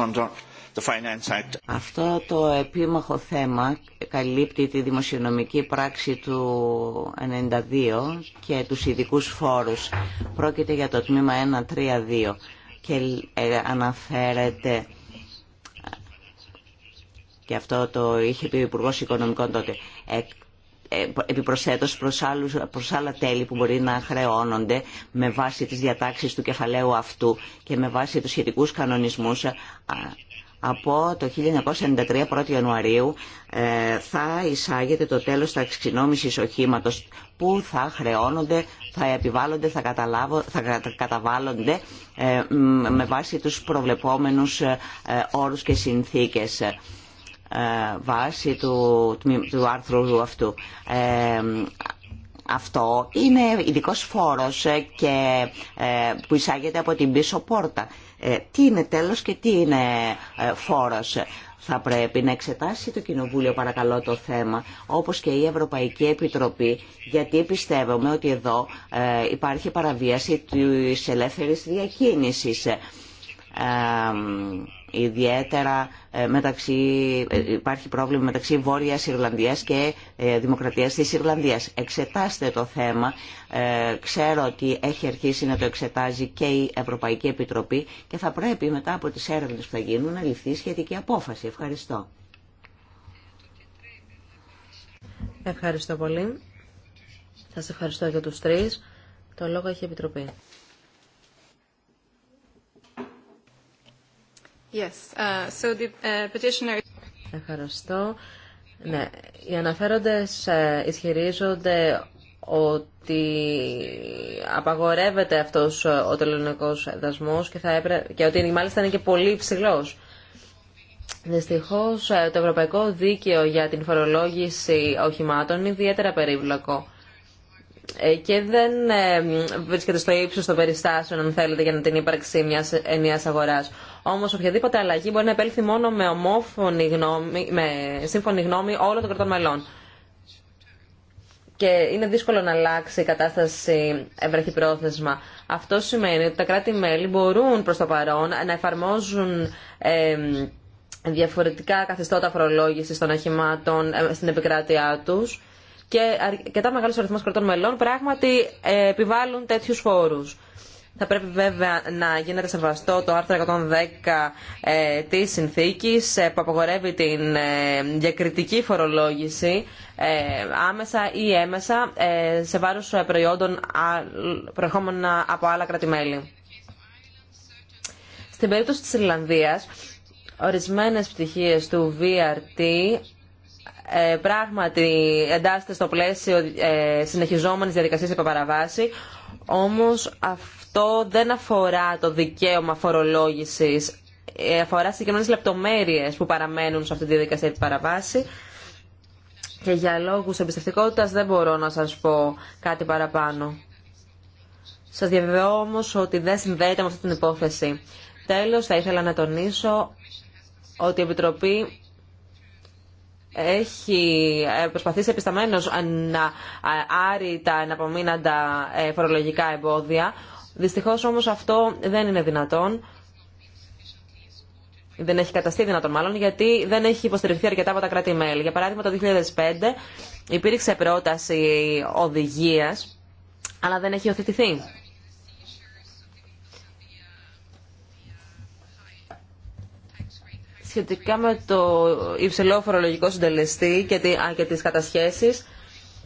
αυτό το επίμαχο θέμα καλύπτει τη δημοσιονομική πράξη του 92 και τους ειδικούς φόρους. Πρόκειται για το τμήμα 132 και ε, αναφέρεται και αυτό το είχε πει ο Υπουργός Οικονομικών τότε ε, ε, επιπροσθέτως προς, άλλους, προς άλλα τέλη που μπορεί να χρεώνονται με βάση τις διατάξεις του κεφαλαίου αυτού και με βάση τους σχετικούς κανονισμούς από το 1993 1 Ιανουαρίου ε, θα εισάγεται το τέλος ταξινόμησης οχήματος που θα χρεώνονται, θα επιβάλλονται, θα, καταλάβω, θα καταβάλλονται ε, με βάση τους προβλεπόμενους ε, όρους και συνθήκες βάση του, του άρθρου αυτού. Αυτό είναι ειδικό φόρος και, που εισάγεται από την πίσω πόρτα. Ε, τι είναι τέλος και τι είναι ε, φόρος. Θα πρέπει να εξετάσει το Κοινοβούλιο παρακαλώ το θέμα, όπως και η Ευρωπαϊκή Επιτροπή, γιατί πιστεύουμε ότι εδώ ε, υπάρχει παραβίαση της ελεύθερης διακίνησης. Ιδιαίτερα ε, μεταξύ, ε, υπάρχει πρόβλημα μεταξύ Βόρειας Ιρλανδίας και ε, Δημοκρατίας της Ιρλανδίας. Εξετάστε το θέμα. Ξέρω ότι έχει αρχίσει να το εξετάζει και η Ευρωπαϊκή Επιτροπή και θα πρέπει μετά από τις έρευνες που θα γίνουν να ληφθεί σχετική απόφαση. Ευχαριστώ. Ευχαριστώ πολύ. Σας ευχαριστώ για τους τρεις. Το λόγο έχει η Επιτροπή. Yes. Uh, so the uh, petitioner... Ευχαριστώ. Ναι, οι αναφέροντες ε, ισχυρίζονται ότι απαγορεύεται αυτός ε, ο τελωνικός δασμός και, θα και ότι μάλιστα είναι και πολύ ψηλός. Δυστυχώς ε, το Ευρωπαϊκό Δίκαιο για την φορολόγηση οχημάτων είναι ιδιαίτερα περίπλοκο. Ε, και δεν ε, βρίσκεται στο ύψο των περιστάσεων, αν θέλετε, για να την ύπαρξη μία ενιαία αγορά. Όμω οποιαδήποτε αλλαγή μπορεί να επέλθει μόνο με, ομόφωνη γνώμη, με σύμφωνη γνώμη όλων των κρατών μελών. Και είναι δύσκολο να αλλάξει η κατάσταση ευρεχηπρόθεσμα. Αυτό σημαίνει ότι τα κράτη-μέλη μπορούν προς το παρόν να εφαρμόζουν διαφορετικά καθεστώτα φορολόγηση των αχημάτων ε, στην επικράτειά τους και αρκετά μεγάλο αριθμό κρατών μελών πράγματι ε, επιβάλλουν τέτοιου φόρου. Θα πρέπει βέβαια να γίνεται σεβαστό το άρθρο 110 ε, της συνθήκης ε, που απαγορεύει την ε, διακριτική φορολόγηση άμεσα ή έμεσα σε βάρος προερχόμενα προερχόμενων από άλλα Στην περίπτωση της Ιρλανδίας, ορισμένες πτυχίες του VRT ε, πράγματι εντάσσεται στο πλαίσιο ε, συνεχιζόμενης διαδικασίας υπό όμως αυτό δεν αφορά το δικαίωμα φορολόγησης, ε, αφορά συγκεκριμένε λεπτομέρειες που παραμένουν σε αυτή τη διαδικασία υπό και για λόγους εμπιστευτικότητας δεν μπορώ να σας πω κάτι παραπάνω. Σας διαβεβαιώ όμως ότι δεν συνδέεται με αυτή την υπόθεση. Τέλος, θα ήθελα να τονίσω ότι η Επιτροπή έχει ε, προσπαθήσει επισταμένως να ε, άρει τα εναπομείναντα ε, φορολογικά εμπόδια. Δυστυχώς όμως αυτό δεν είναι δυνατόν. Δεν έχει καταστεί δυνατόν μάλλον γιατί δεν έχει υποστηριχθεί αρκετά από τα κράτη-μέλη. Για παράδειγμα το 2005 υπήρξε πρόταση οδηγίας αλλά δεν έχει οθετηθεί. σχετικά με το υψηλό φορολογικό συντελεστή και τις κατασχέσεις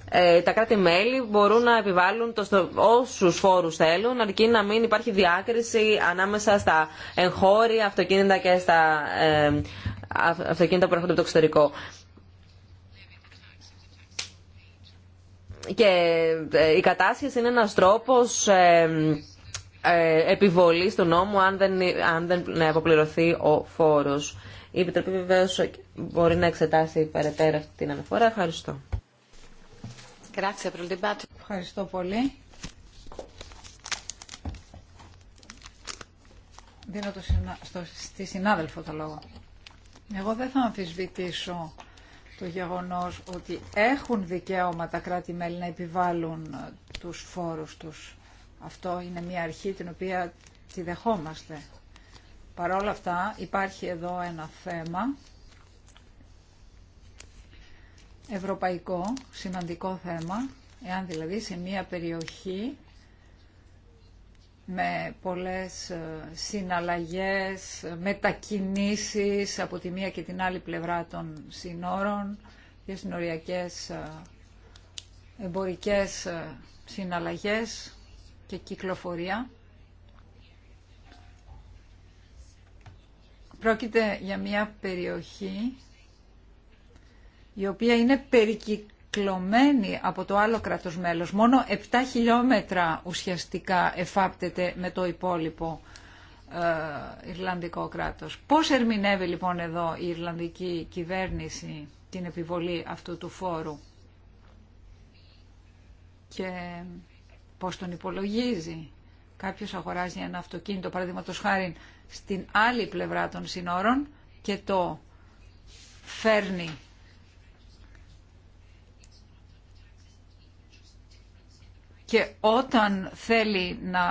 ε, τα κράτη-μέλη μπορούν να επιβάλλουν το φόρου όσους φόρους θέλουν αρκεί να μην υπάρχει διάκριση ανάμεσα στα εγχώρια αυτοκίνητα και στα ε, αυτοκίνητα που έρχονται από το εξωτερικό. Και ε, η κατάσχεση είναι ένας τρόπος επιβολής του νόμου αν δεν, αν δεν αποπληρωθεί ο φόρος. Η Επιτροπή βεβαίω μπορεί να εξετάσει περαιτέρω αυτή την αναφορά. Ευχαριστώ. Ευχαριστώ πολύ. Δίνω το συνα... στη συνάδελφο το λόγο. Εγώ δεν θα αμφισβητήσω το γεγονός ότι έχουν δικαίωμα τα κράτη-μέλη να επιβάλλουν ε, τους φόρους τους. Αυτό είναι μια αρχή την οποία τη δεχόμαστε. Παρ' όλα αυτά υπάρχει εδώ ένα θέμα ευρωπαϊκό, σημαντικό θέμα, εάν δηλαδή σε μια περιοχή με πολλές ε, συναλλαγές, μετακινήσεις από τη μία και την άλλη πλευρά των συνόρων για συνοριακές ε, εμπορικές ε, συναλλαγές και κυκλοφορία. Πρόκειται για μια περιοχή η οποία είναι περικυκλωμένη από το άλλο κράτος μέλος. Μόνο 7 χιλιόμετρα ουσιαστικά εφάπτεται με το υπόλοιπο ε, Ιρλανδικό κράτος. Πώς ερμηνεύει λοιπόν εδώ η Ιρλανδική κυβέρνηση την επιβολή αυτού του φόρου και πώς τον υπολογίζει κάποιος αγοράζει ένα αυτοκίνητο, παραδείγματος χάρη, στην άλλη πλευρά των συνόρων και το φέρνει και όταν θέλει να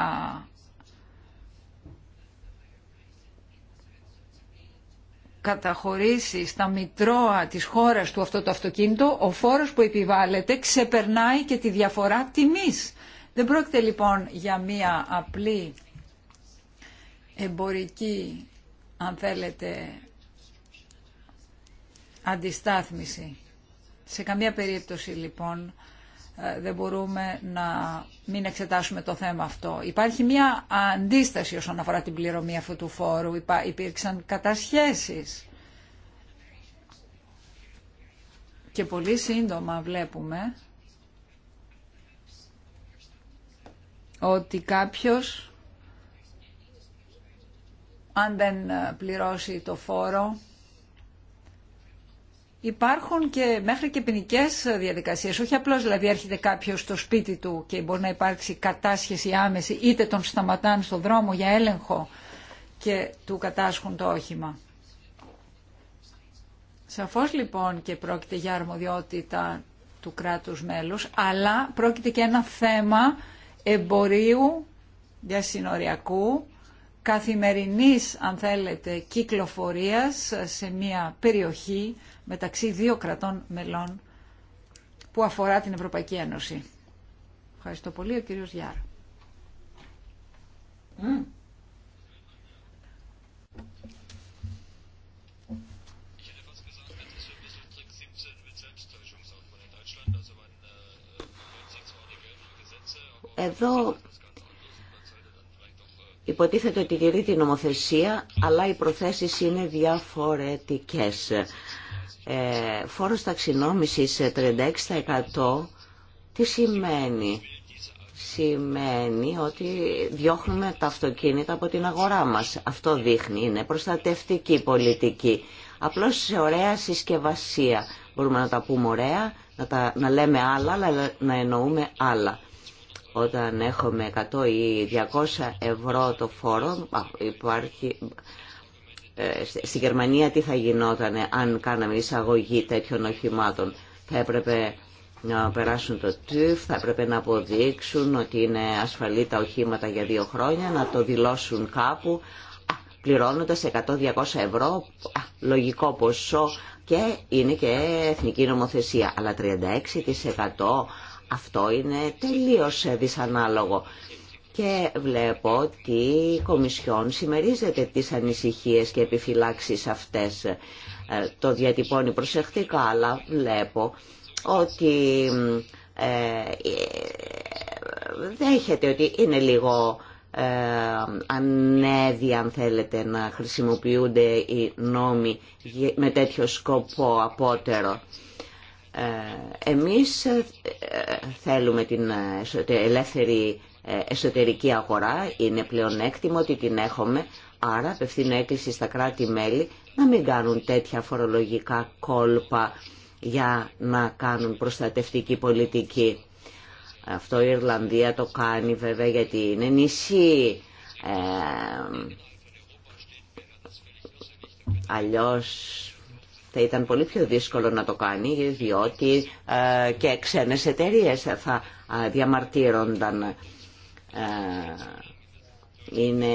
καταχωρήσει στα μητρώα της χώρας του αυτό το αυτοκίνητο, ο φόρος που επιβάλλεται ξεπερνάει και τη διαφορά τιμής. Δεν πρόκειται λοιπόν για μία απλή εμπορική, αν θέλετε, αντιστάθμιση. Σε καμία περίπτωση λοιπόν ε, δεν μπορούμε να μην εξετάσουμε το θέμα αυτό. Υπάρχει μια αντίσταση όσον αφορά την πληρωμή αυτού του φόρου. Υπήρξαν κατασχέσεις. Και πολύ σύντομα βλέπουμε ότι κάποιος αν δεν ε, πληρώσει το φόρο Υπάρχουν και μέχρι και ποινικέ ε, διαδικασίες, όχι απλώς δηλαδή έρχεται κάποιος στο σπίτι του και μπορεί να υπάρξει κατάσχεση άμεση, είτε τον σταματάνε στον δρόμο για έλεγχο και του κατάσχουν το όχημα. Σαφώς λοιπόν και πρόκειται για αρμοδιότητα του κράτους μέλους, αλλά πρόκειται και ένα θέμα εμπορίου διασυνοριακού, καθημερινής, αν θέλετε, κυκλοφορίας σε μια περιοχή μεταξύ δύο κρατών μελών που αφορά την Ευρωπαϊκή Ένωση. Ευχαριστώ πολύ, ο κύριος Γιάρ. Εδώ υποτίθεται ότι τηρεί την νομοθεσία, αλλά οι προθέσεις είναι διαφορετικές. Ε, φόρος ταξινόμησης 36% τι σημαίνει. Σημαίνει ότι διώχνουμε τα αυτοκίνητα από την αγορά μας. Αυτό δείχνει, είναι προστατευτική πολιτική. Απλώς σε ωραία συσκευασία. Μπορούμε να τα πούμε ωραία, να, τα, να λέμε άλλα, αλλά να εννοούμε άλλα. Όταν έχουμε 100 ή 200 ευρώ το φόρο, υπάρχει... Ε, στη Γερμανία τι θα γινόταν αν κάναμε εισαγωγή τέτοιων οχημάτων. Θα έπρεπε να περάσουν το τύφ, θα έπρεπε να αποδείξουν ότι είναι ασφαλή τα οχήματα για δύο χρόνια, να το δηλώσουν κάπου, πληρώνοντας 100-200 ευρώ, λογικό ποσό και είναι και εθνική νομοθεσία. Αλλά 36% αυτό είναι τελείως δυσανάλογο. Και βλέπω ότι η Κομισιόν συμμερίζεται τις ανησυχίες και επιφυλάξεις αυτές. Ε, το διατυπώνει προσεκτικά, αλλά βλέπω ότι ε, ε, δέχεται ότι είναι λίγο ε, ανέδει αν θέλετε να χρησιμοποιούνται οι νόμοι με τέτοιο σκοπό απότερο. Ε, εμείς ε, θέλουμε την ε, ελεύθερη εσωτερική αγορά, είναι πλεονέκτημα ότι την έχουμε, άρα απευθύνω έκκληση στα κράτη-μέλη να μην κάνουν τέτοια φορολογικά κόλπα για να κάνουν προστατευτική πολιτική. Αυτό η Ιρλανδία το κάνει βέβαια γιατί είναι νησί. Ε, αλλιώς θα ήταν πολύ πιο δύσκολο να το κάνει διότι ε, και ξένες εταιρείες θα ε, διαμαρτύρονταν. Ε, είναι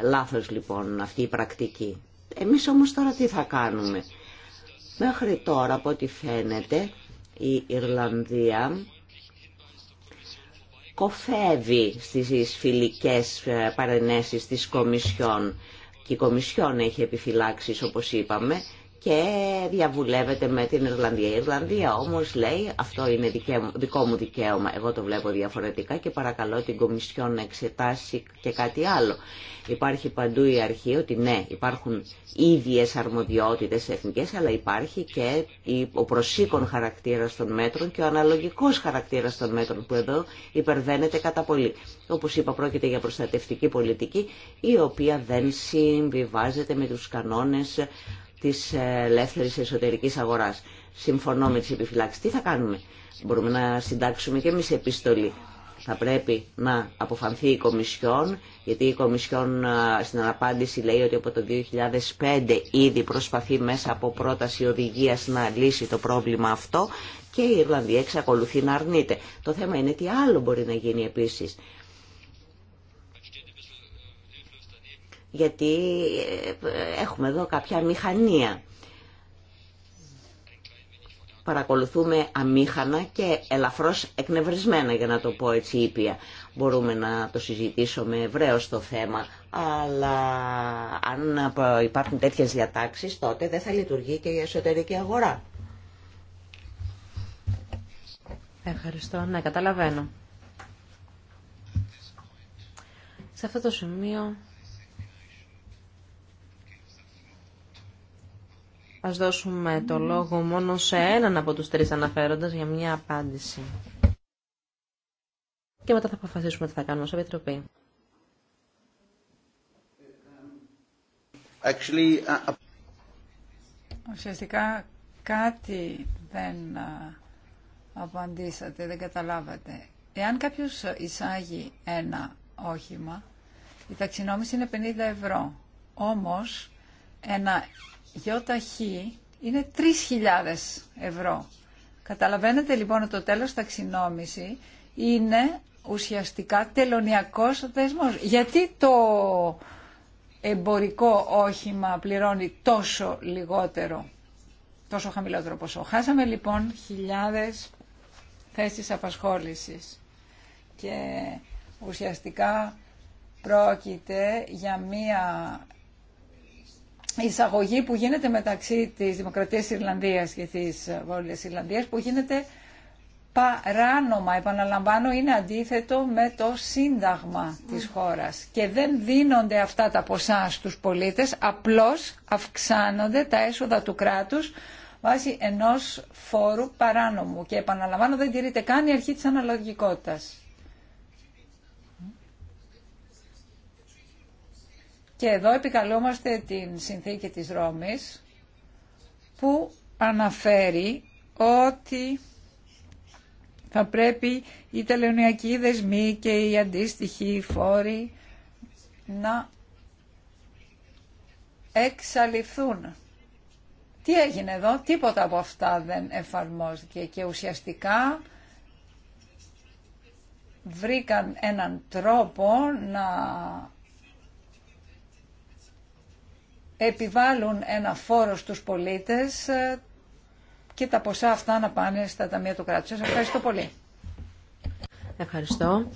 λάθος λοιπόν αυτή η πρακτική. Εμείς όμως τώρα τι θα κάνουμε. Μέχρι τώρα από ό,τι φαίνεται η Ιρλανδία κοφεύει στις φιλικές παρενέσεις της Κομισιόν και η Κομισιόν έχει επιφυλάξεις όπως είπαμε και διαβουλεύεται με την Ιρλανδία. Η Ιρλανδία όμω λέει αυτό είναι δικό μου δικαίωμα, εγώ το βλέπω διαφορετικά και παρακαλώ την Κομισιόν να εξετάσει και κάτι άλλο. Υπάρχει παντού η αρχή ότι ναι υπάρχουν ίδιε αρμοδιότητε εθνικέ, αλλά υπάρχει και ο προσήκον χαρακτήρα των μέτρων και ο αναλογικό χαρακτήρα των μέτρων που εδώ υπερβαίνεται κατά πολύ. Όπω είπα πρόκειται για προστατευτική πολιτική η οποία δεν συμβιβάζεται με του κανόνε της ελεύθερης εσωτερικής αγοράς. Συμφωνώ με τις επιφυλάξεις. Τι θα κάνουμε. Μπορούμε να συντάξουμε και εμεί επιστολή. Θα πρέπει να αποφανθεί η Κομισιόν, γιατί η Κομισιόν στην αναπάντηση λέει ότι από το 2005 ήδη προσπαθεί μέσα από πρόταση οδηγίας να λύσει το πρόβλημα αυτό και η Ιρλανδία εξακολουθεί να αρνείται. Το θέμα είναι τι άλλο μπορεί να γίνει επίσης. γιατί ε, έχουμε εδώ κάποια μηχανία. Παρακολουθούμε αμήχανα και ελαφρώς εκνευρισμένα, για να το πω έτσι ήπια. Μπορούμε να το συζητήσουμε ευρέως το θέμα, αλλά αν υπάρχουν τέτοιες διατάξεις, τότε δεν θα λειτουργεί και η εσωτερική αγορά. Ευχαριστώ. Ναι, καταλαβαίνω. Σε αυτό το σημείο Ας δώσουμε το λόγο μόνο σε έναν από τους τρεις αναφέροντας για μια απάντηση. Και μετά θα αποφασίσουμε τι θα κάνουμε ως Επιτροπή. Actually, Ουσιαστικά κάτι δεν απαντήσατε, δεν καταλάβατε. Εάν κάποιος εισάγει ένα όχημα, η ταξινόμηση είναι 50 ευρώ. Όμως, ένα ΙΧ είναι 3.000 ευρώ. Καταλαβαίνετε λοιπόν ότι το τέλος ταξινόμηση είναι ουσιαστικά τελωνιακός δεσμός. Γιατί το εμπορικό όχημα πληρώνει τόσο λιγότερο, τόσο χαμηλότερο ποσό. Χάσαμε λοιπόν χιλιάδες θέσεις απασχόλησης και ουσιαστικά πρόκειται για μία η εισαγωγή που γίνεται μεταξύ της Δημοκρατίας Ιρλανδίας και της Βόλειας Ιρλανδίας που γίνεται παράνομα, επαναλαμβάνω, είναι αντίθετο με το σύνταγμα της ναι. χώρας. Και δεν δίνονται αυτά τα ποσά στους πολίτες, απλώς αυξάνονται τα έσοδα του κράτους βάσει ενός φόρου παράνομου. Και επαναλαμβάνω, δεν τηρείται καν η αρχή της αναλογικότητας. Και εδώ επικαλούμαστε την συνθήκη της Ρώμης που αναφέρει ότι θα πρέπει οι τελεωνιακοί δεσμοί και οι αντίστοιχοι φόροι να εξαλειφθούν. Τι έγινε εδώ, τίποτα από αυτά δεν εφαρμόστηκε και ουσιαστικά βρήκαν έναν τρόπο να επιβάλλουν ένα φόρο στους πολίτες ε, και τα ποσά αυτά να πάνε στα ταμεία του κράτους. Σας ευχαριστώ πολύ. Ευχαριστώ.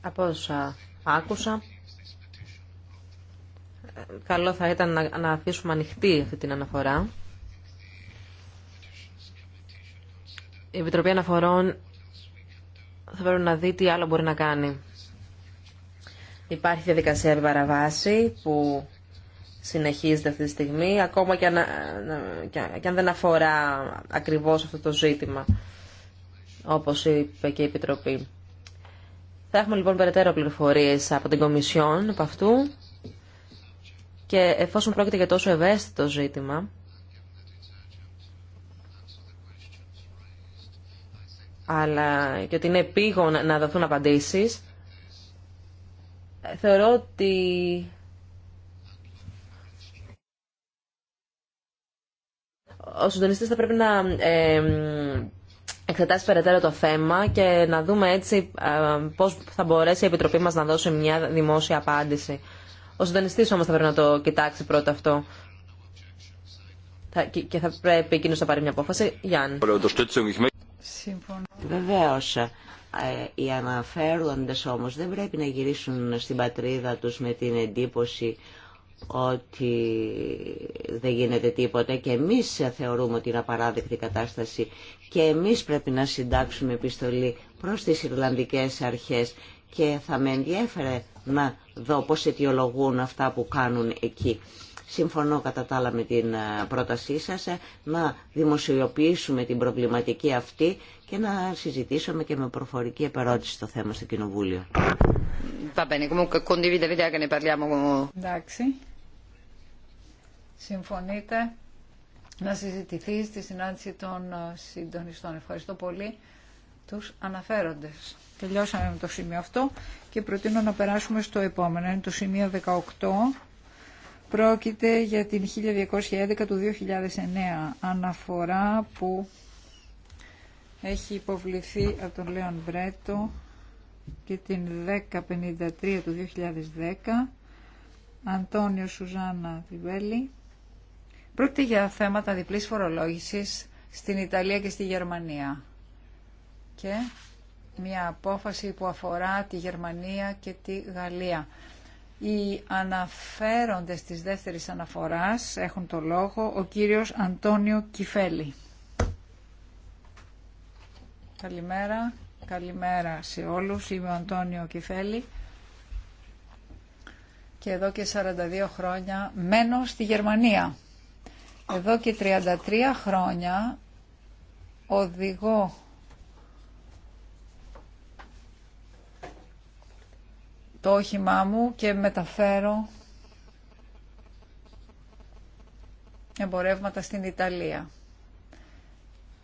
Από όσα άκουσα, ε, καλό θα ήταν να αφήσουμε ανοιχτή αυτή την αναφορά. Η Επιτροπή Αναφορών θα πρέπει να δει τι άλλο μπορεί να κάνει. Υπάρχει διαδικασία επιπαραβάση που συνεχίζεται αυτή τη στιγμή, ακόμα και αν, δεν αφορά ακριβώς αυτό το ζήτημα, όπως είπε και η Επιτροπή. Θα έχουμε λοιπόν περαιτέρω πληροφορίες από την Κομισιόν από αυτού και εφόσον πρόκειται για τόσο ευαίσθητο ζήτημα, αλλά και ότι είναι επίγον να δοθούν απαντήσεις, θεωρώ ότι ο συντονιστή θα πρέπει να εξετάσει περαιτέρω το θέμα και να δούμε έτσι πώς θα μπορέσει η Επιτροπή μας να δώσει μια δημόσια απάντηση. Ο συντονιστή όμως θα πρέπει να το κοιτάξει πρώτα αυτό. Και θα πρέπει εκείνος να πάρει μια απόφαση. Γιάννη. Βεβαίως. Οι αναφέροντες όμως δεν πρέπει να γυρίσουν στην πατρίδα τους με την εντύπωση ότι δεν γίνεται τίποτα και εμείς θεωρούμε ότι είναι απαράδεκτη κατάσταση και εμείς πρέπει να συντάξουμε επιστολή προς τις Ιρλανδικές αρχές και θα με ενδιέφερε να δω πώς αιτιολογούν αυτά που κάνουν εκεί. Συμφωνώ κατά τα άλλα με την ε, πρότασή σας ε, να δημοσιοποιήσουμε την προβληματική αυτή και να συζητήσουμε και με προφορική επερώτηση το θέμα στο Κοινοβούλιο. Εντάξει. Συμφωνείτε να συζητηθεί στη συνάντηση των ε, συντονιστών. Ευχαριστώ πολύ τους αναφέροντες. Τελειώσαμε με το σημείο αυτό και προτείνω να περάσουμε στο επόμενο. Είναι το σημείο 18. Πρόκειται για την 1211 του 2009 αναφορά που έχει υποβληθεί από τον Λέον Μπρέτο και την 1053 του 2010 Αντώνιο Σουζάνα Βιβέλη Πρόκειται για θέματα διπλής φορολόγησης στην Ιταλία και στη Γερμανία. Και μια απόφαση που αφορά τη Γερμανία και τη Γαλλία. Οι αναφέροντες της δεύτερης αναφοράς έχουν το λόγο ο κύριος Αντώνιο Κιφέλη. Καλημέρα, καλημέρα σε όλους. Είμαι ο Αντώνιο Κιφέλη και εδώ και 42 χρόνια μένω στη Γερμανία. Εδώ και 33 χρόνια οδηγώ το όχημά μου και μεταφέρω εμπορεύματα στην Ιταλία.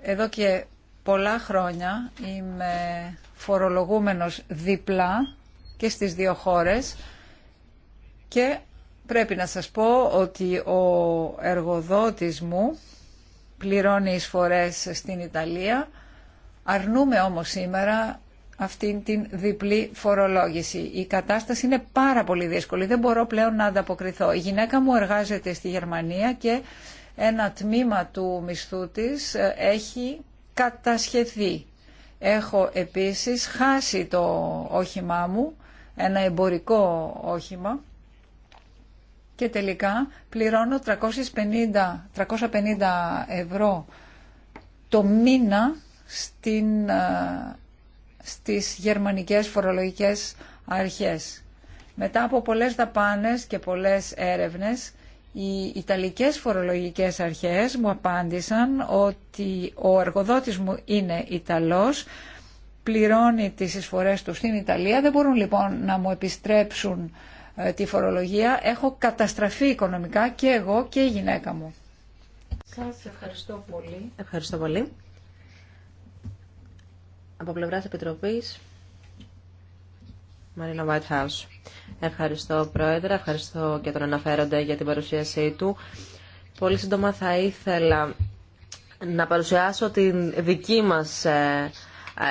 Εδώ και πολλά χρόνια είμαι φορολογούμενος δίπλα και στις δύο χώρες και πρέπει να σας πω ότι ο εργοδότης μου πληρώνει εισφορές στην Ιταλία, αρνούμε όμως σήμερα αυτήν την διπλή φορολόγηση. Η κατάσταση είναι πάρα πολύ δύσκολη. Δεν μπορώ πλέον να ανταποκριθώ. Η γυναίκα μου εργάζεται στη Γερμανία και ένα τμήμα του μισθού της ε, έχει κατασχεθεί. Έχω επίσης χάσει το όχημά μου, ένα εμπορικό όχημα και τελικά πληρώνω 350, 350 ευρώ το μήνα στην ε, στις γερμανικές φορολογικές αρχές. Μετά από πολλές δαπάνες και πολλές έρευνες, οι Ιταλικές φορολογικές αρχές μου απάντησαν ότι ο εργοδότης μου είναι Ιταλός, πληρώνει τις εισφορές του στην Ιταλία, δεν μπορούν λοιπόν να μου επιστρέψουν ε, τη φορολογία. Έχω καταστραφεί οικονομικά και εγώ και η γυναίκα μου. Σας ευχαριστώ πολύ. Ευχαριστώ πολύ από πλευρά Επιτροπή. Μαρίνα Whitehouse. Ευχαριστώ, Πρόεδρε. Ευχαριστώ και τον αναφέροντα για την παρουσίασή του. Πολύ σύντομα θα ήθελα να παρουσιάσω την δική μας ε,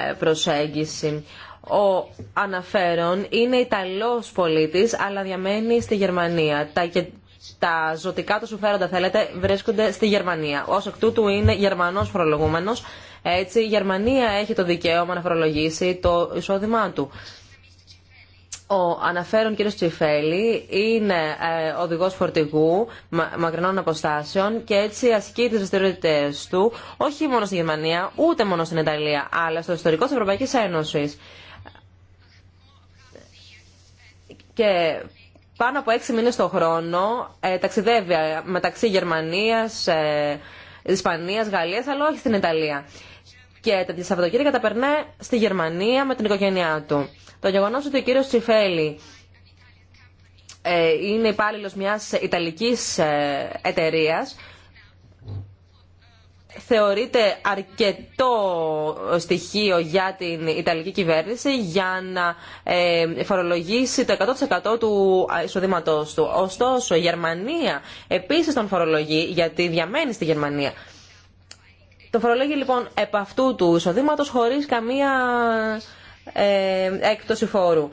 ε, προσέγγιση. Ο αναφέρον είναι Ιταλός πολίτης, αλλά διαμένει στη Γερμανία. Τα, και, τα ζωτικά του συμφέροντα, θέλετε, βρίσκονται στη Γερμανία. Ως εκ τούτου είναι Γερμανός προλογούμενος έτσι, η Γερμανία έχει το δικαίωμα να φορολογήσει το εισόδημά του. Ο αναφέρον κύριος Τσιφέλη είναι ε, οδηγός φορτηγού μακρινών αποστάσεων και έτσι ασκεί τις δραστηριότητε του όχι μόνο στη Γερμανία, ούτε μόνο στην Ιταλία, αλλά στο ιστορικό της Ευρωπαϊκής Ένωσης. Και πάνω από έξι μήνες το χρόνο ε, ταξιδεύει μεταξύ Γερμανίας, ε, Ισπανίας, Γαλλίας, αλλά όχι στην Ιταλία και τα Σαββατοκύριακα τα στη Γερμανία με την οικογένειά του. Το γεγονό ότι ο κύριο Τσιφέλη ε, είναι υπάλληλο μια Ιταλική ε, εταιρεία θεωρείται αρκετό στοιχείο για την Ιταλική κυβέρνηση για να ε, φορολογήσει το 100% του εισοδήματός του. Ωστόσο, η Γερμανία επίσης τον φορολογεί γιατί διαμένει στη Γερμανία. Το φορολόγει λοιπόν επ' αυτού του εισοδήματο χωρίς καμία ε, έκπτωση φόρου.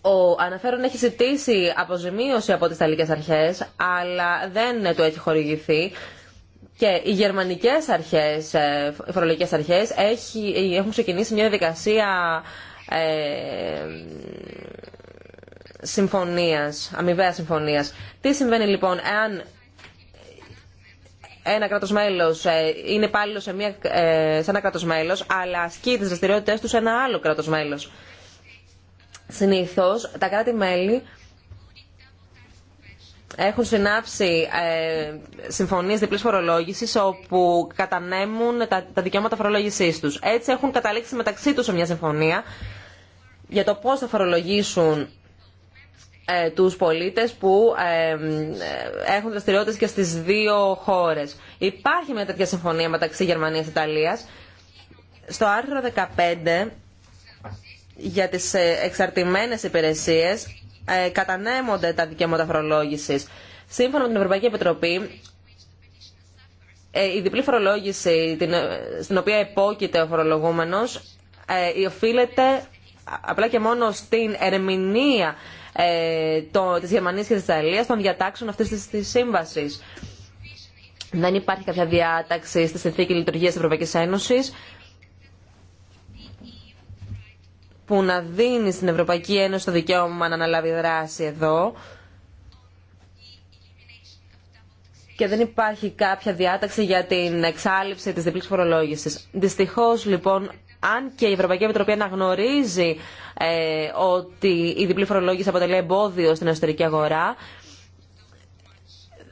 Ο αναφέρον έχει ζητήσει αποζημίωση από τις ταλικές αρχές, αλλά δεν του έχει χορηγηθεί. Και οι γερμανικές αρχέ, οι ε, φορολογικές αρχές έχουν ξεκινήσει μια διαδικασία ε, συμφωνίας, αμοιβαία συμφωνίας. Τι συμβαίνει λοιπόν εάν ένα κράτο μέλο ε, είναι υπάλληλο σε, ε, σε ένα κράτο μέλο, αλλά ασκεί τι δραστηριότητέ του σε ένα άλλο κράτο μέλο. Συνήθω τα κράτη-μέλη έχουν συνάψει ε, συμφωνίε διπλή φορολόγηση όπου κατανέμουν τα, τα δικαιώματα φορολόγησή του. Έτσι έχουν καταλήξει μεταξύ του σε μια συμφωνία για το πώ θα φορολογήσουν ε, τους πολίτες που ε, ε, έχουν δραστηριότητε και στις δύο χώρες. Υπάρχει μια τέτοια συμφωνία μεταξύ Γερμανίας και Ιταλίας. Στο άρθρο 15 για τις εξαρτημένες υπηρεσίες κατανέμονται τα δικαιώματα φορολόγησης. Σύμφωνα με την Ευρωπαϊκή Επιτροπή, η διπλή φορολόγηση στην οποία επόκειται ο φορολογούμενος οφείλεται απλά και μόνο στην ερμηνεία ε, το, της Γερμανίας και της Ιταλίας των διατάξεων αυτή τη σύμβαση. Δεν υπάρχει κάποια διάταξη στη συνθήκη λειτουργία τη Ευρωπαϊκής Ένωση που να δίνει στην Ευρωπαϊκή Ένωση το δικαίωμα να αναλάβει δράση εδώ και δεν υπάρχει κάποια διάταξη για την εξάλληψη της διπλής φορολόγησης. Δυστυχώς λοιπόν αν και η Ευρωπαϊκή Επιτροπή αναγνωρίζει ε, ότι η διπλή φορολόγηση αποτελεί εμπόδιο στην εσωτερική αγορά,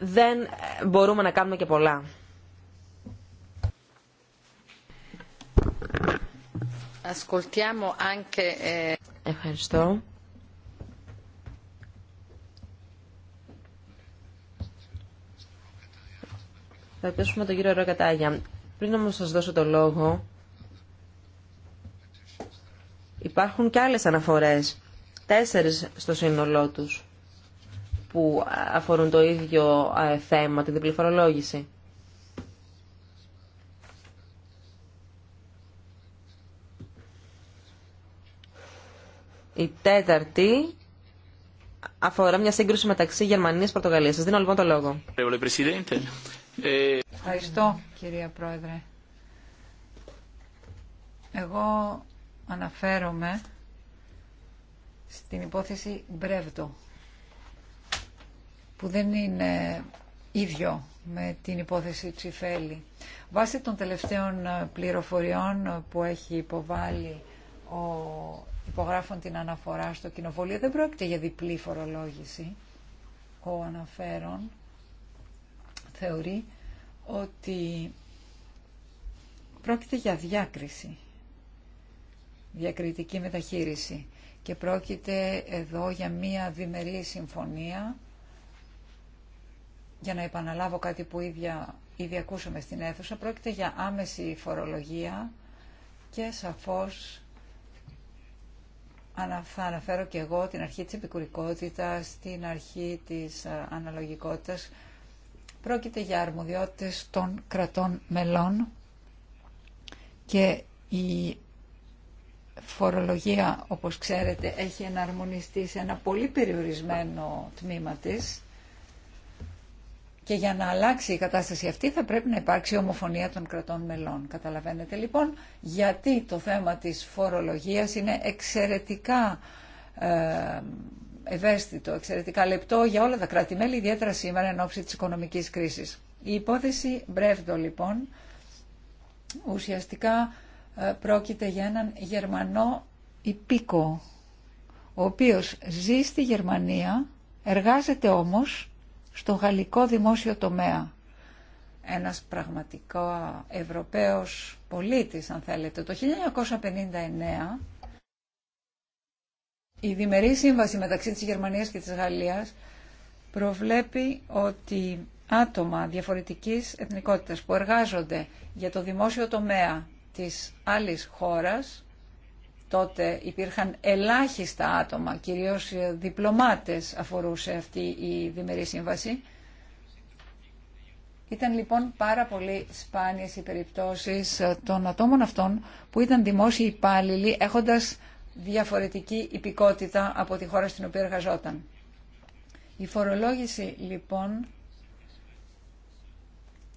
δεν μπορούμε να κάνουμε και πολλά. Ε, Ευχαριστώ. Θα πέσουμε τον κύριο Ροκατάγια. Πριν όμως σας δώσω το λόγο, Υπάρχουν και άλλες αναφορές, τέσσερις στο σύνολό τους, που αφορούν το ίδιο θέμα, την διπλή φορολόγηση. Η τέταρτη αφορά μια σύγκρουση μεταξύ Γερμανίας και Πορτογαλίας. Σας δίνω λοιπόν το λόγο. Ε, Ευχαριστώ κυρία Πρόεδρε. Εγώ αναφέρομαι στην υπόθεση Μπρεύτο που δεν είναι ίδιο με την υπόθεση Τσιφέλη. Βάσει των τελευταίων ε, πληροφοριών ε, που έχει υποβάλει ο υπογράφων την αναφορά στο κοινοβούλιο, δεν πρόκειται για διπλή φορολόγηση. Ο αναφέρον θεωρεί ότι πρόκειται για διάκριση διακριτική μεταχείριση. Και πρόκειται εδώ για μία διμερή συμφωνία, για να επαναλάβω κάτι που ίδια, ήδη ακούσαμε στην αίθουσα, πρόκειται για άμεση φορολογία και σαφώς θα αναφέρω και εγώ την αρχή της επικουρικότητας, την αρχή της αναλογικότητας. Πρόκειται για αρμοδιότητες των κρατών μελών και η φορολογία, όπως ξέρετε, έχει εναρμονιστεί σε ένα πολύ περιορισμένο τμήμα της και για να αλλάξει η κατάσταση αυτή θα πρέπει να υπάρξει ομοφωνία των κρατών μελών. Καταλαβαίνετε λοιπόν γιατί το θέμα της φορολογίας είναι εξαιρετικά ε, ευαίσθητο, εξαιρετικά λεπτό για όλα τα κράτη-μέλη, ιδιαίτερα σήμερα εν ώψη της οικονομικής κρίσης. Η υπόθεση Μπρεύδο λοιπόν ουσιαστικά ε, πρόκειται για έναν Γερμανό υπήκο, ο οποίος ζει στη Γερμανία, εργάζεται όμως στο γαλλικό δημόσιο τομέα. Ένας πραγματικό Ευρωπαίος πολίτης, αν θέλετε. Το 1959 η διμερή σύμβαση μεταξύ της Γερμανίας και της Γαλλίας προβλέπει ότι άτομα διαφορετικής εθνικότητας που εργάζονται για το δημόσιο τομέα της άλλης χώρας, τότε υπήρχαν ελάχιστα άτομα, κυρίως ε, διπλωμάτες αφορούσε αυτή η διμερή σύμβαση. Ήταν λοιπόν πάρα πολύ σπάνιες οι περιπτώσεις ε, των ατόμων αυτών που ήταν δημόσιοι υπάλληλοι έχοντας διαφορετική υπηκότητα από τη χώρα στην οποία εργαζόταν. Η φορολόγηση λοιπόν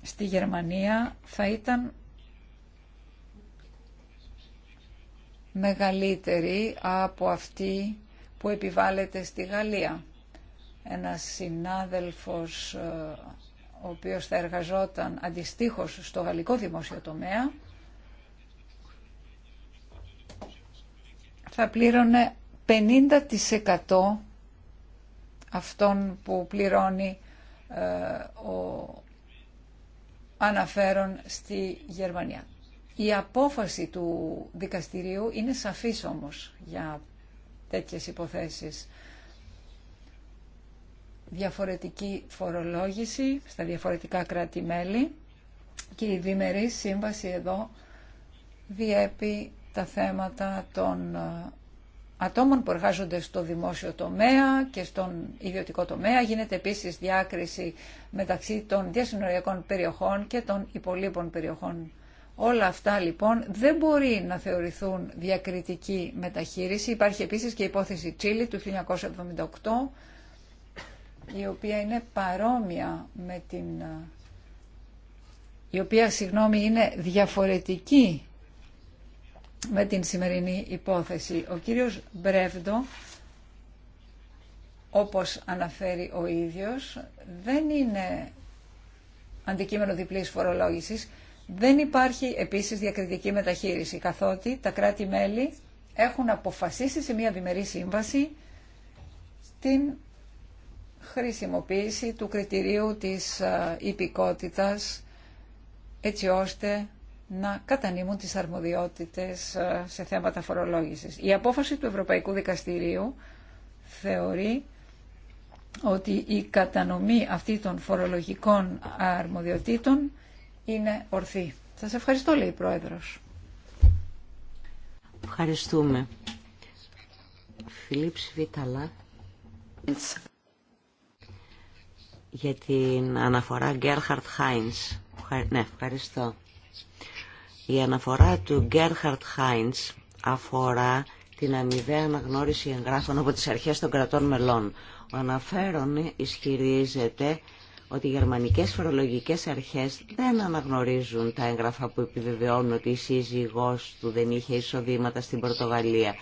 στη Γερμανία θα ήταν μεγαλύτερη από αυτή που επιβάλλεται στη Γαλλία. Ένας συνάδελφος ε, ο οποίος θα εργαζόταν αντιστοίχως στο γαλλικό δημόσιο τομέα θα πλήρωνε 50% αυτών που πληρώνει ε, ο αναφέρον στη Γερμανία. Η απόφαση του δικαστηρίου είναι σαφής όμως για τέτοιες υποθέσεις. Διαφορετική φορολόγηση στα διαφορετικά κράτη-μέλη και η διμερή σύμβαση εδώ διέπει τα θέματα των ε, ατόμων που εργάζονται στο δημόσιο τομέα και στον ιδιωτικό τομέα. Γίνεται επίσης διάκριση μεταξύ των διασυνοριακών περιοχών και των υπολείπων περιοχών Όλα αυτά λοιπόν δεν μπορεί να θεωρηθούν διακριτική μεταχείριση. Υπάρχει επίσης και η υπόθεση Τσίλη του 1978, η οποία είναι παρόμοια με την... η οποία, συγγνώμη, είναι διαφορετική με την σημερινή υπόθεση. Ο κύριος Μπρεύντο, όπως αναφέρει ο ίδιος, δεν είναι αντικείμενο διπλής φορολόγησης, δεν υπάρχει επίσης διακριτική μεταχείριση, καθότι τα κράτη-μέλη έχουν αποφασίσει σε μια διμερή σύμβαση την χρησιμοποίηση του κριτηρίου της υπηκότητας έτσι ώστε να κατανείμουν τις αρμοδιότητες σε θέματα φορολόγησης. Η απόφαση του Ευρωπαϊκού Δικαστηρίου θεωρεί ότι η κατανομή αυτή των φορολογικών αρμοδιοτήτων είναι ορθή. Σας ευχαριστώ, λέει η Πρόεδρος. Ευχαριστούμε. Φιλίπς Βίταλα για την αναφορά Γκέρχαρτ Χάινς. Ναι, ευχαριστώ. Η αναφορά του Γκέρχαρτ Χάινς αφορά την αμοιβαία αναγνώριση εγγράφων από τις αρχές των κρατών μελών. Ο αναφέρον ισχυρίζεται ότι οι γερμανικές φορολογικές αρχές δεν αναγνωρίζουν τα έγγραφα που επιβεβαιώνουν ότι η σύζυγός του δεν είχε εισοδήματα στην Πορτογαλία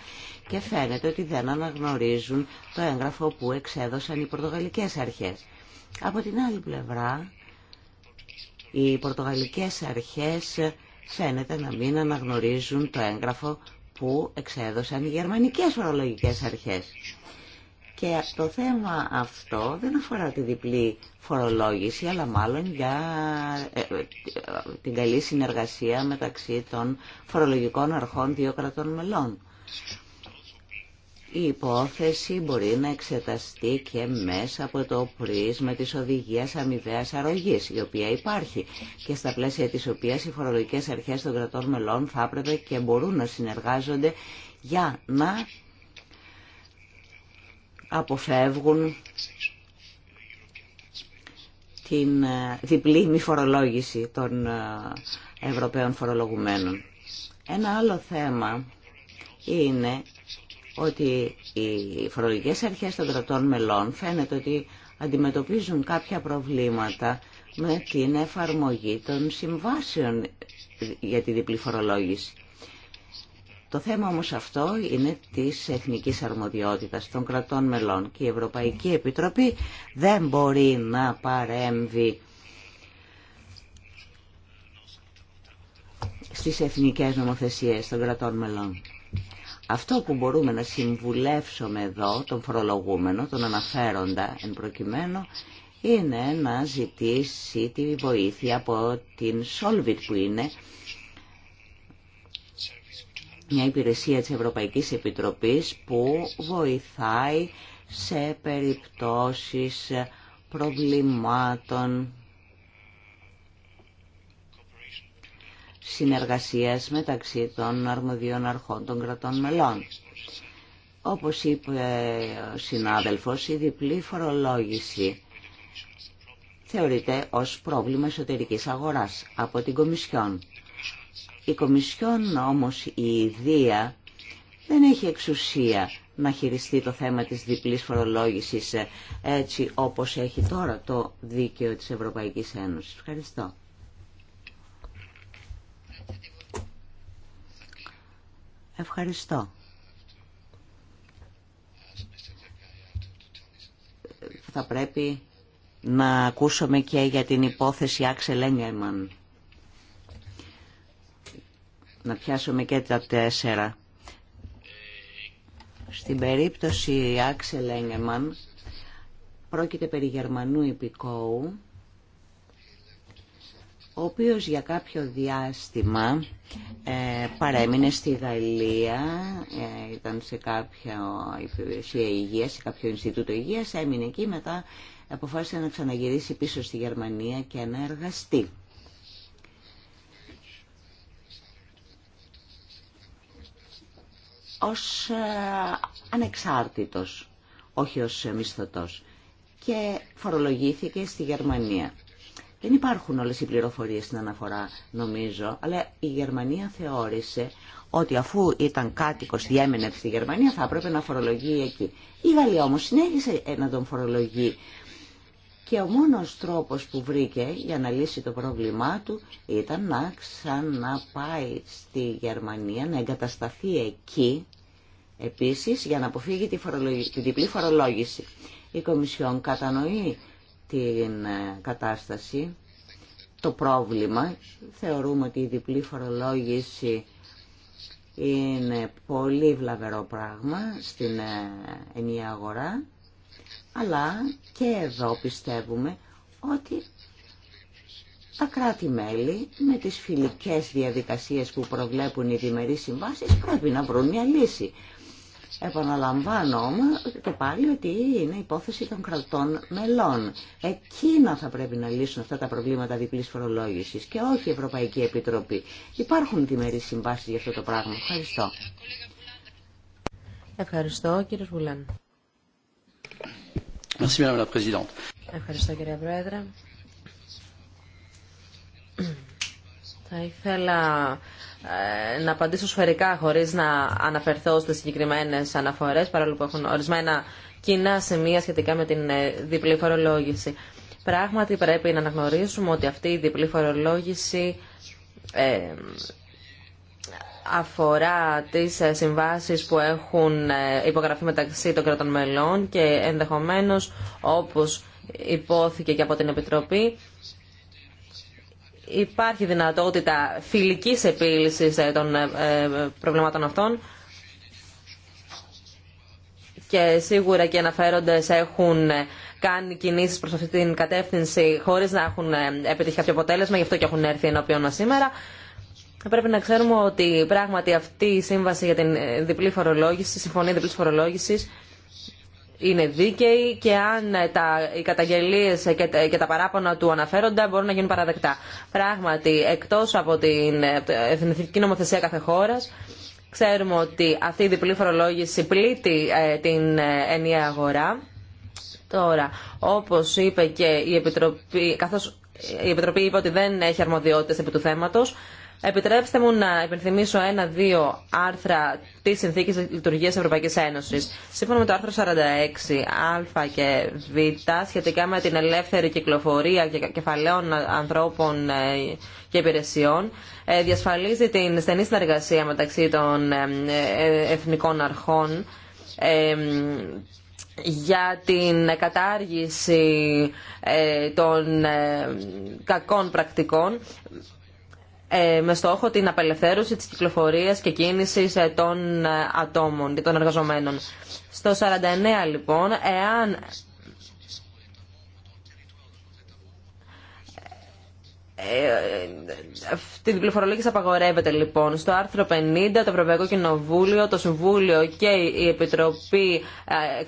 και φαίνεται ότι δεν αναγνωρίζουν το έγγραφο που εξέδωσαν οι πορτογαλικές αρχές. Από την άλλη πλευρά, οι πορτογαλικές αρχές φαίνεται να μην αναγνωρίζουν το έγγραφο που εξέδωσαν οι γερμανικές φορολογικές αρχές. Και το θέμα αυτό δεν αφορά τη διπλή φορολόγηση, αλλά μάλλον για ε, ε, την καλή συνεργασία μεταξύ των φορολογικών αρχών δύο κρατών μελών. Η υπόθεση μπορεί να εξεταστεί και μέσα από το πρίσμα της οδηγίας αμοιβαίας αρρωγής, η οποία υπάρχει και στα πλαίσια της οποίας οι φορολογικές αρχές των κρατών μελών θα έπρεπε και μπορούν να συνεργάζονται για να αποφεύγουν την ε, διπλή μη φορολόγηση των ε, Ευρωπαίων φορολογουμένων. Ένα άλλο θέμα είναι ότι οι φορολογικές αρχές των κρατών μελών φαίνεται ότι αντιμετωπίζουν κάποια προβλήματα με την εφαρμογή των συμβάσεων για τη διπλή φορολόγηση. Το θέμα όμως αυτό είναι της εθνικής αρμοδιότητας των κρατών μελών και η Ευρωπαϊκή Επιτροπή δεν μπορεί να παρέμβει στις εθνικές νομοθεσίες των κρατών μελών. Αυτό που μπορούμε να συμβουλεύσουμε εδώ, τον φορολογούμενο, τον αναφέροντα εν προκειμένου, είναι να ζητήσει τη βοήθεια από την Solvit που είναι μια υπηρεσία της Ευρωπαϊκής Επιτροπής που βοηθάει σε περιπτώσεις προβλημάτων συνεργασίας μεταξύ των αρμοδίων αρχών των κρατών μελών. Όπως είπε ο συνάδελφος, η διπλή φορολόγηση θεωρείται ως πρόβλημα εσωτερικής αγοράς από την Κομισιόν. Η Κομισιόν όμως η ιδία δεν έχει εξουσία να χειριστεί το θέμα της διπλής φορολόγησης ε, έτσι όπως έχει τώρα το δίκαιο της Ευρωπαϊκής Ένωσης. Ευχαριστώ. Ευχαριστώ. Θα πρέπει να ακούσουμε και για την υπόθεση Άξελ Έγκαιμαν να πιάσουμε και τα τέσσερα. Στην περίπτωση Άξελ Έγκεμαν πρόκειται περί Γερμανού υπηκόου ο οποίος για κάποιο διάστημα ε, παρέμεινε στη Γαλλία, ε, ήταν σε κάποια υπηρεσία υγείας, σε κάποιο Ινστιτούτο Υγείας, έμεινε εκεί, μετά αποφάσισε να ξαναγυρίσει πίσω στη Γερμανία και να εργαστεί. ως ε, ανεξάρτητος, όχι ως μισθωτός και φορολογήθηκε στη Γερμανία. Δεν υπάρχουν όλες οι πληροφορίες στην αναφορά, νομίζω, αλλά η Γερμανία θεώρησε ότι αφού ήταν κάτοικος διέμενε στη Γερμανία θα έπρεπε να φορολογεί εκεί. Η Γαλλία όμως συνέχισε να τον φορολογεί και ο μόνος τρόπος που βρήκε για να λύσει το πρόβλημά του ήταν να ξαναπάει στη Γερμανία, να εγκατασταθεί εκεί, επίσης για να αποφύγει τη, τη διπλή φορολόγηση. Η Κομισιόν κατανοεί την ε, κατάσταση, το πρόβλημα. Θεωρούμε ότι η διπλή φορολόγηση είναι πολύ βλαβερό πράγμα στην ε, ενιαία αγορά αλλά και εδώ πιστεύουμε ότι τα κράτη-μέλη με τις φιλικές διαδικασίες που προβλέπουν οι διμερείς συμβάσεις πρέπει να βρουν μια λύση. Επαναλαμβάνω και πάλι ότι είναι υπόθεση των κρατών μελών. Εκείνα θα πρέπει να λύσουν αυτά τα προβλήματα διπλής φορολόγησης και όχι η Ευρωπαϊκή Επιτροπή. Υπάρχουν διμερείς συμβάσεις για αυτό το πράγμα. Ευχαριστώ. Ευχαριστώ κύριε Βουλάν. Ευχαριστώ κύριε Πρόεδρε. Θα ήθελα ε, να απαντήσω σφαιρικά χωρίς να αναφερθώ στις συγκεκριμένες αναφορές παρόλο που έχουν ορισμένα κοινά σημεία σχετικά με την ε, διπλή φορολόγηση. Πράγματι πρέπει να αναγνωρίσουμε ότι αυτή η διπλή φορολόγηση ε, αφορά τις ε, συμβάσεις που έχουν ε, υπογραφεί μεταξύ των κρατών μελών και ενδεχομένως όπως υπόθηκε και από την Επιτροπή υπάρχει δυνατότητα φιλικής επίλυσης ε, των προβλημάτων αυτών και σίγουρα και αναφέροντες έχουν κάνει κινήσεις προς αυτή την κατεύθυνση χωρίς να έχουν επιτύχει κάποιο αποτέλεσμα, γι' αυτό και έχουν έρθει ενώπιον μα σήμερα. Θα πρέπει να ξέρουμε ότι πράγματι αυτή η σύμβαση για την διπλή φορολόγηση, η συμφωνία διπλής φορολόγησης, είναι δίκαιη και αν τα, οι καταγγελίες και τα, τα παράπονα του αναφέρονται μπορούν να γίνουν παραδεκτά. Πράγματι, εκτός από την εθνική νομοθεσία κάθε χώρας, ξέρουμε ότι αυτή η διπλή φορολόγηση πλήττει ε, την ε, ενιαία αγορά. Τώρα, όπως είπε και η Επιτροπή, καθώς η Επιτροπή είπε ότι δεν έχει αρμοδιότητες επί του θέματος, Επιτρέψτε μου να υπενθυμίσω ένα-δύο άρθρα τη Συνθήκη Λειτουργία Ευρωπαϊκή Ένωση. Σύμφωνα με το άρθρο 46α και β σχετικά με την ελεύθερη κυκλοφορία κεφαλαίων ανθρώπων ε, και υπηρεσιών, ε, διασφαλίζει την στενή συνεργασία μεταξύ των ε, εθνικών αρχών για την κατάργηση των κακών πρακτικών ε, με στόχο την απελευθέρωση της κυκλοφορίας και κίνησης ε, των ε, ατόμων και των εργαζομένων. Στο 49 λοιπόν, εάν την πληροφορολόγηση απαγορεύεται λοιπόν. Στο άρθρο 50 το Ευρωπαϊκό Κοινοβούλιο, το Συμβούλιο και η Επιτροπή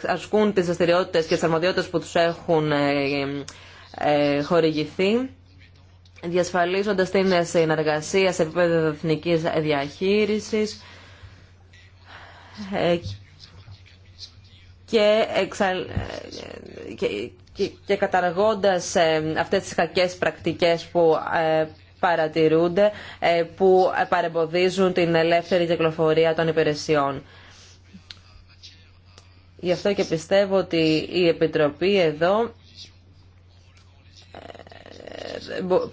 ασκούν τις δραστηριότητε και τις αρμοδιότητες που τους έχουν χορηγηθεί διασφαλίζοντας την συνεργασία σε επίπεδο εθνικής διαχείρισης ε, και, και, και, και καταργώντας ε, αυτές τις κακές πρακτικές που ε, παρατηρούνται, που παρεμποδίζουν την ελεύθερη κυκλοφορία των υπηρεσιών. Γι' αυτό και πιστεύω ότι η Επιτροπή εδώ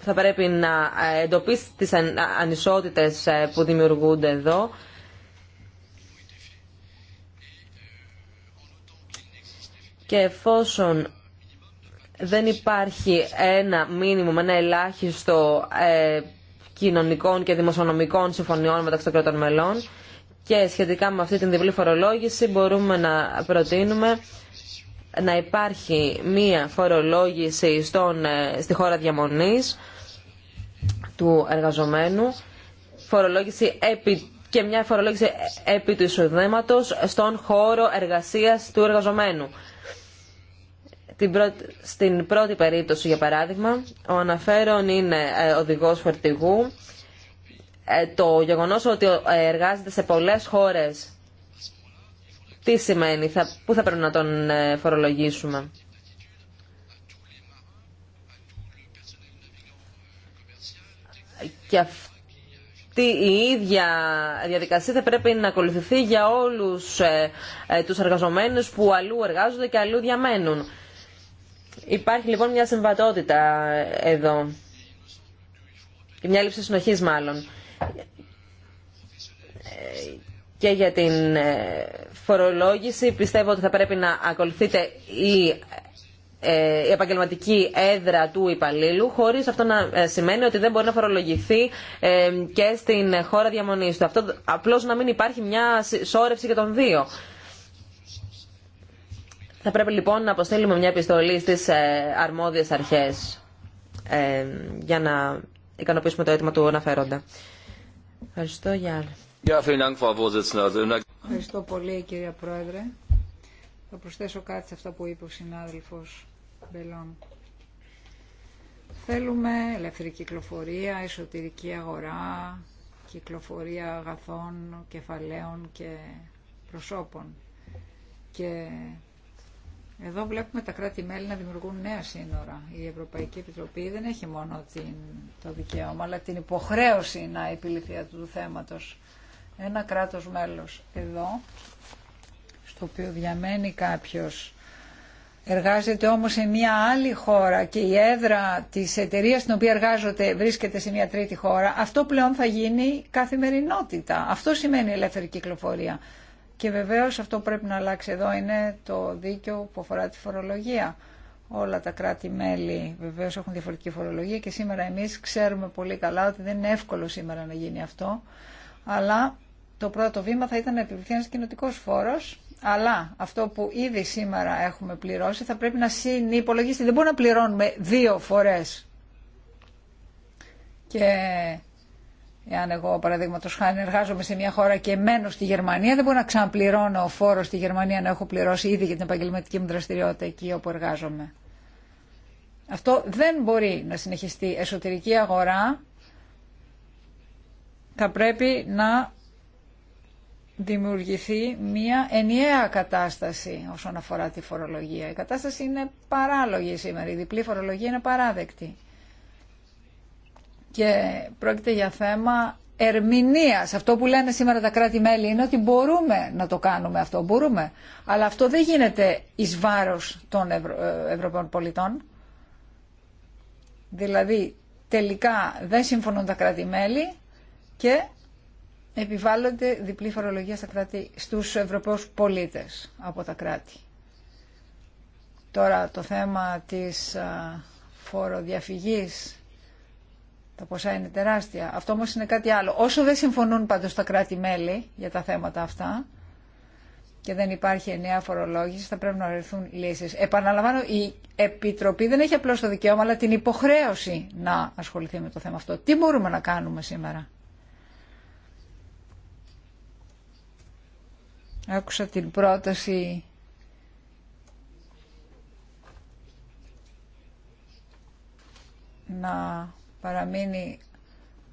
θα πρέπει να ε, εντοπίσει τις ανισότητες ε, που δημιουργούνται εδώ. Και εφόσον δεν υπάρχει ένα μήνυμο, ένα ελάχιστο ε, κοινωνικών και δημοσιονομικών συμφωνιών μεταξύ των κρατών μελών και σχετικά με αυτή την διπλή φορολόγηση μπορούμε να προτείνουμε να υπάρχει μία φορολόγηση στον, ε, στη χώρα διαμονής του εργαζομένου, φορολόγηση επί, και μια φορολόγηση επί του εισοδήματος στον χώρο εργασίας του εργαζομένου. Την στην πρώτη περίπτωση, για παράδειγμα, ο αναφέρον είναι ε, οδηγός φορτηγού. Ε, το γεγονός ότι εργάζεται σε πολλές χώρες τι σημαίνει, πού θα πρέπει να τον ε, φορολογήσουμε. Και αυτή η ίδια διαδικασία θα πρέπει να ακολουθηθεί για όλους ε, ε, τους εργαζομένους που αλλού εργάζονται και αλλού διαμένουν. Υπάρχει λοιπόν μια συμβατότητα εδώ. Και μια λήψη συνοχής μάλλον και για την ε, φορολόγηση. Πιστεύω ότι θα πρέπει να ακολουθείτε η ε, η επαγγελματική έδρα του υπαλλήλου χωρίς αυτό να ε, σημαίνει ότι δεν μπορεί να φορολογηθεί και στην χώρα διαμονής του. Αυτό απλώς να μην υπάρχει μια σώρευση για τον δύο. Θα πρέπει λοιπόν να αποστέλουμε μια επιστολή στις αρμόδιες αρχές για να ικανοποιήσουμε το αίτημα του αναφέροντα. Ευχαριστώ για Ευχαριστώ πολύ κύριε Πρόεδρε. Θα προσθέσω κάτι σε αυτά που είπε ο συνάδελφος Μπελόν Θέλουμε ελεύθερη κυκλοφορία, εσωτερική αγορά, κυκλοφορία αγαθών, κεφαλαίων και προσώπων. Και εδώ βλέπουμε τα κράτη-μέλη να δημιουργούν νέα σύνορα. Η Ευρωπαϊκή Επιτροπή δεν έχει μόνο την, το δικαίωμα, αλλά την υποχρέωση να επιληθεί του θέματος ένα κράτος μέλος εδώ, στο οποίο διαμένει κάποιος, εργάζεται όμως σε μια άλλη χώρα και η έδρα της εταιρεία στην οποία εργάζονται βρίσκεται σε μια τρίτη χώρα, αυτό πλέον θα γίνει καθημερινότητα. Αυτό σημαίνει ελεύθερη κυκλοφορία. Και βεβαίως αυτό πρέπει να αλλάξει εδώ είναι το δίκαιο που αφορά τη φορολογία. Όλα τα κράτη-μέλη βεβαίως έχουν διαφορετική φορολογία και σήμερα εμείς ξέρουμε πολύ καλά ότι δεν είναι εύκολο σήμερα να γίνει αυτό. Αλλά το πρώτο βήμα θα ήταν να επιβληθεί ένα κοινότικό φόρο, αλλά αυτό που ήδη σήμερα έχουμε πληρώσει θα πρέπει να συνυπολογίσει. Δεν μπορούμε να πληρώνουμε δύο φορέ. Και εάν εγώ παραδείγματο χάρη εργάζομαι σε μια χώρα και μένω στη Γερμανία, δεν μπορώ να ξαναπληρώνω φόρο στη Γερμανία να έχω πληρώσει ήδη για την επαγγελματική μου δραστηριότητα εκεί όπου εργάζομαι. Αυτό δεν μπορεί να συνεχιστεί. Εσωτερική αγορά θα πρέπει να δημιουργηθεί μια ενιαία κατάσταση όσον αφορά τη φορολογία. Η κατάσταση είναι παράλογη σήμερα, η διπλή φορολογία είναι παράδεκτη. Και πρόκειται για θέμα ερμηνείας. Αυτό που λένε σήμερα τα κράτη-μέλη είναι ότι μπορούμε να το κάνουμε αυτό, μπορούμε. Αλλά αυτό δεν γίνεται εις βάρος των ε, Ευρωπαίων πολιτών. Δηλαδή τελικά δεν συμφωνούν τα κράτη-μέλη και επιβάλλονται διπλή φορολογία στα κράτη, στους Ευρωπαίους πολίτες από τα κράτη. Τώρα το θέμα της φοροδιαφυγής, τα ποσά είναι τεράστια. Αυτό όμως είναι κάτι άλλο. Όσο δεν συμφωνούν πάντως τα κράτη-μέλη για τα θέματα αυτά και δεν υπάρχει ενιαία φορολόγηση, θα πρέπει να βρεθούν λύσεις. Επαναλαμβάνω, η Επιτροπή δεν έχει απλώς το δικαίωμα, αλλά την υποχρέωση να ασχοληθεί με το θέμα αυτό. Τι μπορούμε να κάνουμε σήμερα. Άκουσα την πρόταση να παραμείνει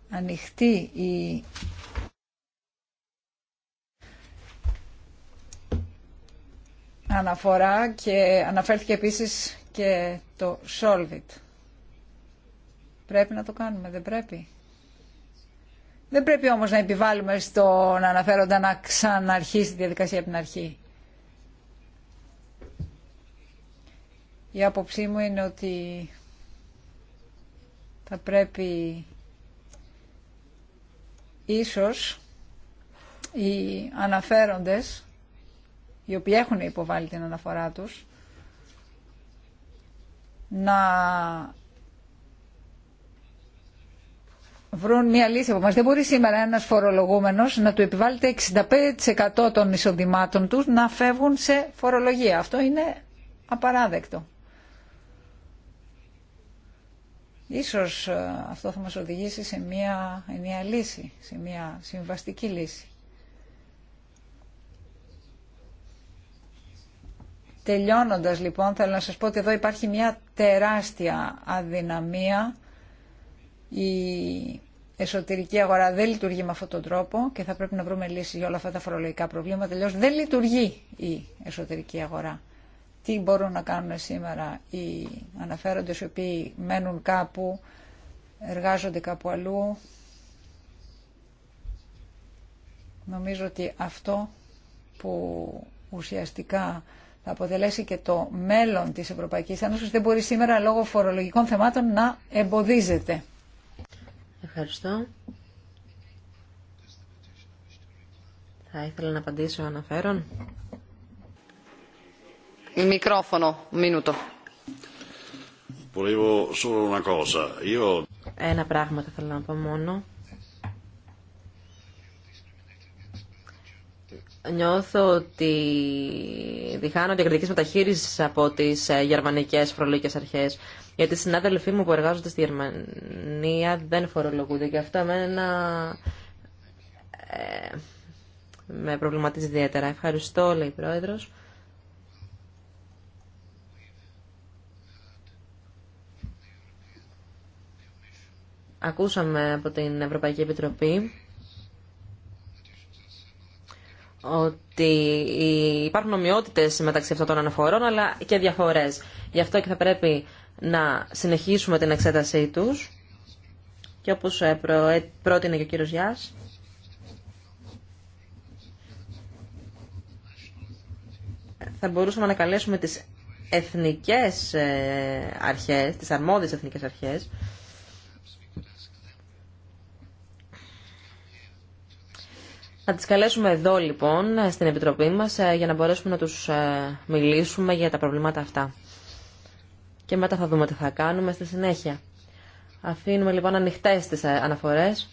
ανοιχτή η αναφορά και αναφέρθηκε επίσης και το Solvit. Πρέπει να το κάνουμε, δεν πρέπει. Δεν πρέπει όμως να επιβάλλουμε στον αναφέροντα να ξαναρχίσει τη διαδικασία από την αρχή. Η άποψή μου είναι ότι θα πρέπει ίσως οι αναφέροντες οι οποίοι έχουν υποβάλει την αναφορά τους να βρουν μια λύση από μας. Δεν μπορεί σήμερα ένας φορολογούμενος να του επιβάλλεται 65% των εισοδημάτων του να φεύγουν σε φορολογία. Αυτό είναι απαράδεκτο. Ίσως ε, αυτό θα μας οδηγήσει σε μια ενιαία λύση, σε μια συμβαστική λύση. Τελειώνοντας λοιπόν θέλω να σας πω ότι εδώ υπάρχει μια τεράστια αδυναμία η εσωτερική αγορά δεν λειτουργεί με αυτόν τον τρόπο και θα πρέπει να βρούμε λύση για όλα αυτά τα φορολογικά προβλήματα. Τελειώς δεν λειτουργεί η εσωτερική αγορά. Τι μπορούν να κάνουν σήμερα οι αναφέροντες οι οποίοι μένουν κάπου, εργάζονται κάπου αλλού. Νομίζω ότι αυτό που ουσιαστικά θα αποτελέσει και το μέλλον της Ευρωπαϊκής Ένωσης δεν μπορεί σήμερα λόγω φορολογικών θεμάτων να εμποδίζεται. Ευχαριστώ. Θα ήθελα να απαντήσω αναφέρον. Μικρόφωνο, μίνουτο. Ένα πράγμα θα ήθελα να πω μόνο. Νιώθω ότι διχάνω διακριτική μεταχείριση από τι ε, γερμανικέ φορολογικέ αρχέ. Γιατί οι συνάδελφοί μου που εργάζονται στη Γερμανία δεν φορολογούνται. Και αυτό εμένα ε, με προβληματίζει ιδιαίτερα. Ευχαριστώ, λέει η Πρόεδρο. Ακούσαμε από την Ευρωπαϊκή Επιτροπή ότι υπάρχουν ομοιότητες μεταξύ αυτών των αναφορών αλλά και διαφορές. Γι' αυτό και θα πρέπει να συνεχίσουμε την εξέτασή τους και όπως ε, ε, πρότεινε και ο κύριος Γιάς. Θα μπορούσαμε να καλέσουμε τις εθνικές ε, αρχές, τις αρμόδιες εθνικές αρχές, Να τις καλέσουμε εδώ λοιπόν στην Επιτροπή μας ε, για να μπορέσουμε να τους ε, μιλήσουμε για τα προβλήματα αυτά. Και μετά θα δούμε τι θα κάνουμε στη συνέχεια. Αφήνουμε λοιπόν ανοιχτές τις ε, αναφορές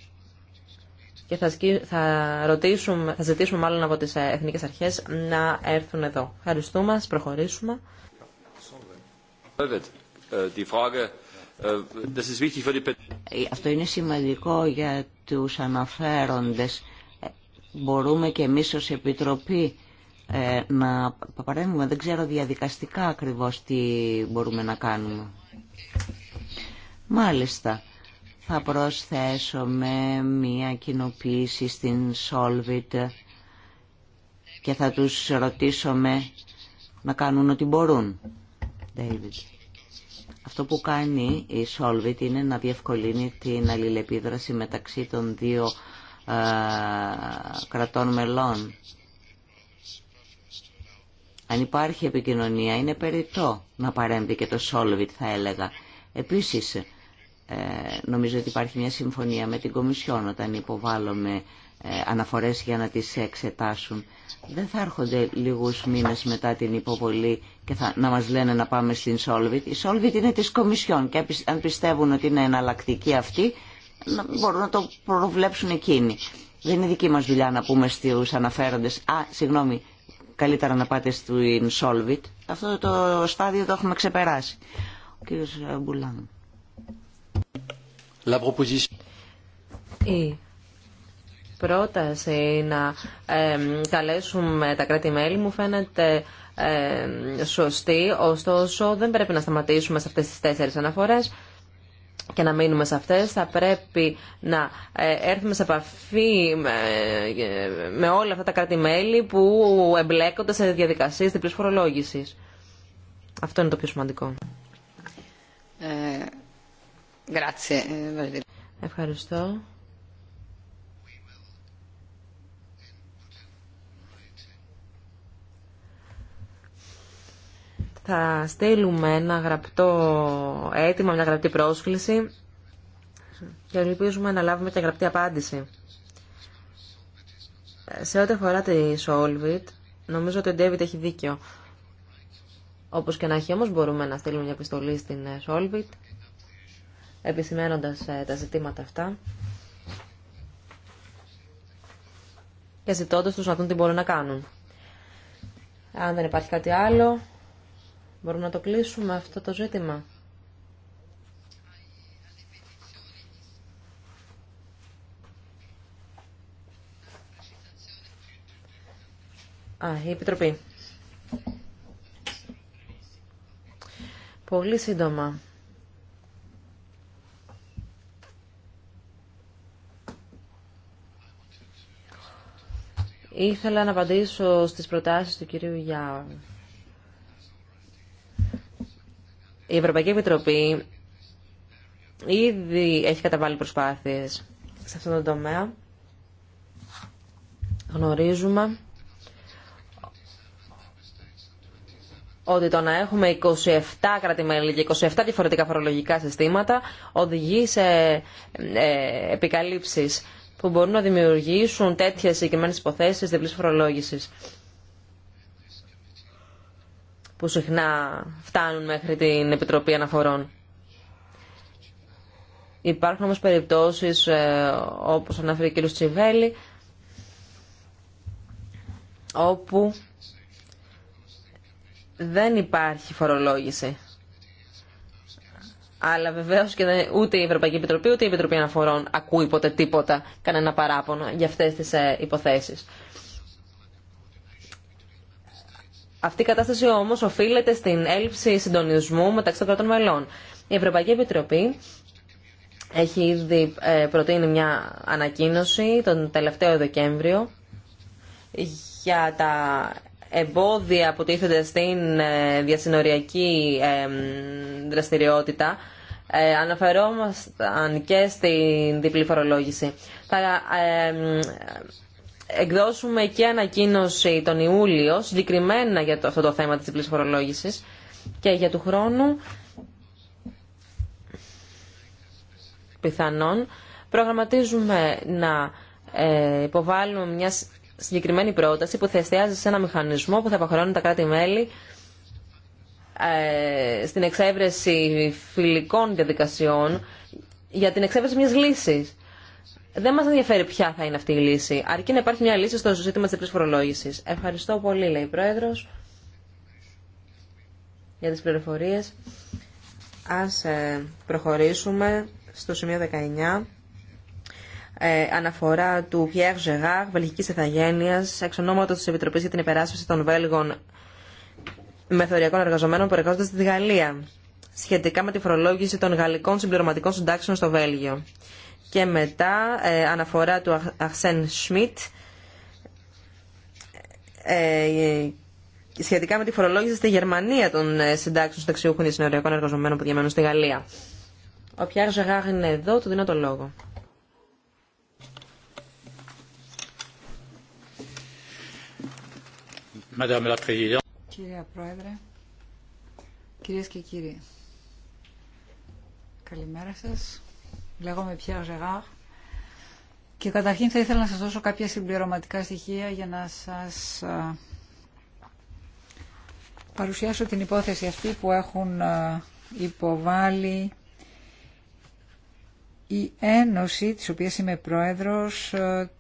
και θα, θα, ρωτήσουμε, θα ζητήσουμε μάλλον από τις εθνικές αρχές να έρθουν εδώ. Ευχαριστούμε, ας προχωρήσουμε. Αυτό είναι σημαντικό για τους αναφέροντες μπορούμε και εμείς ως Επιτροπή ε, να παρέμβουμε. Δεν ξέρω διαδικαστικά ακριβώς τι μπορούμε να κάνουμε. Μάλιστα, θα προσθέσουμε μία κοινοποίηση στην Solvit και θα τους ρωτήσουμε να κάνουν ό,τι μπορούν. David. Αυτό που κάνει η Solvit είναι να διευκολύνει την αλληλεπίδραση μεταξύ των δύο κρατών μελών. Αν υπάρχει επικοινωνία είναι περιττό να παρέμβει και το Solvit θα έλεγα. Επίσης ε, νομίζω ότι υπάρχει μια συμφωνία με την Κομισιόν όταν υποβάλλουμε αναφορές για να τις εξετάσουν. Δεν θα έρχονται λίγους μήνες μετά την υποβολή και θα, να μας λένε να πάμε στην Solvit. Η Solvit είναι της Κομισιόν και αν πιστεύουν ότι είναι εναλλακτική αυτή μπορούν να το προβλέψουν εκείνοι. Δεν είναι δική μας δουλειά να πούμε στους αναφέροντες «Α, συγγνώμη, καλύτερα να πάτε στο Solvit». Αυτό το στάδιο το έχουμε ξεπεράσει. Ο κύριος Μπουλάν. Η πρόταση να ε, καλέσουμε τα κράτη-μέλη μου φαίνεται ε, σωστή, ωστόσο δεν πρέπει να σταματήσουμε σε αυτές τις τέσσερις αναφορές και να μείνουμε σε αυτές, θα πρέπει να ε, έρθουμε σε επαφή με, ε, με όλα αυτά τα κράτη-μέλη που εμπλέκονται σε διαδικασίες διπλής φορολόγησης. Αυτό είναι το πιο σημαντικό. Ε, Ευχαριστώ. Θα στείλουμε ένα γραπτό αίτημα, μια γραπτή πρόσκληση και ελπίζουμε να λάβουμε και γραπτή απάντηση. Σε ό,τι αφορά τη Solvit, νομίζω ότι ο David έχει δίκιο. Όπως και να έχει όμως μπορούμε να στείλουμε μια επιστολή στην ε, Solvit, επισημένοντας ε, τα ζητήματα αυτά και ζητώντα του να δουν τι μπορούν να κάνουν. Αν δεν υπάρχει κάτι άλλο, Μπορούμε να το κλείσουμε αυτό το ζήτημα. Α, η Επιτροπή. Πολύ σύντομα. Ήθελα να απαντήσω στις προτάσεις του κυρίου Γιάου. Η Ευρωπαϊκή Επιτροπή ήδη έχει καταβάλει προσπάθειες σε αυτόν τον τομέα. Γνωρίζουμε ότι το να έχουμε 27 κρατημέλη και 27 διαφορετικά φορολογικά συστήματα οδηγεί σε ε, επικαλύψεις που μπορούν να δημιουργήσουν τέτοιες συγκεκριμένες υποθέσεις διπλής φορολόγησης που συχνά φτάνουν μέχρι την Επιτροπή Αναφορών. Υπάρχουν όμως περιπτώσεις, ε, όπως αναφέρει ο κ. Τσιβέλη, όπου δεν υπάρχει φορολόγηση. Αλλά βεβαίως και δεν, ούτε η Ευρωπαϊκή Επιτροπή ούτε η Επιτροπή Αναφορών ακούει ποτέ τίποτα, κανένα παράπονο για αυτές τις ε, υποθέσεις. Αυτή η κατάσταση όμως οφείλεται στην έλλειψη συντονισμού μεταξύ των κρατών μελών. Η Ευρωπαϊκή Επιτροπή έχει ήδη ε, προτείνει μια ανακοίνωση τον τελευταίο Δεκέμβριο για τα εμπόδια που τίθενται στην ε, διασυνοριακή ε, δραστηριότητα αναφερόμασταν και στην διπλή φορολόγηση εκδώσουμε και ανακοίνωση τον Ιούλιο, συγκεκριμένα για το, αυτό το θέμα της διπλής φορολόγησης και για του χρόνου πιθανόν προγραμματίζουμε να ε, υποβάλουμε μια συγκεκριμένη πρόταση που θα εστιάζει σε ένα μηχανισμό που θα απαχρεώνει τα κράτη-μέλη ε, στην εξέβρεση φιλικών διαδικασιών για την εξέβρεση μιας λύσης δεν μα ενδιαφέρει ποια θα είναι αυτή η λύση, αρκεί να υπάρχει μια λύση στο ζήτημα της διπλής φορολόγηση. Ευχαριστώ πολύ, λέει η Πρόεδρος, για τις πληροφορίες. Ας ε, προχωρήσουμε στο σημείο 19. Ε, αναφορά του Pierre Gerard, Βελγική Εθαγένεια, εξ ονόματο της Επιτροπής για την Υπεράσπιση των Βέλγων Μεθοριακών Εργαζομένων που εργάζονται στη Γαλλία, σχετικά με τη φορολόγηση των γαλλικών συμπληρωματικών συντάξεων στο Βέλγιο και μετά ε, αναφορά του Αρσέν Σμιτ ε, σχετικά με τη φορολόγηση στη Γερμανία των ε, συντάξεων συνταξιούχων και συνοριακών εργαζομένων που διαμένουν στη Γαλλία. Ο Πιάρ Ζεγάρ είναι εδώ, του δίνω το λόγο. Κυρία Πρόεδρε, κυρίες και κύριοι, καλημέρα σας. Λέγομαι Πιέρ Ζεγάρ και καταρχήν θα ήθελα να σας δώσω κάποια συμπληρωματικά στοιχεία για να σας παρουσιάσω την υπόθεση αυτή που έχουν υποβάλει η Ένωση, της οποίας είμαι πρόεδρος,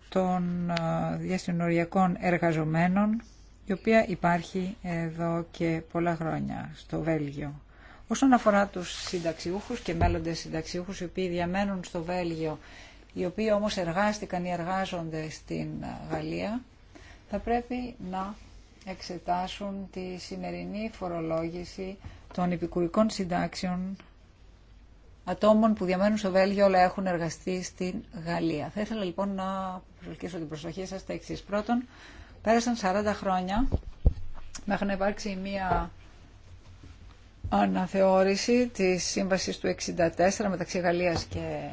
των διασυνοριακών εργαζομένων, η οποία υπάρχει εδώ και πολλά χρόνια στο Βέλγιο. Όσον αφορά τους συνταξιούχους και μέλλοντες συνταξιούχους οι οποίοι διαμένουν στο Βέλγιο, οι οποίοι όμως εργάστηκαν ή εργάζονται στην ε, Γαλλία, θα πρέπει να εξετάσουν τη σημερινή φορολόγηση των επικουρικών συντάξεων ατόμων που διαμένουν στο Βέλγιο αλλά έχουν εργαστεί στην Γαλλία. Θα ήθελα λοιπόν να προσελκύσω την προσοχή σας τα εξής. Πρώτον, πέρασαν 40 χρόνια μέχρι να υπάρξει μια αναθεώρηση της σύμβασης του 64 μεταξύ Γαλλίας και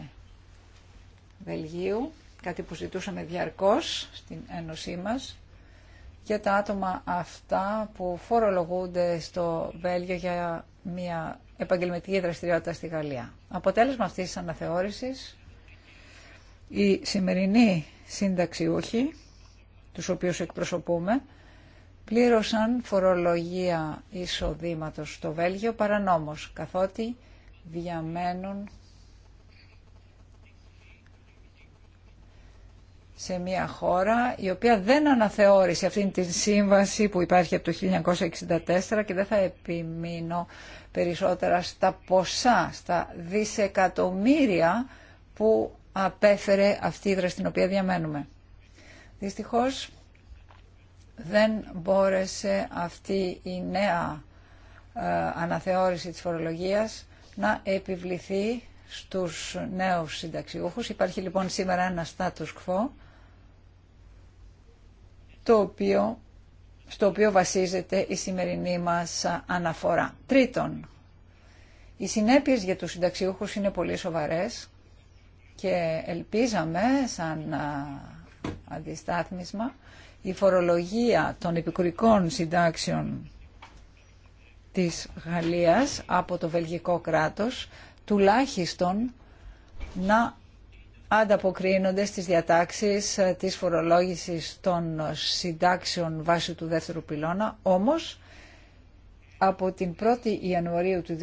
Βελγίου, κάτι που ζητούσαμε διαρκώς στην Ένωσή μας, για τα άτομα αυτά που φορολογούνται στο Βέλγιο για μια επαγγελματική δραστηριότητα στη Γαλλία. Αποτέλεσμα αυτής της αναθεώρησης, σημερινή σύνταξη, όχι τους οποίους εκπροσωπούμε, πλήρωσαν φορολογία εισοδήματος στο Βέλγιο παρανόμως, καθότι διαμένουν σε μια χώρα η οποία δεν αναθεώρησε αυτήν την σύμβαση που υπάρχει από το 1964 και δεν θα επιμείνω περισσότερα στα ποσά, στα δισεκατομμύρια που απέφερε αυτή η δραστηριότητα στην οποία διαμένουμε. Δυστυχώς δεν μπόρεσε αυτή η νέα ε, αναθεώρηση της φορολογίας να επιβληθεί στους νέους συνταξιούχους. Υπάρχει λοιπόν σήμερα ένα status quo το οποίο, στο οποίο βασίζεται η σημερινή μας αναφορά. Τρίτον, οι συνέπειες για τους συνταξιούχους είναι πολύ σοβαρές και ελπίζαμε σαν ε, αντιστάθμισμα η φορολογία των επικουρικών συντάξεων της Γαλλίας από το βελγικό κράτος τουλάχιστον να ανταποκρίνονται στις διατάξεις ε, της φορολόγησης των συντάξεων βάσει του δεύτερου πυλώνα, όμως από την 1η Ιανουαρίου του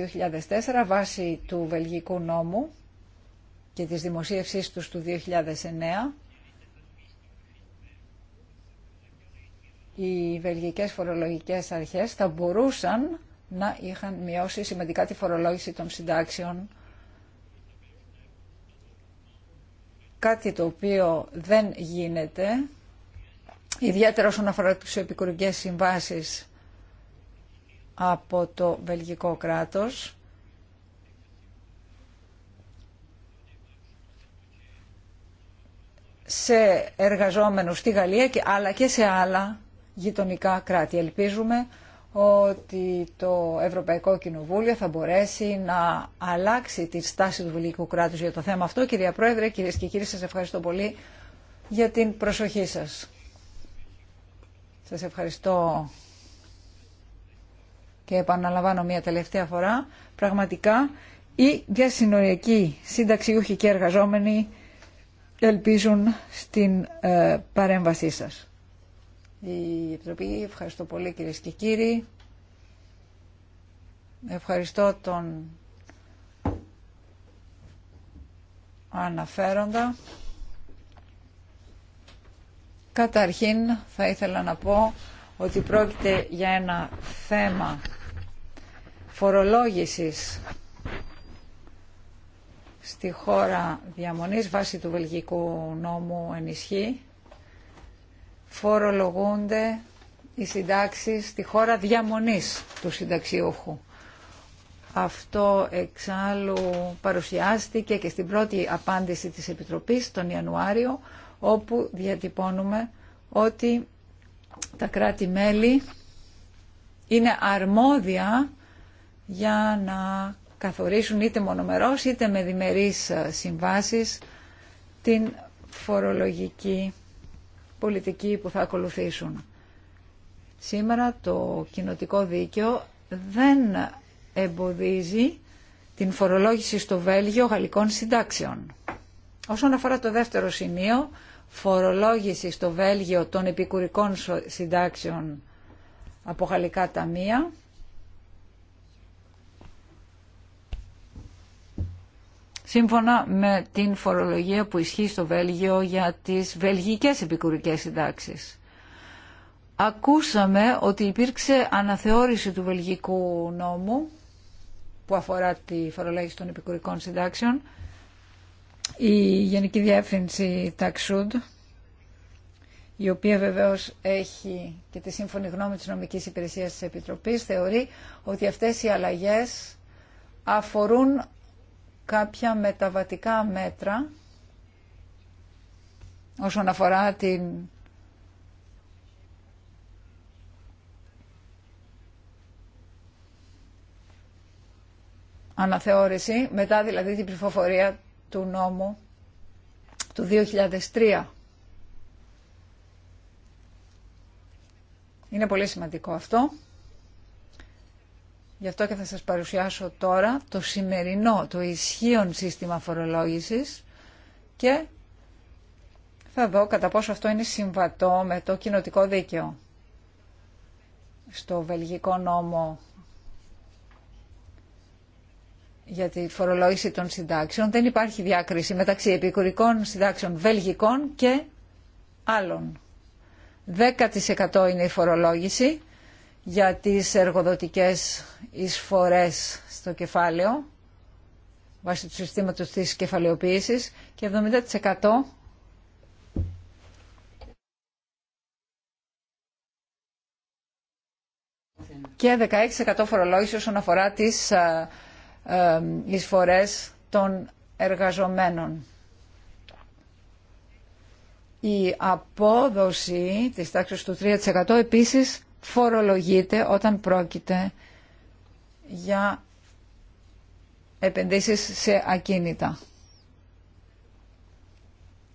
2004 βάσει του βελγικού νόμου και της δημοσίευσής τους του 2009 οι βελγικές φορολογικές αρχές θα μπορούσαν να είχαν μειώσει σημαντικά τη φορολόγηση των συντάξεων κάτι το οποίο δεν γίνεται ιδιαίτερα όσον αφορά τις επικουρικές συμβάσεις από το βελγικό κράτος σε εργαζόμενους στη Γαλλία αλλά και σε άλλα γειτονικά κράτη. Ελπίζουμε ότι το Ευρωπαϊκό Κοινοβούλιο θα μπορέσει να αλλάξει τη στάση του βουλικού κράτους για το θέμα αυτό. Κυρία Πρόεδρε, κυρίες και κύριοι, σας ευχαριστώ πολύ για την προσοχή σας. Σας ευχαριστώ και επαναλαμβάνω μια τελευταία φορά. Πραγματικά οι διασυνοριακοί συνταξιούχοι και εργαζόμενοι ελπίζουν στην ε, παρέμβασή σας η Επιτροπή. Ευχαριστώ πολύ κυρίε και κύριοι. Ευχαριστώ τον αναφέροντα. Καταρχήν θα ήθελα να πω ότι πρόκειται για ένα θέμα φορολόγησης στη χώρα διαμονής βάσει του βελγικού νόμου ενισχύει φορολογούνται οι συντάξεις στη χώρα διαμονής του συνταξιούχου. Αυτό εξάλλου παρουσιάστηκε και στην πρώτη απάντηση της Επιτροπής τον Ιανουάριο, όπου διατυπώνουμε ότι τα κράτη-μέλη είναι αρμόδια για να καθορίσουν είτε μονομερός είτε με διμερείς συμβάσεις την φορολογική Πολιτικοί που θα ακολουθήσουν. Σήμερα το κοινοτικό δίκαιο δεν εμποδίζει την φορολόγηση στο Βέλγιο γαλλικών συντάξεων. Όσον αφορά το δεύτερο σημείο, φορολόγηση στο Βέλγιο των επικουρικών συντάξεων από γαλλικά ταμεία, σύμφωνα με την φορολογία που ισχύει στο Βέλγιο για τις βελγικές επικουρικές συντάξεις. Ακούσαμε ότι υπήρξε αναθεώρηση του βελγικού νόμου που αφορά τη φορολόγηση των επικουρικών συντάξεων. Η Γενική Διεύθυνση Ταξούντ, η οποία βεβαίως έχει και τη σύμφωνη γνώμη της νομικής υπηρεσίας της Επιτροπής, θεωρεί ότι αυτές οι αλλαγές αφορούν κάποια μεταβατικά μέτρα όσον αφορά την αναθεώρηση, μετά δηλαδή την πληροφορία του νόμου του 2003. Είναι πολύ σημαντικό αυτό. Γι' αυτό και θα σας παρουσιάσω τώρα το σημερινό, το ισχύον σύστημα φορολόγησης και θα δω κατά πόσο αυτό είναι συμβατό με το κοινοτικό δίκαιο. Στο βελγικό νόμο για τη φορολόγηση των συντάξεων δεν υπάρχει διάκριση μεταξύ επικουρικών συντάξεων βελγικών και άλλων. 10% είναι η φορολόγηση για τις εργοδοτικές εισφορές στο κεφάλαιο βάσει του συστήματος της κεφαλαιοποίησης και 70% και 16% φορολόγηση όσον αφορά τις εισφορές των εργαζομένων. Η απόδοση της τάξης του 3% επίσης φορολογείται όταν πρόκειται για επενδύσεις σε ακίνητα.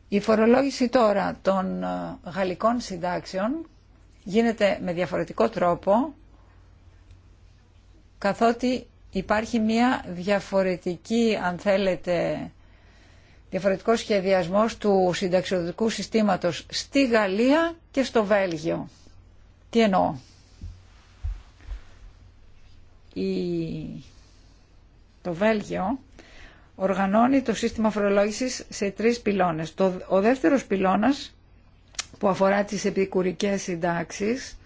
Η φορολόγηση τώρα των ε, γαλλικών συντάξεων γίνεται με διαφορετικό τρόπο καθότι υπάρχει μια διαφορετική, αν θέλετε, διαφορετικός σχεδιασμός του συνταξιοδοτικού συστήματος στη Γαλλία και στο Βέλγιο. Τι εννοώ. Το Βέλγιο οργανώνει το σύστημα φορολόγησης σε τρεις πυλώνες. Ο δεύτερος πυλώνας που αφορά τις επικουρικές συντάξεις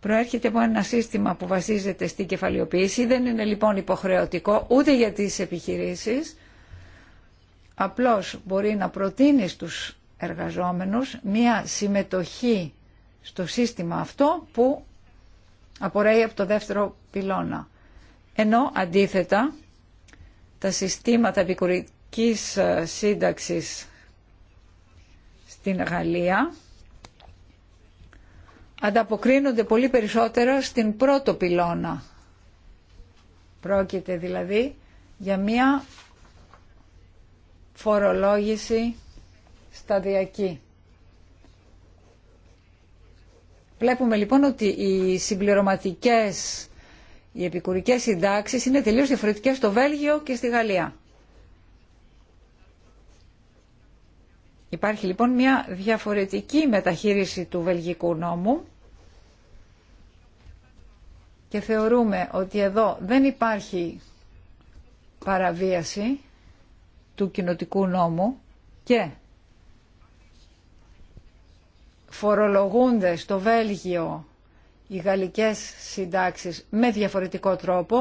προέρχεται από ένα σύστημα που βασίζεται στην κεφαλαιοποίηση. Δεν είναι λοιπόν υποχρεωτικό ούτε για τις επιχειρήσεις. Απλώς μπορεί να προτείνει στους εργαζόμενους μία συμμετοχή στο σύστημα αυτό που απορρέει από το δεύτερο πυλώνα. Ενώ αντίθετα τα συστήματα επικουρικής ε, σύνταξης στην Γαλλία ανταποκρίνονται πολύ περισσότερο στην πρώτο πυλώνα. Πρόκειται δηλαδή για μία φορολόγηση σταδιακή. Βλέπουμε λοιπόν ότι οι συμπληρωματικές, οι επικουρικές συντάξεις είναι τελείως διαφορετικές στο Βέλγιο και στη Γαλλία. Υπάρχει λοιπόν μια διαφορετική μεταχείριση του βελγικού νόμου και θεωρούμε ότι εδώ δεν υπάρχει παραβίαση του κοινοτικού νόμου και φορολογούνται στο Βέλγιο οι γαλλικές συντάξεις με διαφορετικό τρόπο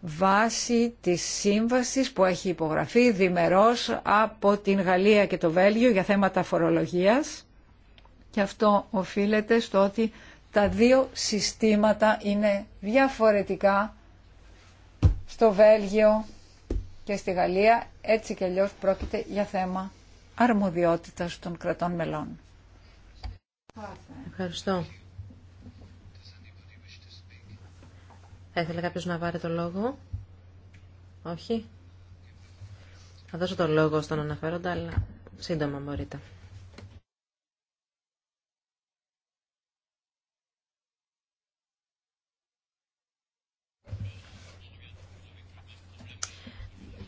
βάσει της σύμβασης που έχει υπογραφεί διμερός από την Γαλλία και το Βέλγιο για θέματα φορολογίας και αυτό οφείλεται στο ότι τα δύο συστήματα είναι διαφορετικά στο Βέλγιο και στη Γαλλία έτσι και αλλιώς πρόκειται για θέμα αρμοδιότητας των κρατών μελών. Ευχαριστώ. Θα ήθελε κάποιος να πάρει το λόγο. Όχι. Θα δώσω το λόγο στον αναφέροντα, αλλά σύντομα μπορείτε.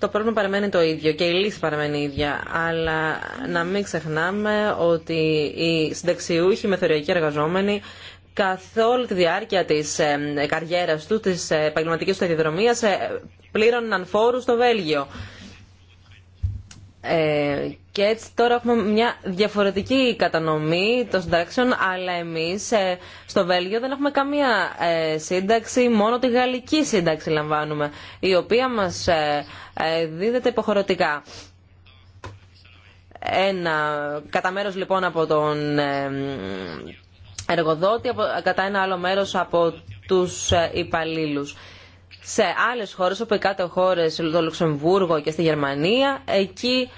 το πρόβλημα παραμένει το ίδιο και η λύση παραμένει η ίδια. Αλλά να μην ξεχνάμε ότι οι συνταξιούχοι μεθοριακοί εργαζόμενοι καθ' όλη τη διάρκεια της ε, καριέρας του, της ε, επαγγελματικής του ε, πλήρωναν φόρου στο Βέλγιο. Ε, και έτσι τώρα έχουμε μια διαφορετική κατανομή των συντάξεων, αλλά εμείς ε, στο Βέλγιο δεν έχουμε καμία ε, σύνταξη, μόνο τη γαλλική σύνταξη λαμβάνουμε, η οποία μας ε, ε, δίδεται υποχρεωτικά. Ένα, κατά μέρος λοιπόν από τον εργοδότη, από, κατά ένα άλλο μέρος από τους υπαλλήλους σε άλλε χώρε όπου οι κάτω χώρες, στο Λουξεμβούργο και στη Γερμανία, εκεί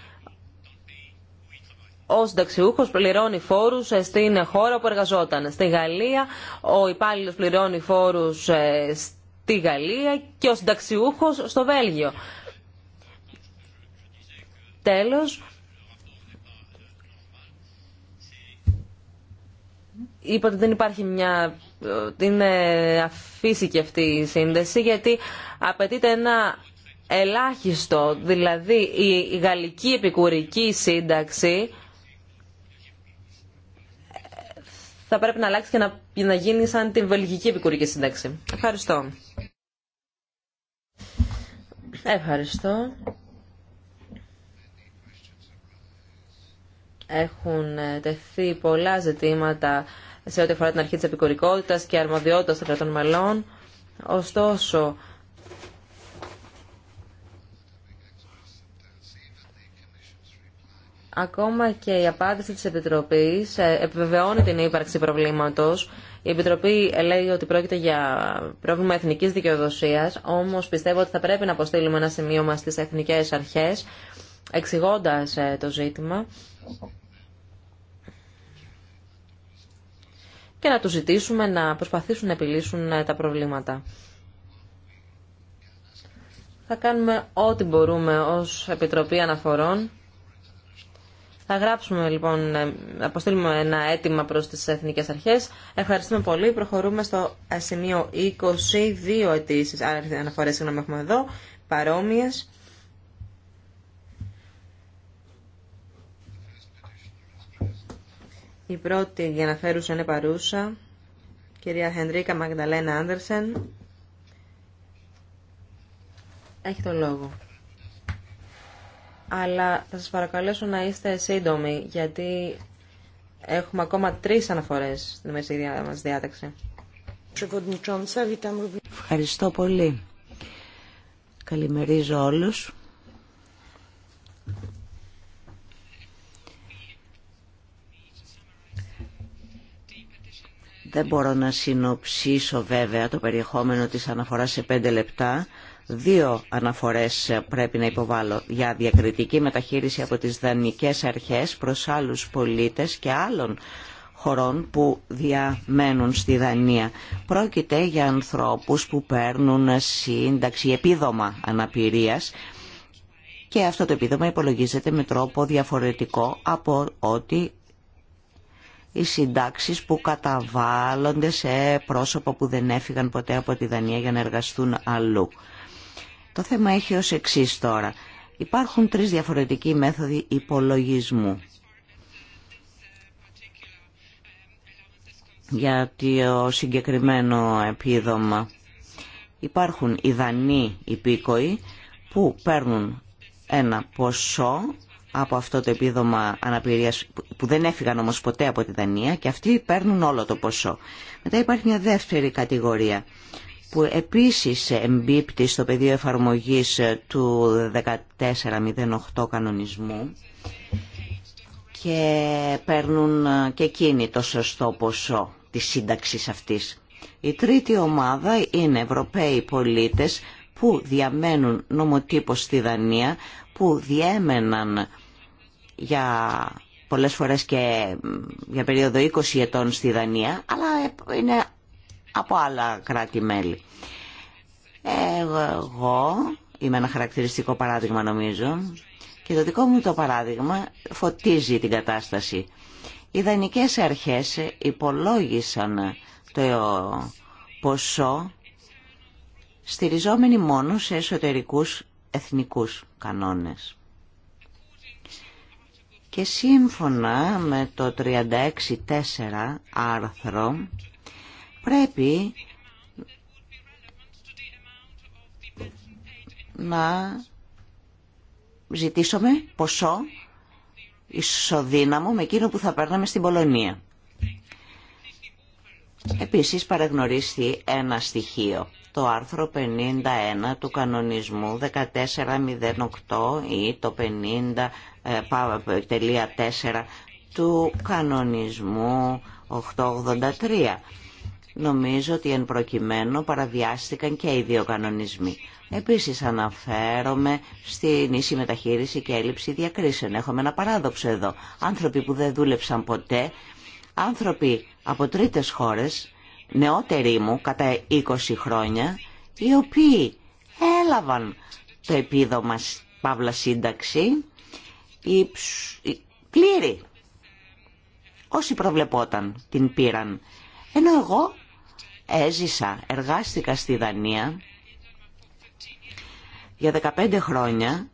ο συνταξιούχο πληρώνει φόρου ε, στην χώρα που εργαζόταν. Στη Γαλλία, ο υπάλληλο πληρώνει φόρου ε, στη Γαλλία και ο συνταξιούχο στο Βέλγιο. Τέλος, είπα ότι δεν υπάρχει μια είναι αφήσει και αυτή η σύνδεση γιατί απαιτείται ένα ελάχιστο, δηλαδή η γαλλική επικουρική σύνταξη θα πρέπει να αλλάξει και να, να γίνει σαν την βελγική επικουρική σύνταξη. Ευχαριστώ. Ευχαριστώ. Έχουν τεθεί πολλά ζητήματα σε ό,τι αφορά την αρχή της επικουρικότητας και αρμοδιότητας των κρατών μελών. Ωστόσο, ακόμα και η απάντηση της Επιτροπής ε, επιβεβαιώνει την ύπαρξη προβλήματος. Η Επιτροπή λέει ότι πρόκειται για πρόβλημα εθνικής δικαιοδοσίας, όμως πιστεύω ότι θα πρέπει να αποστείλουμε ένα σημείο μας στις εθνικές αρχές, εξηγώντας ε, το ζήτημα. και να τους ζητήσουμε να προσπαθήσουν να επιλύσουν ε, τα προβλήματα. Θα κάνουμε ό,τι μπορούμε ως Επιτροπή Αναφορών. Θα γράψουμε λοιπόν, ε, αποστείλουμε ένα αίτημα προς τις Εθνικές Αρχές. Ευχαριστούμε πολύ. Προχωρούμε στο ε, σημείο 22 αιτήσεις, άρα αναφορές συγγνώμη έχουμε εδώ, παρόμοιες. Η πρώτη για να φέρουσα είναι παρούσα. Κυρία Χενρίκα Μαγδαλένα Άντερσεν. Έχει το λόγο. Αλλά θα σας παρακαλέσω να είστε σύντομοι, γιατί έχουμε ακόμα τρεις αναφορές στην μεσηγεία μας διάταξη. Ευχαριστώ πολύ. Καλημερίζω όλους. Δεν μπορώ να συνοψίσω βέβαια το περιεχόμενο της αναφοράς σε πέντε λεπτά. Δύο αναφορές πρέπει να υποβάλω για διακριτική μεταχείριση από τις δανεικές αρχές προς άλλους πολίτες και άλλων χωρών που διαμένουν στη Δανία. Πρόκειται για ανθρώπους που παίρνουν σύνταξη επίδομα αναπηρίας και αυτό το επίδομα υπολογίζεται με τρόπο διαφορετικό από ό,τι οι συντάξεις που καταβάλλονται σε πρόσωπα που δεν έφυγαν ποτέ από τη Δανία για να εργαστούν αλλού. Το θέμα έχει ως εξή τώρα. Υπάρχουν τρεις διαφορετικοί μέθοδοι υπολογισμού. Για το συγκεκριμένο επίδομα υπάρχουν οι δανείοι υπήκοοι που παίρνουν ένα ποσό από αυτό το επίδομα αναπηρίας που δεν έφυγαν όμως ποτέ από τη Δανία και αυτοί παίρνουν όλο το ποσό. Μετά υπάρχει μια δεύτερη κατηγορία που επίσης εμπίπτει στο πεδίο εφαρμογής του 1408 κανονισμού και παίρνουν και εκείνοι το σωστό ποσό της σύνταξης αυτής. Η τρίτη ομάδα είναι Ευρωπαίοι πολίτες που διαμένουν νομοτύπως στη Δανία, που διέμεναν για πολλές φορές και για περίοδο 20 ετών στη Δανία, αλλά είναι από άλλα κράτη-μέλη. Εγώ είμαι ένα χαρακτηριστικό παράδειγμα νομίζω και το δικό μου το παράδειγμα φωτίζει την κατάσταση. Οι δανεικές αρχές υπολόγισαν το ποσό στηριζόμενοι μόνο σε εσωτερικούς εθνικούς κανόνες. Και σύμφωνα με το 36.4 άρθρο πρέπει να ζητήσουμε ποσό ισοδύναμο με εκείνο που θα παίρναμε στην Πολωνία. Επίσης παραγνωρίστη ένα στοιχείο, το άρθρο 51 του κανονισμού 1408 ή το 50 4 ε, ε, του κανονισμού 883. Νομίζω ότι εν προκειμένου παραδιάστηκαν και οι δύο κανονισμοί. Επίσης αναφέρομαι στην ίση μεταχείριση και έλλειψη διακρίσεων. Έχουμε ένα παράδοξο εδώ. Άνθρωποι που δεν δούλεψαν ποτέ, άνθρωποι από τρίτες χώρες, νεότεροι μου κατά 20 χρόνια, οι οποίοι έλαβαν το επίδομα Παύλα Σύνταξη, η πλήρη. Όσοι προβλεπόταν την πήραν. Ενώ εγώ έζησα, εργάστηκα στη Δανία για 15 χρόνια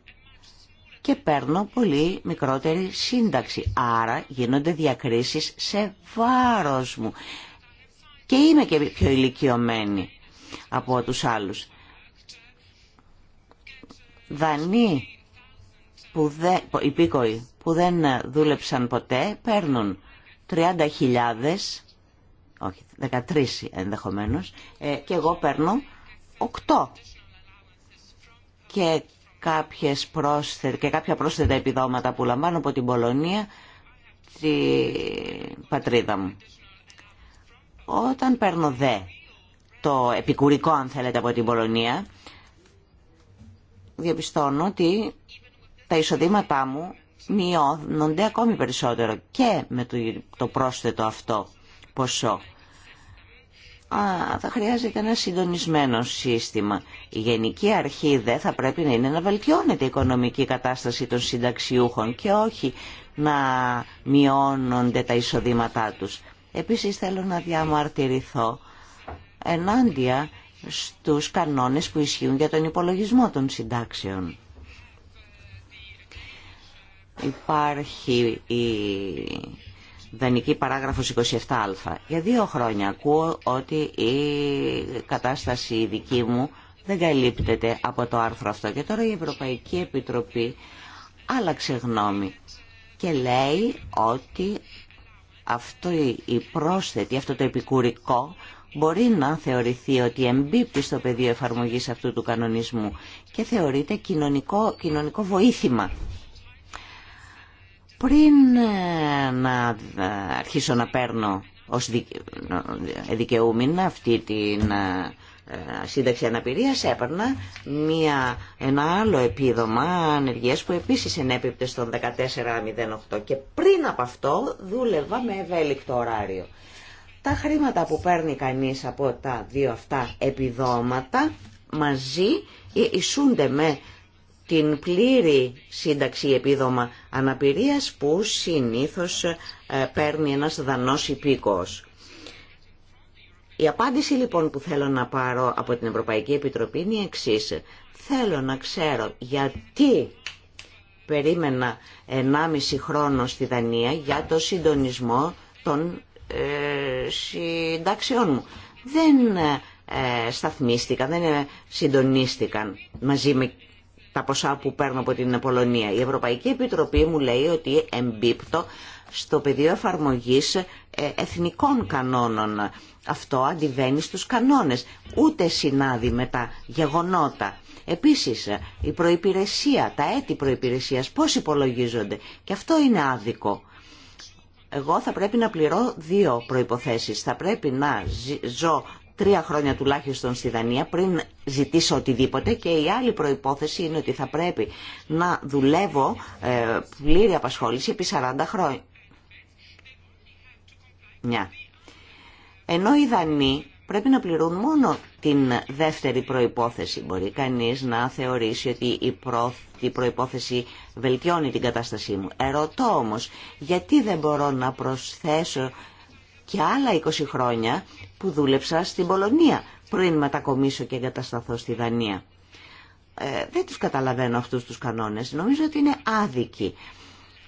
και παίρνω πολύ μικρότερη σύνταξη. Άρα γίνονται διακρίσεις σε βάρος μου. Και είμαι και πιο ηλικιωμένη από τους άλλους. Δανείοι που δεν, υπήκοοι που δεν ε, δούλεψαν ποτέ παίρνουν 30.000, όχι 13 ενδεχομένως, ε, και εγώ παίρνω 8 και, κάποιες πρόσθε, και κάποια πρόσθετα επιδόματα που λαμβάνω από την Πολωνία, την πατρίδα μου. Όταν παίρνω δε το επικουρικό αν θέλετε από την Πολωνία, διαπιστώνω ότι τα εισοδήματά μου μειώνονται ακόμη περισσότερο και με το πρόσθετο αυτό ποσό. Α, θα χρειάζεται ένα συντονισμένο σύστημα. Η Γενική Αρχή δεν θα πρέπει να είναι να βελτιώνεται η οικονομική κατάσταση των συνταξιούχων και όχι να μειώνονται τα εισοδήματά τους. Επίσης θέλω να διαμαρτυρηθώ ενάντια στους κανόνες που ισχύουν για τον υπολογισμό των συντάξεων υπάρχει η δανεική παράγραφος 27α. Για δύο χρόνια ακούω ότι η κατάσταση δική μου δεν καλύπτεται από το άρθρο αυτό. Και τώρα η Ευρωπαϊκή Επιτροπή άλλαξε γνώμη και λέει ότι αυτό η πρόσθετη, αυτό το επικουρικό μπορεί να θεωρηθεί ότι εμπίπτει στο πεδίο εφαρμογής αυτού του κανονισμού και θεωρείται κοινωνικό, κοινωνικό βοήθημα πριν ε, να ε, αρχίσω να παίρνω ως ε, δικαιούμενα αυτή την σύνταξη αναπηρίας έπαιρνα μια, ένα άλλο επίδομα ανεργίας που επίσης ενέπιπτε στον 1408 και πριν από αυτό δούλευα με ευέλικτο ωράριο. Τα χρήματα που παίρνει κανείς από τα δύο αυτά επιδόματα μαζί ισούνται με την πλήρη σύνταξη επίδομα αναπηρίας που συνήθως ε, παίρνει ένας δανός υπήκοος. Η απάντηση λοιπόν που θέλω να πάρω από την Ευρωπαϊκή Επιτροπή είναι η εξής. Θέλω να ξέρω γιατί περίμενα 1,5 χρόνο στη Δανία για το συντονισμό των ε, συντάξεών μου. Δεν ε, σταθμίστηκαν, δεν ε, συντονίστηκαν μαζί με τα ποσά που παίρνω από την Πολωνία. Η Ευρωπαϊκή Επιτροπή μου λέει ότι εμπίπτω στο πεδίο εφαρμογής ε, εθνικών κανόνων. Αυτό αντιβαίνει στους κανόνες, ούτε συνάδει με τα γεγονότα. Επίσης, η προϋπηρεσία, τα έτη προϋπηρεσίας, πώς υπολογίζονται. Και αυτό είναι άδικο. Εγώ θα πρέπει να πληρώ δύο προϋποθέσεις. Θα πρέπει να ζω τρία χρόνια τουλάχιστον στη Δανία πριν ζητήσω οτιδήποτε και η άλλη προϋπόθεση είναι ότι θα πρέπει να δουλεύω ε, πλήρη απασχόληση επί 40 χρόνια. Ενώ οι Δανείοι πρέπει να πληρούν μόνο την δεύτερη προϋπόθεση. Μπορεί κανείς να θεωρήσει ότι η, πρώτη προϋπόθεση βελτιώνει την κατάστασή μου. Ερωτώ όμως, γιατί δεν μπορώ να προσθέσω και άλλα 20 χρόνια που δούλεψα στην Πολωνία πριν μετακομίσω και εγκατασταθώ στη Δανία. Ε, δεν τους καταλαβαίνω αυτούς τους κανόνες. Νομίζω ότι είναι άδικοι.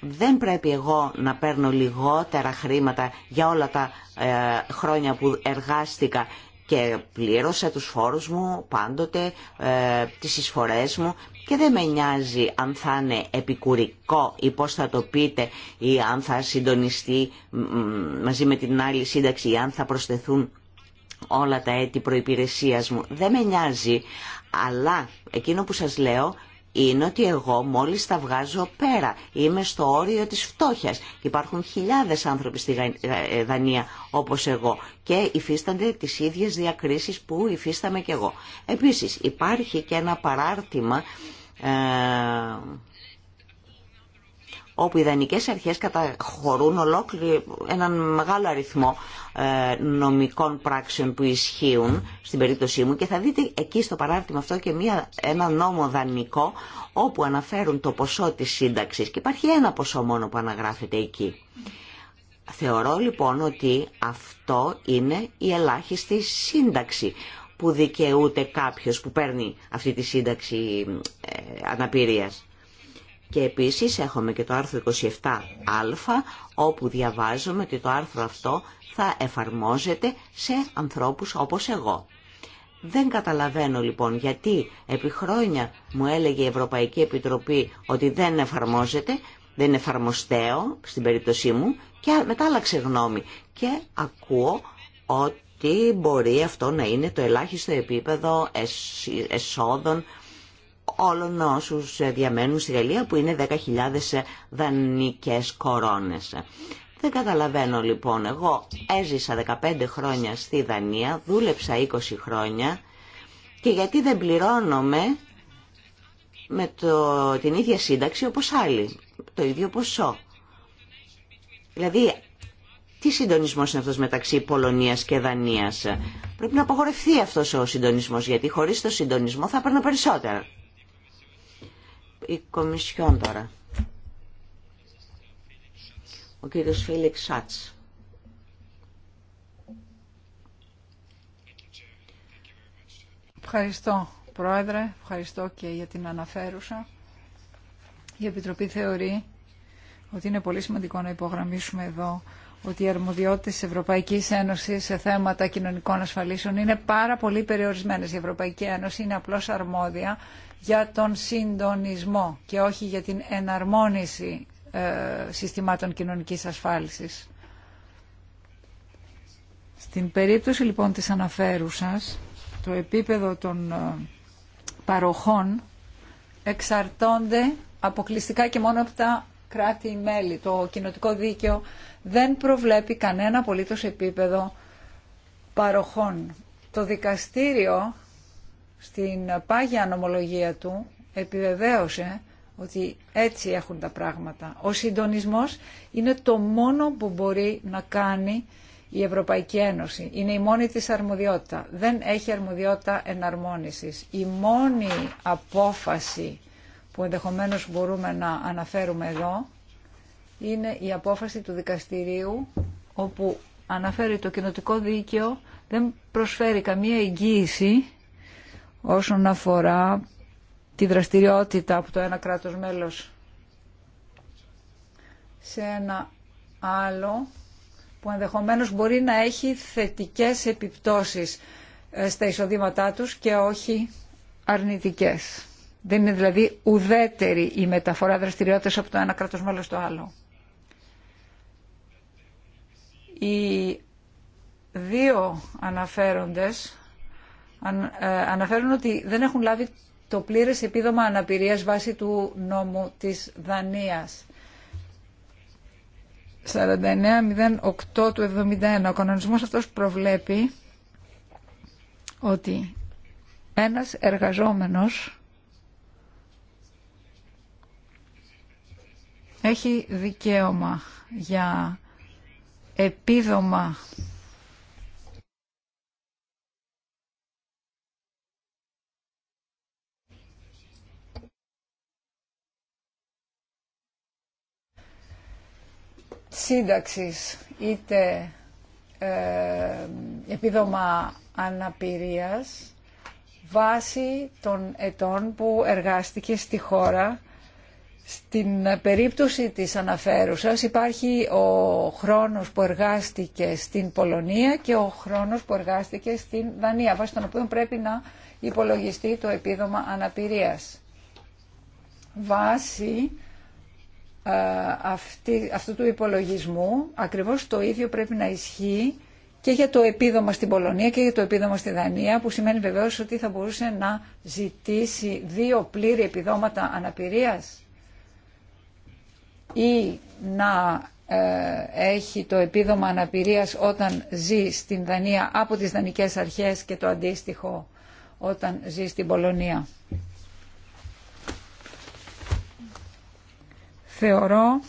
Δεν πρέπει εγώ να παίρνω λιγότερα χρήματα για όλα τα ε, χρόνια που εργάστηκα και πλήρωσα τους φόρους μου πάντοτε, ε, τις εισφορές μου και δεν με νοιάζει αν θα είναι επικουρικό ή πώς θα το πείτε ή αν θα συντονιστεί μαζί με την άλλη σύνταξη ή αν θα προσθεθούν όλα τα έτη προϋπηρεσίας μου. Δεν με νοιάζει, αλλά εκείνο που σας λέω είναι ότι εγώ μόλις τα βγάζω πέρα. Είμαι στο όριο της φτώχειας. Υπάρχουν χιλιάδες άνθρωποι στη ε, Δανία όπως εγώ και υφίστανται τις ίδιες διακρίσεις που υφίσταμαι και εγώ. Επίσης υπάρχει και ένα παράρτημα ε, όπου οι δανεικές αρχές καταχωρούν έναν μεγάλο αριθμό ε, νομικών πράξεων που ισχύουν στην περίπτωσή μου και θα δείτε εκεί στο παράρτημα αυτό και μια, ένα νόμο δανεικό όπου αναφέρουν το ποσό της σύνταξης και υπάρχει ένα ποσό μόνο που αναγράφεται εκεί. Θεωρώ λοιπόν ότι αυτό είναι η ελάχιστη σύνταξη που δικαιούται κάποιος που παίρνει αυτή τη σύνταξη ε, αναπηρίας. Και επίσης έχουμε και το άρθρο 27α, όπου διαβάζουμε ότι το άρθρο αυτό θα εφαρμόζεται σε ανθρώπους όπως εγώ. Δεν καταλαβαίνω λοιπόν γιατί επί χρόνια μου έλεγε η Ευρωπαϊκή Επιτροπή ότι δεν εφαρμόζεται, δεν είναι στην περίπτωσή μου και μετά άλλαξε γνώμη. Και ακούω ότι μπορεί αυτό να είναι το ελάχιστο επίπεδο εσόδων όλων όσου διαμένουν στη Γαλλία που είναι 10.000 δανεικέ κορώνες. Δεν καταλαβαίνω λοιπόν, εγώ έζησα 15 χρόνια στη Δανία, δούλεψα 20 χρόνια και γιατί δεν πληρώνομαι με το, την ίδια σύνταξη όπως άλλοι, το ίδιο ποσό. Δηλαδή, τι συντονισμός είναι αυτός μεταξύ Πολωνίας και Δανίας. Πρέπει να απογορευτεί αυτός ο συντονισμός, γιατί χωρίς το συντονισμό θα παίρνω περισσότερα η Κομισιόν Ο κύριος Φίλιξ Σάτς. Ευχαριστώ, Πρόεδρε. Ευχαριστώ και για την αναφέρουσα. Η Επιτροπή θεωρεί ότι είναι πολύ σημαντικό να υπογραμμίσουμε εδώ ότι οι αρμοδιότητε τη Ευρωπαϊκής Ένωσης σε θέματα κοινωνικών ασφαλίσεων είναι πάρα πολύ περιορισμένε. Η Ευρωπαϊκή Ένωση είναι απλώ αρμόδια για τον συντονισμό και όχι για την εναρμόνιση ε, συστημάτων κοινωνικής ασφάλισης. Στην περίπτωση λοιπόν της αναφέρουσας, το επίπεδο των ε, παροχών εξαρτώνται αποκλειστικά και μόνο από τα κράτη-μέλη. Το κοινοτικό δίκαιο δεν προβλέπει κανένα απολύτως επίπεδο παροχών. Το δικαστήριο στην πάγια νομολογία του επιβεβαίωσε ότι έτσι έχουν τα πράγματα. Ο συντονισμός είναι το μόνο που μπορεί να κάνει η Ευρωπαϊκή Ένωση. Είναι η μόνη της αρμοδιότητα. Δεν έχει αρμοδιότητα εναρμόνισης. Η μόνη απόφαση που ενδεχομένως μπορούμε να αναφέρουμε εδώ είναι η απόφαση του δικαστηρίου όπου αναφέρει το κοινοτικό δίκαιο δεν προσφέρει καμία εγγύηση όσον αφορά τη δραστηριότητα από το ένα κράτος μέλος σε ένα άλλο που ενδεχομένως μπορεί να έχει θετικές επιπτώσεις ε, στα εισοδήματά τους και όχι αρνητικές. Δεν είναι δηλαδή ουδέτερη η μεταφορά δραστηριότητας από το ένα κράτος μέλος στο άλλο. Οι δύο αναφέροντες ε, αναφέρουν ότι δεν έχουν λάβει το πλήρες επίδομα αναπηρίας βάσει του νόμου της Δανίας. 49.08 του 71. Ο κανονισμός αυτός προβλέπει ότι ένας εργαζόμενος έχει δικαίωμα για επίδομα σύνταξης είτε ε, επίδομα αναπηρίας βάσει των ετών που εργάστηκε στη χώρα. Στην περίπτωση της αναφέρουσας υπάρχει ο χρόνος που εργάστηκε στην Πολωνία και ο χρόνος που εργάστηκε στην Δανία, βάσει των οποίων πρέπει να υπολογιστεί το επίδομα αναπηρίας. Βάσει ε, αυτή, αυτού του υπολογισμού ακριβώς το ίδιο πρέπει να ισχύει και για το επίδομα στην Πολωνία και για το επίδομα στη Δανία που σημαίνει βεβαίως ότι θα μπορούσε να ζητήσει δύο πλήρη επιδόματα αναπηρίας ή να ε, έχει το επίδομα αναπηρίας όταν ζει στην Δανία από τις δανικές αρχές και το αντίστοιχο όταν ζει στην Πολωνία. Θεωρώ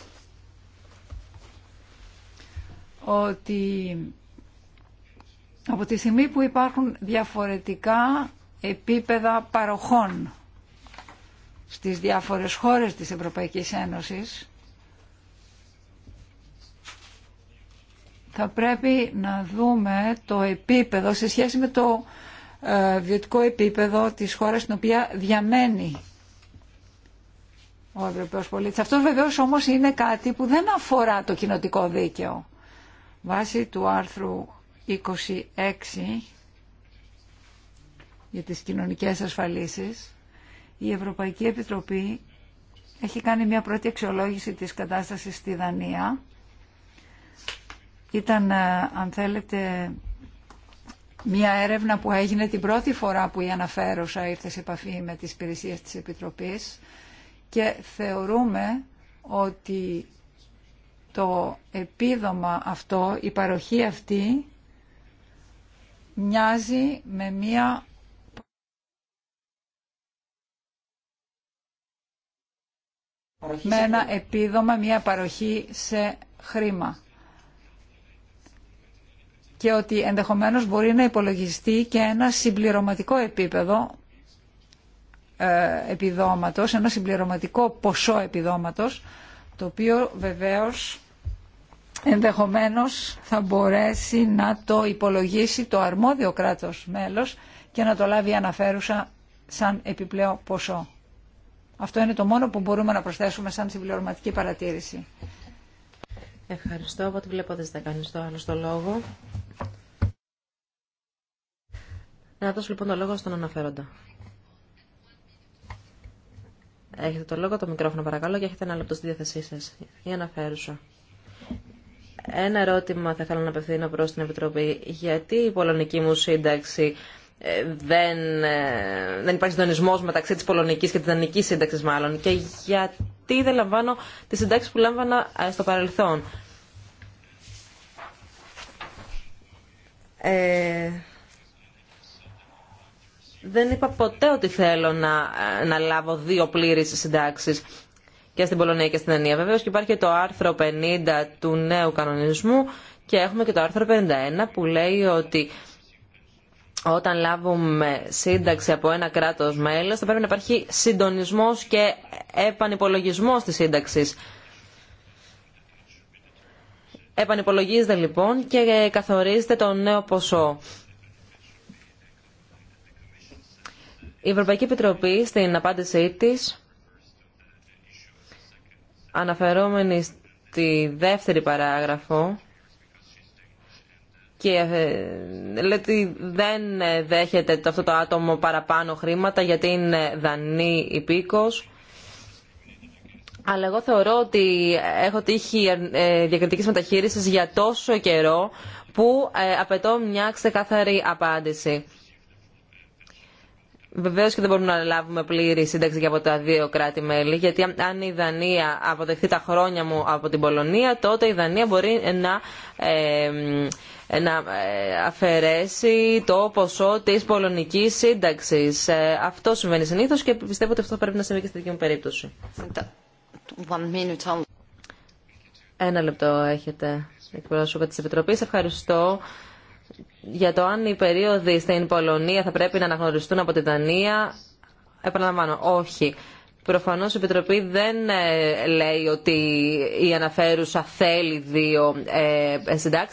ότι από τη στιγμή που υπάρχουν διαφορετικά επίπεδα παροχών στις διάφορες χώρες της Ευρωπαϊκής Ένωσης, θα πρέπει να δούμε το επίπεδο σε σχέση με το ε, βιωτικό επίπεδο της χώρας στην οποία διαμένει ο Ευρωπαίος πολίτης. Αυτό βεβαίως όμως είναι κάτι που δεν αφορά το κοινοτικό δίκαιο. Βάσει του άρθρου 26 για τις κοινωνικές ασφαλίσεις, η Ευρωπαϊκή Επιτροπή έχει κάνει μια πρώτη αξιολόγηση της κατάστασης στη Δανία. Ήταν, ε, αν θέλετε, μια έρευνα που έγινε την πρώτη φορά που η αναφέρωσα ήρθε σε επαφή με τις υπηρεσίες της Επιτροπής και θεωρούμε ότι το επίδομα αυτό, η παροχή αυτή, μοιάζει με μία με ένα επίδομα, μία παροχή σε χρήμα. Και ότι ενδεχομένως μπορεί να υπολογιστεί και ένα συμπληρωματικό επίπεδο ε, επιδόματος, ένα συμπληρωματικό ποσό επιδόματος, το οποίο βεβαίως ενδεχομένως θα μπορέσει να το υπολογίσει το αρμόδιο κράτος μέλος και να το λάβει αναφέρουσα σαν επιπλέον ποσό. Αυτό είναι το μόνο που μπορούμε να προσθέσουμε σαν συμπληρωματική παρατήρηση. Ευχαριστώ. Από ό,τι βλέπω δεν θα κάνει το άλλο στο λόγο. Να δώσω λοιπόν το λόγο στον αναφέροντα. Έχετε το λόγο, το μικρόφωνο παρακαλώ και έχετε ένα λεπτό στη διάθεσή σα. Για να Ένα ερώτημα θα ήθελα να απευθύνω προ την Επιτροπή. Γιατί η πολωνική μου σύνταξη ε, δεν, ε, δεν υπάρχει συντονισμό μεταξύ της πολωνικής και της δανεική σύνταξη, μάλλον και γιατί δεν λαμβάνω τη συντάξη που λάμβανα ε, στο παρελθόν. Ε, δεν είπα ποτέ ότι θέλω να, ε, να λάβω δύο πλήρε συντάξεις και στην Πολωνία και στην Ενία. Βεβαίω και υπάρχει το άρθρο 50 του νέου κανονισμού και έχουμε και το άρθρο 51 που λέει ότι όταν λάβουμε σύνταξη από ένα κράτος μέλος θα πρέπει να υπάρχει συντονισμός και επανυπολογισμό τη σύνταξη. Επανυπολογίζεται λοιπόν και καθορίζεται το νέο ποσό. Η Ευρωπαϊκή Επιτροπή στην απάντησή της αναφερόμενη στη δεύτερη παράγραφο και ε, λέει ότι δεν δέχεται αυτό το άτομο παραπάνω χρήματα γιατί είναι δανή υπήκος. Αλλά εγώ θεωρώ ότι έχω τύχει ε, διακριτικής μεταχείρισης για τόσο καιρό που ε, απαιτώ μια ξεκάθαρη απάντηση. Βεβαίω και δεν μπορούμε να λάβουμε πλήρη σύνταξη και από τα δύο κράτη-μέλη, γιατί αν η Δανία αποδεχθεί τα χρόνια μου από την Πολωνία, τότε η Δανία μπορεί να, ε, αφαιρέσει το ποσό τη πολωνική σύνταξη. Ε, αυτό συμβαίνει συνήθω και πιστεύω ότι αυτό πρέπει να συμβεί και στη δική μου περίπτωση. Ένα λεπτό έχετε εκπρόσωπο τη Επιτροπή. Ευχαριστώ για το αν οι περίοδοι στην Πολωνία θα πρέπει να αναγνωριστούν από την Δανία, επαναλαμβάνω, όχι. Προφανώς η Επιτροπή δεν ε, λέει ότι η αναφέρουσα θέλει δύο ε,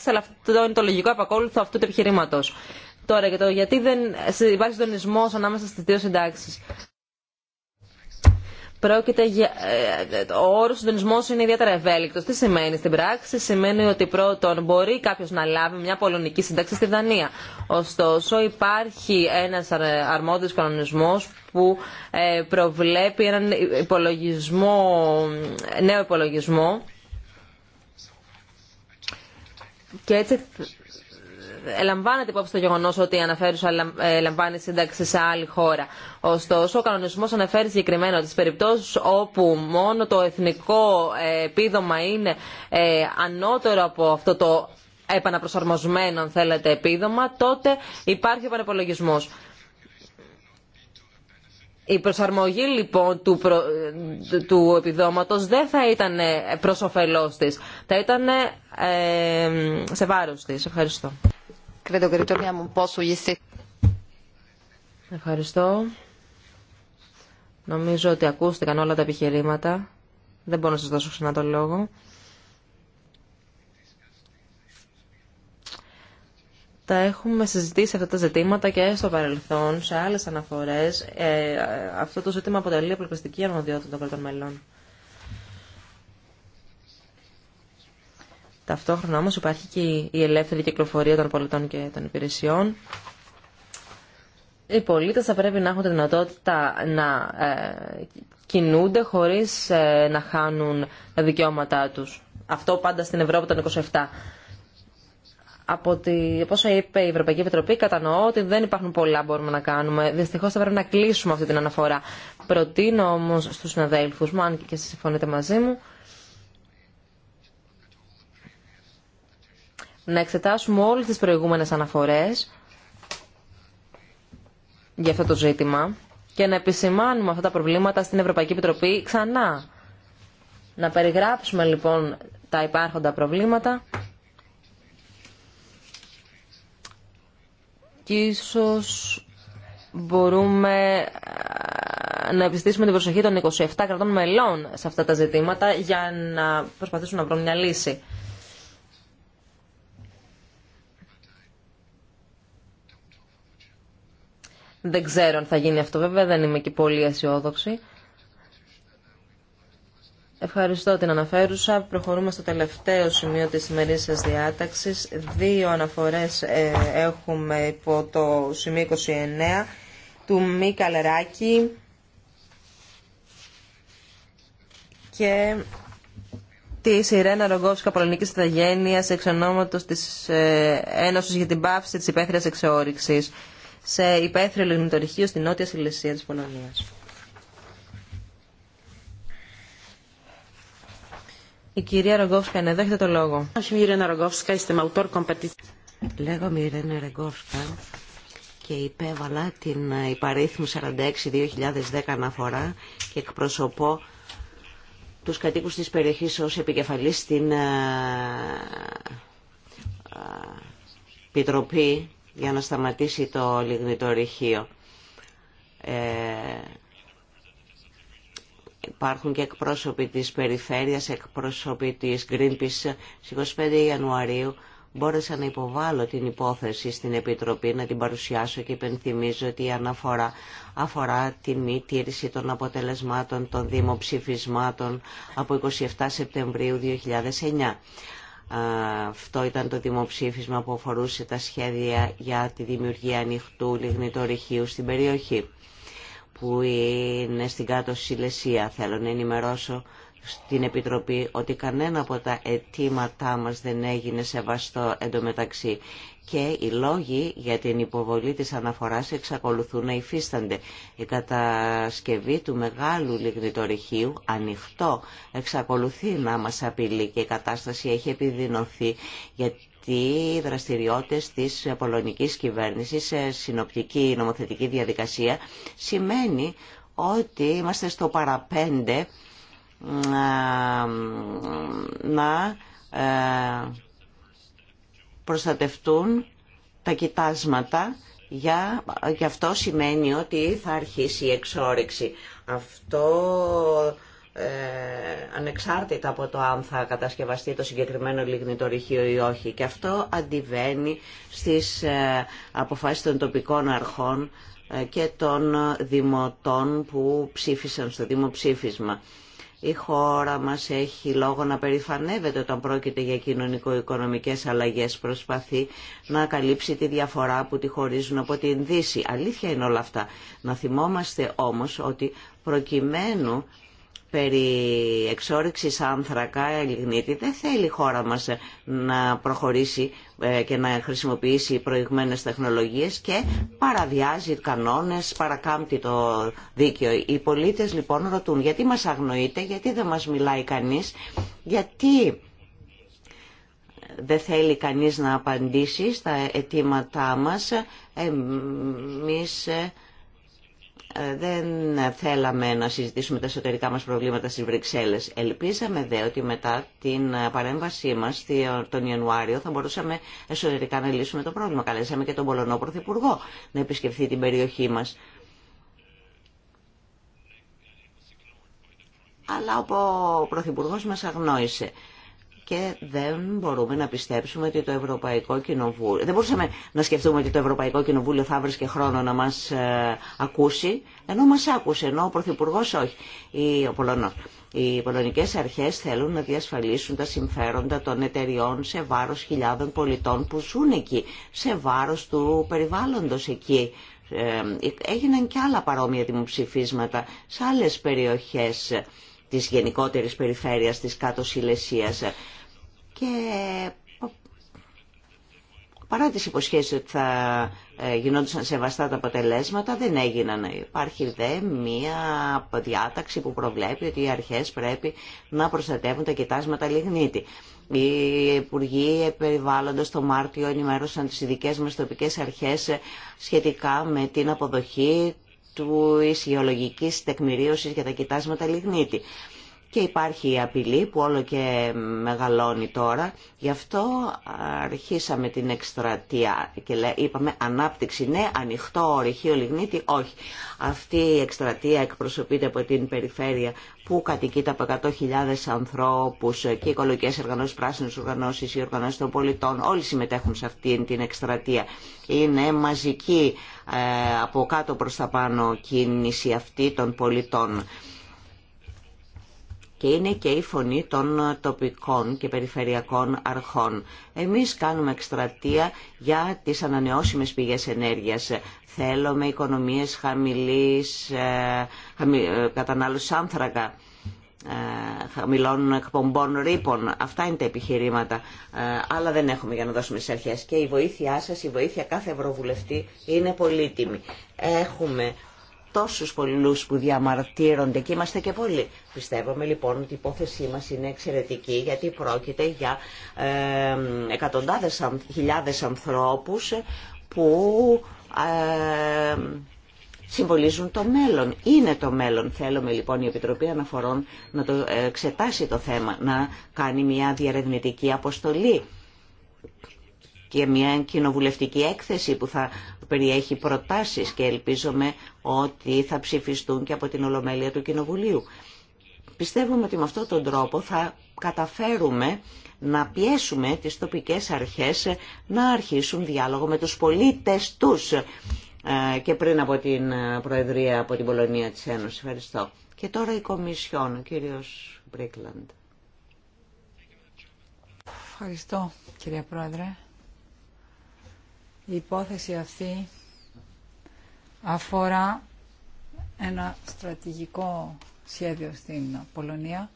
αλλά αυτό είναι το λογικό επακόλουθο αυτού του επιχειρήματος. Τώρα, γιατί δεν υπάρχει συντονισμό ανάμεσα στις δύο συντάξεις. Πρόκειται για... Ε, ε, ο όρος συντονισμό είναι ιδιαίτερα ευέλικτος. Τι σημαίνει στην πράξη. Σημαίνει ότι πρώτον μπορεί κάποιο να λάβει μια πολωνική σύνταξη στη Δανία. Ωστόσο υπάρχει ένας αρμόδιος κανονισμός που ε, προβλέπει έναν υπολογισμό, νέο υπολογισμό και έτσι Ελαμβάνεται υπόψη το γεγονό ότι αναφέρουσα ε, λαμβάνει σύνταξη σε άλλη χώρα. Ωστόσο, ο κανονισμό αναφέρει συγκεκριμένα ότι στι περιπτώσει όπου μόνο το εθνικό ε, επίδομα είναι ε, ανώτερο από αυτό το επαναπροσαρμοσμένο, αν θέλετε, επίδομα, τότε υπάρχει ο Η προσαρμογή λοιπόν του, προ... του επιδόματος δεν θα ήταν προς όφελός της. Θα ήταν σε βάρος της. Ευχαριστώ. Ευχαριστώ. Νομίζω ότι ακούστηκαν όλα τα επιχειρήματα. Δεν μπορώ να σας δώσω ξανά τον λόγο. Τα έχουμε συζητήσει αυτά τα ζητήματα και στο παρελθόν, σε άλλες αναφορές. Ε, αυτό το ζήτημα αποτελεί απολυπιστική αρμοδιότητα των κρατών μελών. Ταυτόχρονα όμως υπάρχει και η ελεύθερη κυκλοφορία των πολιτών και των υπηρεσιών. Οι πολίτες θα πρέπει να έχουν τη δυνατότητα να ε, κινούνται χωρίς ε, να χάνουν τα δικαιώματά τους. Αυτό πάντα στην Ευρώπη των 27. Από, τη, είπε η Ευρωπαϊκή Επιτροπή, κατανοώ ότι δεν υπάρχουν πολλά μπορούμε να κάνουμε. Δυστυχώ θα πρέπει να κλείσουμε αυτή την αναφορά. Προτείνω όμω στου συναδέλφου μου, αν και συμφωνείτε μαζί μου, να εξετάσουμε όλες τις προηγούμενες αναφορές για αυτό το ζήτημα και να επισημάνουμε αυτά τα προβλήματα στην Ευρωπαϊκή Επιτροπή ξανά. Να περιγράψουμε λοιπόν τα υπάρχοντα προβλήματα και ίσως μπορούμε ε, να επιστήσουμε την προσοχή των 27 κρατών μελών σε αυτά τα ζητήματα για να προσπαθήσουν να βρουν μια λύση. Δεν ξέρω αν θα γίνει αυτό βέβαια, δεν είμαι και πολύ αισιόδοξη. Ευχαριστώ την αναφέρουσα. Προχωρούμε στο τελευταίο σημείο της σημερινής σας διάταξης. Δύο αναφορές ε, έχουμε υπό το σημείο 29 του Μη Καλεράκη και τη Ιρένα Ρογκόφσκα Πολωνική Ιθαγένεια εξ ονόματο τη ε, Ένωση για την Πάυση τη Υπαίθρια Εξόριξη σε υπαίθριο λιγνητορυχείο στην νότια Συλλησία της Πολωνίας. Η κυρία Ρογκόφσκα είναι εδώ, έχετε το λόγο. Λέγω Μιρένα Ρογκόφσκα και υπέβαλα την υπαρίθμου 46-2010 αναφορά και εκπροσωπώ τους κατοίκους της περιοχής ως επικεφαλής στην ε, ε, πιτροπή για να σταματήσει το ρηχείο. Ε, υπάρχουν και εκπρόσωποι της περιφέρειας, εκπρόσωποι της Greenpeace. Στις 25 Ιανουαρίου μπόρεσα να υποβάλω την υπόθεση στην Επιτροπή, να την παρουσιάσω και υπενθυμίζω ότι η αναφορά αφορά την μη τήρηση των αποτελεσμάτων των δημοψηφισμάτων από 27 Σεπτεμβρίου 2009. Αυτό ήταν το δημοψήφισμα που αφορούσε τα σχέδια για τη δημιουργία ανοιχτού λιγνητορυχείου στην περιοχή που είναι στην κάτω Σιλεσία. Θέλω να ενημερώσω στην Επιτροπή ότι κανένα από τα αιτήματά μας δεν έγινε σεβαστό εντωμεταξύ και οι λόγοι για την υποβολή της αναφοράς εξακολουθούν να υφίστανται. Η κατασκευή του μεγάλου λιγνητορυχείου ανοιχτό εξακολουθεί να μας απειλεί και η κατάσταση έχει επιδεινωθεί γιατί οι δραστηριότητες της πολωνικής κυβέρνησης σε συνοπτική νομοθετική διαδικασία σημαίνει ότι είμαστε στο παραπέντε να ε, προστατευτούν τα κοιτάσματα για, και αυτό σημαίνει ότι θα αρχίσει η εξόρυξη. Αυτό ε, ανεξάρτητα από το αν θα κατασκευαστεί το συγκεκριμένο λιγνητορυχείο ή όχι. Και αυτό αντιβαίνει στις ε, αποφάσεις των τοπικών αρχών ε, και των δημοτών που ψήφισαν στο δημοψήφισμα. Η χώρα μας έχει λόγο να περηφανεύεται όταν πρόκειται για κοινωνικο-οικονομικές αλλαγές. Προσπαθεί να καλύψει τη διαφορά που τη χωρίζουν από την Δύση. Αλήθεια είναι όλα αυτά. Να θυμόμαστε όμως ότι προκειμένου περί εξόρυξης άνθρακα ελιγνίτη. δεν θέλει η χώρα μας να προχωρήσει ε, και να χρησιμοποιήσει προηγμένες τεχνολογίες και παραβιάζει κανόνες, παρακάμπτει το δίκαιο. Οι πολίτες λοιπόν ρωτούν γιατί μας αγνοείται, γιατί δεν μας μιλάει κανείς, γιατί δεν θέλει κανείς να απαντήσει στα αιτήματά μας εμείς ε, ε, δεν θέλαμε να συζητήσουμε τα εσωτερικά μας προβλήματα στις Βρυξέλλες. Ελπίζαμε δε ότι μετά την ε, παρέμβασή μας ε, τον Ιανουάριο θα μπορούσαμε εσωτερικά να λύσουμε το πρόβλημα. Καλέσαμε και τον Πολωνό Πρωθυπουργό να επισκεφθεί την περιοχή μας. Αλλά ο Πρωθυπουργό μας αγνόησε και δεν μπορούμε να πιστέψουμε ότι το Ευρωπαϊκό Κοινοβούλιο... Δεν μπορούσαμε να σκεφτούμε ότι το Ευρωπαϊκό Κοινοβούλιο θα βρει και χρόνο να μας ε, ακούσει, ενώ μας άκουσε, ενώ ο Πρωθυπουργό όχι, ή ο Οι πολωνικές αρχές θέλουν να διασφαλίσουν τα συμφέροντα των εταιριών σε βάρος χιλιάδων πολιτών που ζουν εκεί, σε βάρος του περιβάλλοντος εκεί. Ε, έγιναν και άλλα παρόμοια δημοψηφίσματα σε άλλες περιοχές της γενικότερης περιφέρειας της κάτω Σιλεσίας και παρά τις υποσχέσεις ότι θα ε, γινόντουσαν σεβαστά τα αποτελέσματα, δεν έγιναν. Υπάρχει δε μία διάταξη που προβλέπει ότι οι αρχές πρέπει να προστατεύουν τα κοιτάσματα λιγνίτη. Οι Υπουργοί Περιβάλλοντος το Μάρτιο ενημέρωσαν τις ειδικές μας τοπικές αρχές σχετικά με την αποδοχή του γεωλογικής τεκμηρίωσης για τα κοιτάσματα λιγνίτη και υπάρχει η απειλή που όλο και μεγαλώνει τώρα. Γι' αυτό αρχίσαμε την εκστρατεία και είπαμε ανάπτυξη ναι, ανοιχτό ορυχείο λιγνίτη όχι. Αυτή η εκστρατεία εκπροσωπείται από την περιφέρεια που κατοικείται από 100.000 ανθρώπου και οικολογικέ οργανώσεις, πράσινε οργανώσει, οι οργανώσει των πολιτών. Όλοι συμμετέχουν σε αυτή την εκστρατεία. Είναι μαζική ε, από κάτω προ τα πάνω κίνηση αυτή των πολιτών και είναι και η φωνή των τοπικών και περιφερειακών αρχών. Εμείς κάνουμε εκστρατεία για τις ανανεώσιμες πηγές ενέργειας. Θέλουμε οικονομίες χαμηλής ε, χαμη, ε, κατανάλωσης άνθρακα ε, χαμηλών εκπομπών ρήπων. Αυτά είναι τα επιχειρήματα. Άλλα δεν έχουμε για να δώσουμε στις αρχές. Και η βοήθειά σας, η βοήθεια κάθε ευρωβουλευτή είναι πολύτιμη. Έχουμε τόσους πολλούς που διαμαρτύρονται και είμαστε και πολλοί. Πιστεύουμε λοιπόν ότι η υπόθεσή μας είναι εξαιρετική γιατί πρόκειται για ε, εκατοντάδες χιλιάδες ανθρώπους που ε, συμβολίζουν το μέλλον. Είναι το μέλλον. Θέλουμε λοιπόν η Επιτροπή Αναφορών να το εξετάσει το θέμα, να κάνει μια διαρευνητική αποστολή και μια κοινοβουλευτική έκθεση που θα περιέχει προτάσεις και ελπίζομαι ότι θα ψηφιστούν και από την Ολομέλεια του Κοινοβουλίου. Πιστεύουμε ότι με αυτόν τον τρόπο θα καταφέρουμε να πιέσουμε τις τοπικές αρχές να αρχίσουν διάλογο με τους πολίτες τους ε, και πριν από την ε, Προεδρία από την Πολωνία της Ένωσης. Ευχαριστώ. Και τώρα η Κομισιόν, ο κύριος Μπρίκλαντ. Ευχαριστώ, κυρία Πρόεδρε. Η υπόθεση αυτή αφορά ένα στρατηγικό σχέδιο στην Πολωνία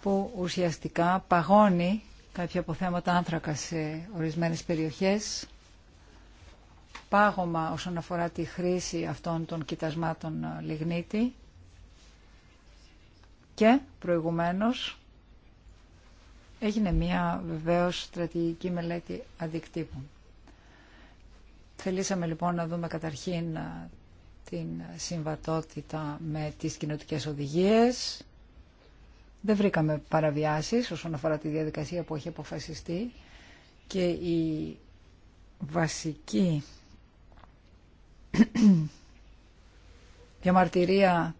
που ουσιαστικά παγώνει κάποια αποθέματα άνθρακα σε ορισμένες περιοχές πάγωμα όσον αφορά τη χρήση αυτών των κοιτασμάτων λιγνίτη και προηγουμένως έγινε μία βεβαίως στρατηγική μελέτη αντικτύπων Θελήσαμε λοιπόν να δούμε καταρχήν την συμβατότητα με τις κοινωτικές οδηγίες. Δεν βρήκαμε παραβιάσεις όσον αφορά τη διαδικασία που έχει αποφασιστεί και η βασική διαμαρτυρία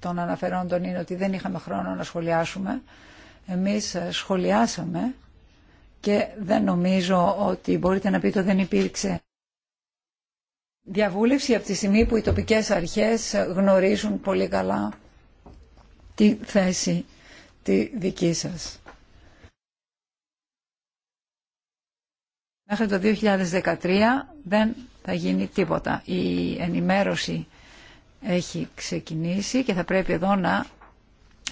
των αναφερόντων είναι ότι δεν είχαμε χρόνο να σχολιάσουμε. Εμείς ε, σχολιάσαμε και δεν νομίζω ότι μπορείτε να πείτε ότι δεν υπήρξε διαβούλευση από τη στιγμή που οι τοπικές αρχές γνωρίζουν πολύ καλά τη θέση τη δική σας. Μέχρι το 2013 δεν θα γίνει τίποτα. Η ενημέρωση έχει ξεκινήσει και θα πρέπει εδώ να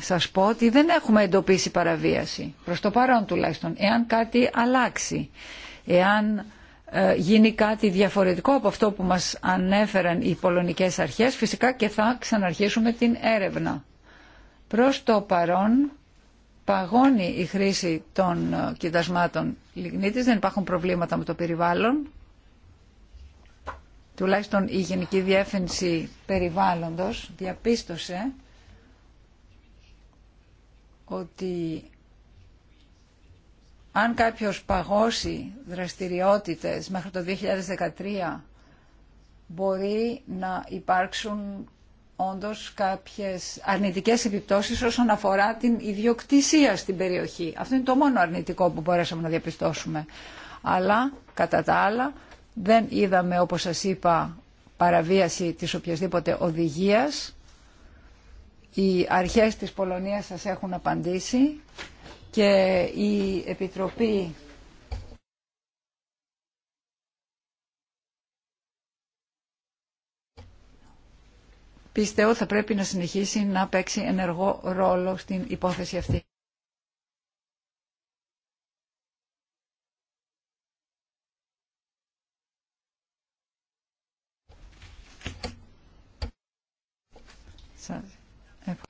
σας πω ότι δεν έχουμε εντοπίσει παραβίαση. Προς το παρόν τουλάχιστον. Εάν κάτι αλλάξει, εάν ε, γίνει κάτι διαφορετικό από αυτό που μας ανέφεραν οι πολωνικές αρχές, φυσικά και θα ξαναρχίσουμε την έρευνα. Προς το παρόν παγώνει η χρήση των ε, κοιτασμάτων λιγνίτης, δεν υπάρχουν προβλήματα με το περιβάλλον. Τουλάχιστον η Γενική Διεύθυνση Περιβάλλοντος διαπίστωσε ότι αν κάποιος παγώσει δραστηριότητες μέχρι το 2013 μπορεί να υπάρξουν όντως κάποιες αρνητικές επιπτώσεις όσον αφορά την ιδιοκτησία στην περιοχή. Αυτό είναι το μόνο αρνητικό που μπορέσαμε να διαπιστώσουμε. Αλλά κατά τα άλλα δεν είδαμε όπως σας είπα παραβίαση της οποιασδήποτε οδηγίας. Οι αρχές της Πολωνίας σας έχουν απαντήσει και η Επιτροπή πιστεύω θα πρέπει να συνεχίσει να παίξει ενεργό ρόλο στην υπόθεση αυτή.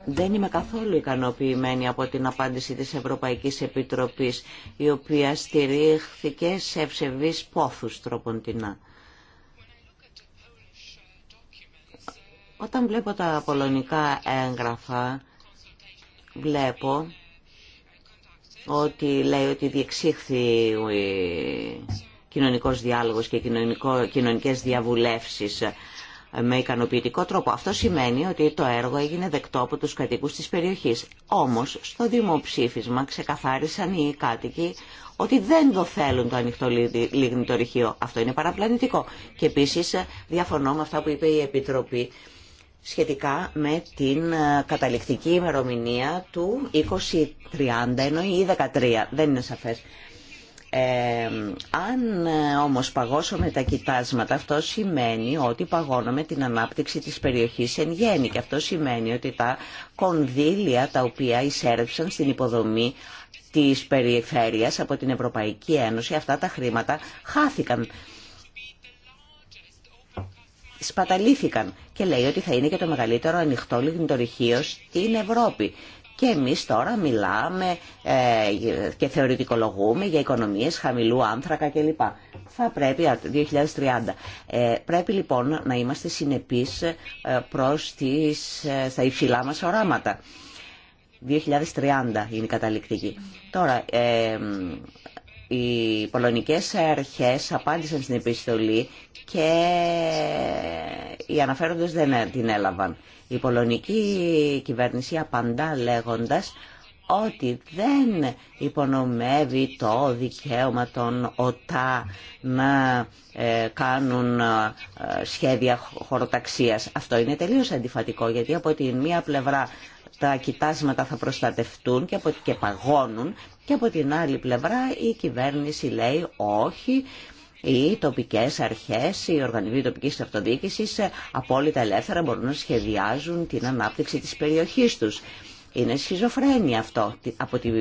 Δεν είμαι καθόλου ικανοποιημένη από την απάντηση της Ευρωπαϊκής Επιτροπής, η οποία στηρίχθηκε σε ευσεβείς πόθους τροποντινά. Όταν βλέπω τα πολωνικά έγγραφα, βλέπω ότι λέει ότι διεξήχθη ε, κοινωνικός διάλογος και κοινωνικές διαβουλεύσεις με ικανοποιητικό τρόπο. Αυτό σημαίνει ότι το έργο έγινε δεκτό από τους κατοίκους της περιοχής. Όμως, στο δημοψήφισμα ξεκαθάρισαν οι κάτοικοι ότι δεν το θέλουν το ανοιχτό λιγνητο ρηχείο. Αυτό είναι παραπλανητικό. Και επίσης διαφωνώ με αυτά που είπε η Επιτροπή σχετικά με την ε, καταληκτική ημερομηνία του 2030, ενώ ή 13, δεν είναι σαφές αν ε, όμως παγώσουμε τα κοιτάσματα, αυτό σημαίνει ότι παγώνουμε την ανάπτυξη της περιοχής εν γέννη και αυτό σημαίνει ότι τα κονδύλια τα οποία εισέρευσαν στην υποδομή της περιφέρειας από την Ευρωπαϊκή Ένωση, αυτά τα χρήματα χάθηκαν σπαταλήθηκαν και λέει ότι θα είναι και το μεγαλύτερο ανοιχτό λιγνητορυχείο στην Ευρώπη. Και εμείς τώρα μιλάμε ε, και θεωρητικολογούμε για οικονομίες χαμηλού άνθρακα κλπ. Θα πρέπει, 2030, ε, πρέπει λοιπόν να είμαστε συνεπείς ε, προς τις, στα υψηλά μας οράματα. 2030 είναι η καταληκτική. Τώρα, οι πολωνικές αρχές απάντησαν στην επιστολή και οι αναφέροντες δεν την έλαβαν. Η πολωνική κυβέρνηση απαντά λέγοντας ότι δεν υπονομεύει το δικαίωμα των ΟΤΑ να ε, κάνουν ε, σχέδια χωροταξίας. Αυτό είναι τελείως αντιφατικό, γιατί από τη μία πλευρά τα κοιτάσματα θα προστατευτούν και, από, και παγώνουν και από την άλλη πλευρά η κυβέρνηση λέει όχι, οι τοπικές αρχές, οι οργανισμοί τοπικής αυτοδιοίκησης ε, απόλυτα ελεύθερα μπορούν να σχεδιάζουν την ανάπτυξη της περιοχή τους. Είναι σχιζοφρένη αυτό από την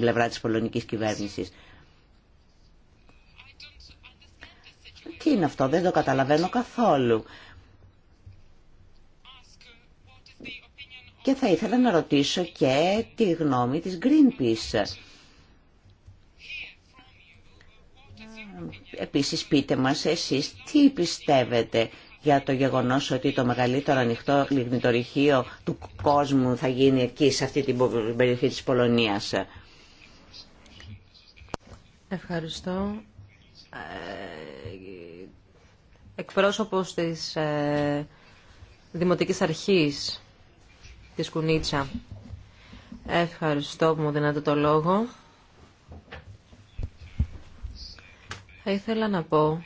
πλευρά της πολωνικής κυβέρνησης. Τι είναι αυτό, δεν το καταλαβαίνω καθόλου. Και θα ήθελα να ρωτήσω και τη γνώμη της Greenpeace Επίσης πείτε μας εσείς τι πιστεύετε για το γεγονός ότι το μεγαλύτερο ανοιχτό λιγνητορυχείο του κόσμου θα γίνει εκεί σε αυτή την περιοχή της Πολωνίας. Ευχαριστώ. Ε, εκπρόσωπος της ε, Δημοτικής Αρχής της Κουνίτσα. Ευχαριστώ που μου δίνατε το λόγο. Θα ήθελα να πω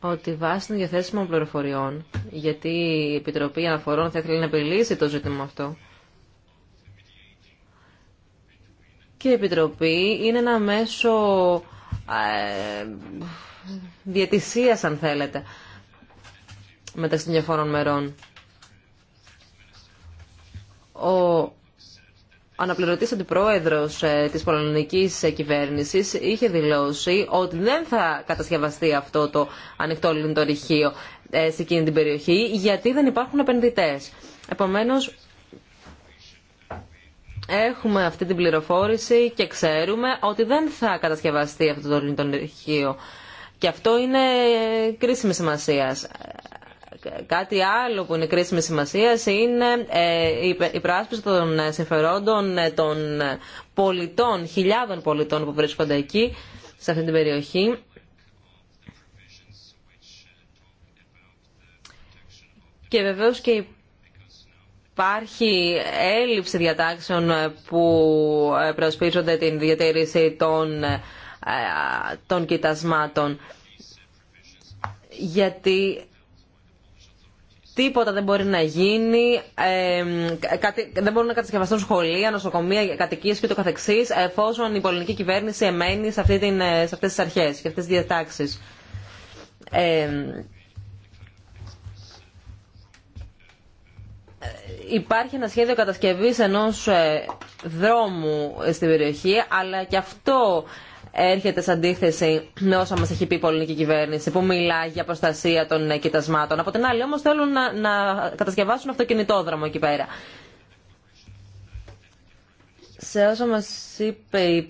ότι βάσει των διαθέσιμων πληροφοριών, γιατί η Επιτροπή Αναφορών θα ήθελε να επιλύσει το ζήτημα αυτό, και η Επιτροπή είναι ένα μέσο ε, αν θέλετε, μεταξύ των διαφόρων μερών. Ο αναπληρωτής αντιπρόεδρος ε, της πολωνικής ε, κυβέρνηση είχε δηλώσει ότι δεν θα κατασκευαστεί αυτό το ανοιχτό λιντορυχείο ε, σε εκείνη την περιοχή γιατί δεν υπάρχουν επενδυτέ. Επομένω, έχουμε αυτή την πληροφόρηση και ξέρουμε ότι δεν θα κατασκευαστεί αυτό το λιντορυχείο. Και αυτό είναι κρίσιμη σημασία. Κάτι άλλο που είναι κρίσιμη σημασία είναι ε, η πράσπιση των συμφερόντων ε, των πολιτών, χιλιάδων πολιτών που βρίσκονται εκεί, σε αυτή την περιοχή. Και βεβαίως και υπάρχει έλλειψη διατάξεων που ε, προσπίζονται την διατήρηση των, των κοιτασμάτων. Γιατί Τίποτα δεν μπορεί να γίνει, ε, δεν μπορούν να κατασκευαστούν σχολεία, νοσοκομεία, κατοικίες και το καθεξής, εφόσον η πολιτική κυβέρνηση εμένει σε, σε αυτές τις αρχές και αυτές τις διατάξεις. Ε, υπάρχει ένα σχέδιο κατασκευής ενός ε, δρόμου στην περιοχή, αλλά και αυτό έρχεται σε αντίθεση με όσα μα έχει πει η πολιτική κυβέρνηση που μιλάει για προστασία των ε, κοιτασμάτων. Από την άλλη όμως θέλουν να, να κατασκευάσουν αυτοκινητόδρομο εκεί πέρα. Σε όσα μας είπε η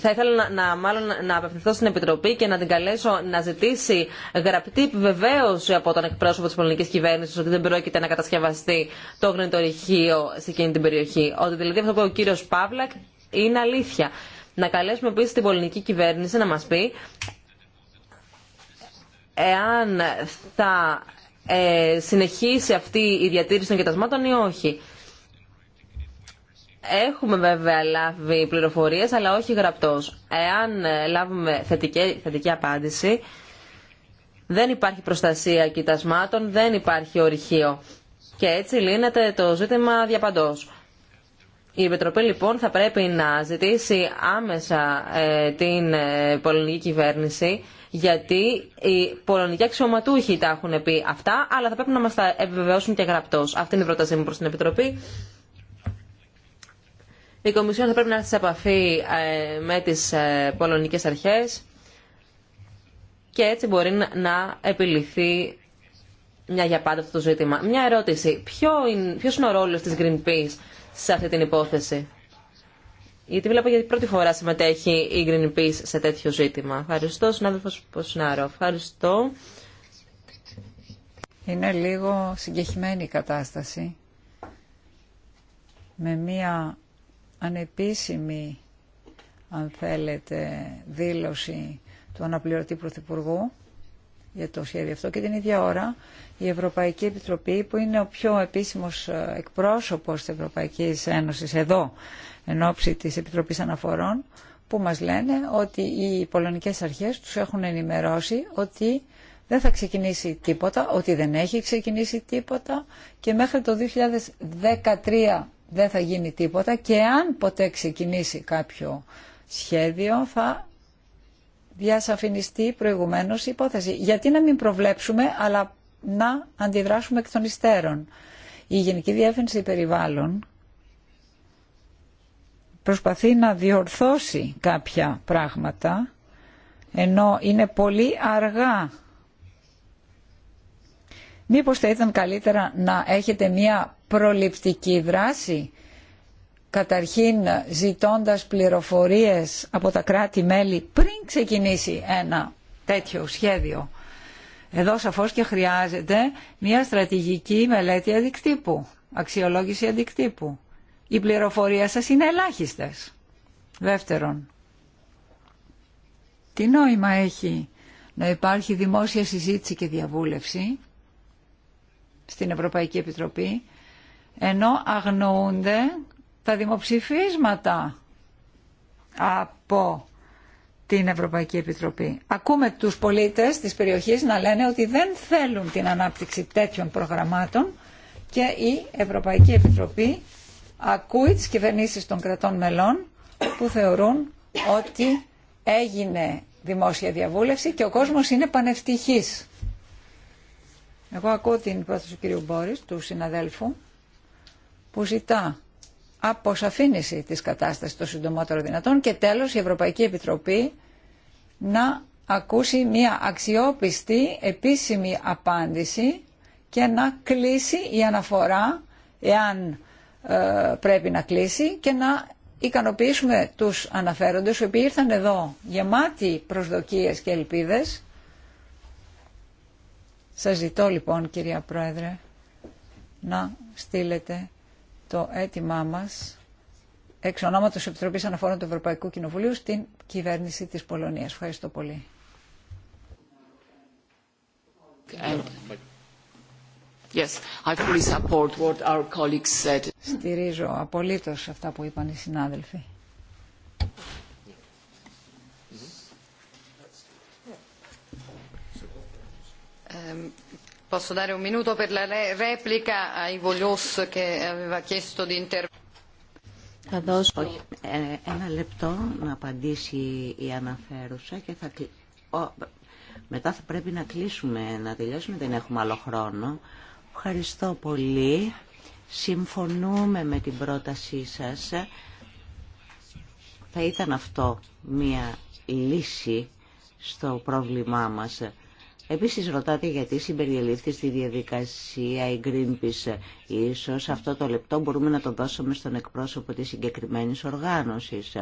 θα ήθελα να, να, μάλλον, να απευθυνθώ στην Επιτροπή και να την καλέσω να ζητήσει γραπτή επιβεβαίωση από τον εκπρόσωπο τη πολιτική κυβέρνηση ότι δεν πρόκειται να κατασκευαστεί το γνητορυχείο σε εκείνη την περιοχή. Ότι δηλαδή αυτό που ο κύριο Παύλακ είναι αλήθεια. Να καλέσουμε επίση την πολιτική κυβέρνηση να μα πει εάν θα ε, συνεχίσει αυτή η διατήρηση των κοιτασμάτων ή όχι. Έχουμε βέβαια λάβει πληροφορίες, αλλά όχι γραπτός. Εάν ε, λάβουμε θετική, θετική απάντηση, δεν υπάρχει προστασία κοιτασμάτων, δεν υπάρχει ορυχείο. Και έτσι λύνεται το ζήτημα διαπαντός. Η Επιτροπή λοιπόν θα πρέπει να ζητήσει άμεσα ε, την ε, πολωνική κυβέρνηση γιατί οι πολωνικοί αξιωματούχοι τα έχουν πει αυτά αλλά θα πρέπει να μας τα επιβεβαιώσουν και γραπτός. Αυτή είναι η πρότασή μου προς την Επιτροπή. Η Κομισιόν θα πρέπει να έρθει σε επαφή ε, με τις ε, πολωνικέ αρχέ και έτσι μπορεί να επιληθεί μια για πάντα αυτό το ζήτημα. Μια ερώτηση. Ποιο είναι, ποιος είναι ο ρόλο τη Greenpeace σε αυτή την υπόθεση. Γιατί βλέπω για την πρώτη φορά συμμετέχει η Greenpeace σε τέτοιο ζήτημα. Ευχαριστώ, συνάδελφο Ποσνάρο. Ευχαριστώ. Είναι λίγο συγκεχημένη η κατάσταση. Με μία ανεπίσημη, αν θέλετε, δήλωση του αναπληρωτή Πρωθυπουργού για το σχέδιο αυτό και την ίδια ώρα η Ευρωπαϊκή Επιτροπή που είναι ο πιο επίσημος ε, εκπρόσωπος της Ευρωπαϊκής Ένωσης εδώ εν ώψη της Επιτροπής Αναφορών που μας λένε ότι οι πολωνικές αρχές τους έχουν ενημερώσει ότι δεν θα ξεκινήσει τίποτα, ότι δεν έχει ξεκινήσει τίποτα και μέχρι το 2013 δεν θα γίνει τίποτα και αν ποτέ ξεκινήσει κάποιο σχέδιο θα διασαφινιστεί προηγουμένως η υπόθεση. Γιατί να μην προβλέψουμε αλλά να αντιδράσουμε εκ των υστέρων. Η Γενική Διεύθυνση Περιβάλλον προσπαθεί να διορθώσει κάποια πράγματα ενώ είναι πολύ αργά. Μήπως θα ήταν καλύτερα να έχετε μία προληπτική δράση καταρχήν ζητώντας πληροφορίες από τα κράτη-μέλη πριν ξεκινήσει ένα τέτοιο σχέδιο. Εδώ σαφώς και χρειάζεται μια στρατηγική μελέτη αντικτύπου, αξιολόγηση αντικτύπου. Οι πληροφορίες σας είναι ελάχιστες. Δεύτερον, τι νόημα έχει να υπάρχει δημόσια συζήτηση και διαβούλευση στην Ευρωπαϊκή Επιτροπή ενώ αγνοούνται τα δημοψηφίσματα από την Ευρωπαϊκή Επιτροπή. Ακούμε τους πολίτες της περιοχής να λένε ότι δεν θέλουν την ανάπτυξη τέτοιων προγραμμάτων και η Ευρωπαϊκή Επιτροπή ακούει τις κυβερνήσεις των κρατών μελών που θεωρούν ότι έγινε δημόσια διαβούλευση και ο κόσμος είναι πανευτυχής. Εγώ ακούω την πρόταση του κυρίου του συναδέλφου, που ζητά αποσαφήνιση της κατάστασης το συντομότερο δυνατών και τέλος η Ευρωπαϊκή Επιτροπή να ακούσει μια αξιόπιστη επίσημη απάντηση και να κλείσει η αναφορά εάν ε, πρέπει να κλείσει και να ικανοποιήσουμε τους αναφέροντες οι οποίοι ήρθαν εδώ γεμάτοι προσδοκίες και ελπίδες. Σας ζητώ λοιπόν κυρία Πρόεδρε να στείλετε το αίτημά μας εξ ονόματος Επιτροπής Αναφόρων του Ευρωπαϊκού Κοινοβουλίου στην κυβέρνηση της Πολωνίας. Ευχαριστώ πολύ. Στηρίζω απολύτως αυτά που είπαν οι συνάδελφοι. Um, θα δώσω ε, ένα λεπτό να απαντήσει η αναφέρουσα και μετά θα πρέπει να κλείσουμε, να τελειώσουμε, δεν έχουμε άλλο χρόνο. Ευχαριστώ πολύ. Συμφωνούμε με την πρότασή σας. Θα ήταν αυτό μία λύση στο πρόβλημά μας. Επίσης ρωτάτε γιατί συμπεριελήφθη στη διαδικασία η Greenpeace. Ίσως αυτό το λεπτό μπορούμε να το δώσουμε στον εκπρόσωπο της συγκεκριμένης οργάνωσης.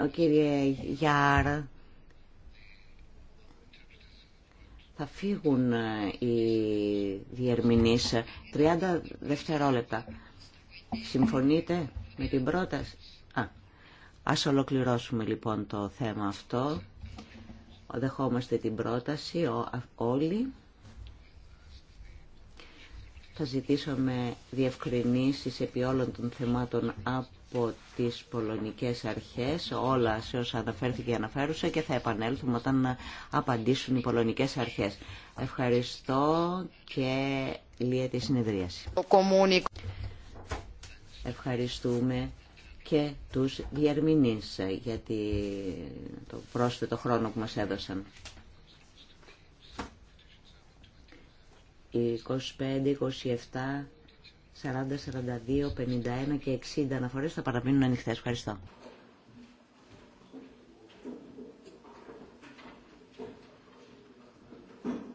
Ο κύριε Γιάρ, θα φύγουν ε, οι διερμηνείς 30 δευτερόλεπτα. Συμφωνείτε με την πρόταση. Α, ας ολοκληρώσουμε λοιπόν το θέμα αυτό. Δεχόμαστε την πρόταση όλοι. Θα ζητήσουμε διευκρινήσεις επί όλων των θεμάτων από τις πολωνικές αρχές, όλα σε όσα αναφέρθηκε και αναφέρουσα και θα επανέλθουμε όταν απαντήσουν οι πολωνικές αρχές. Ευχαριστώ και λύεται η συνεδρίαση. Ευχαριστούμε και τους διερμηνείς για το πρόσθετο χρόνο που μας έδωσαν. 25, 27, 40, 42, 51 και 60 αναφορές θα παραμείνουν ανοιχτές. Ευχαριστώ.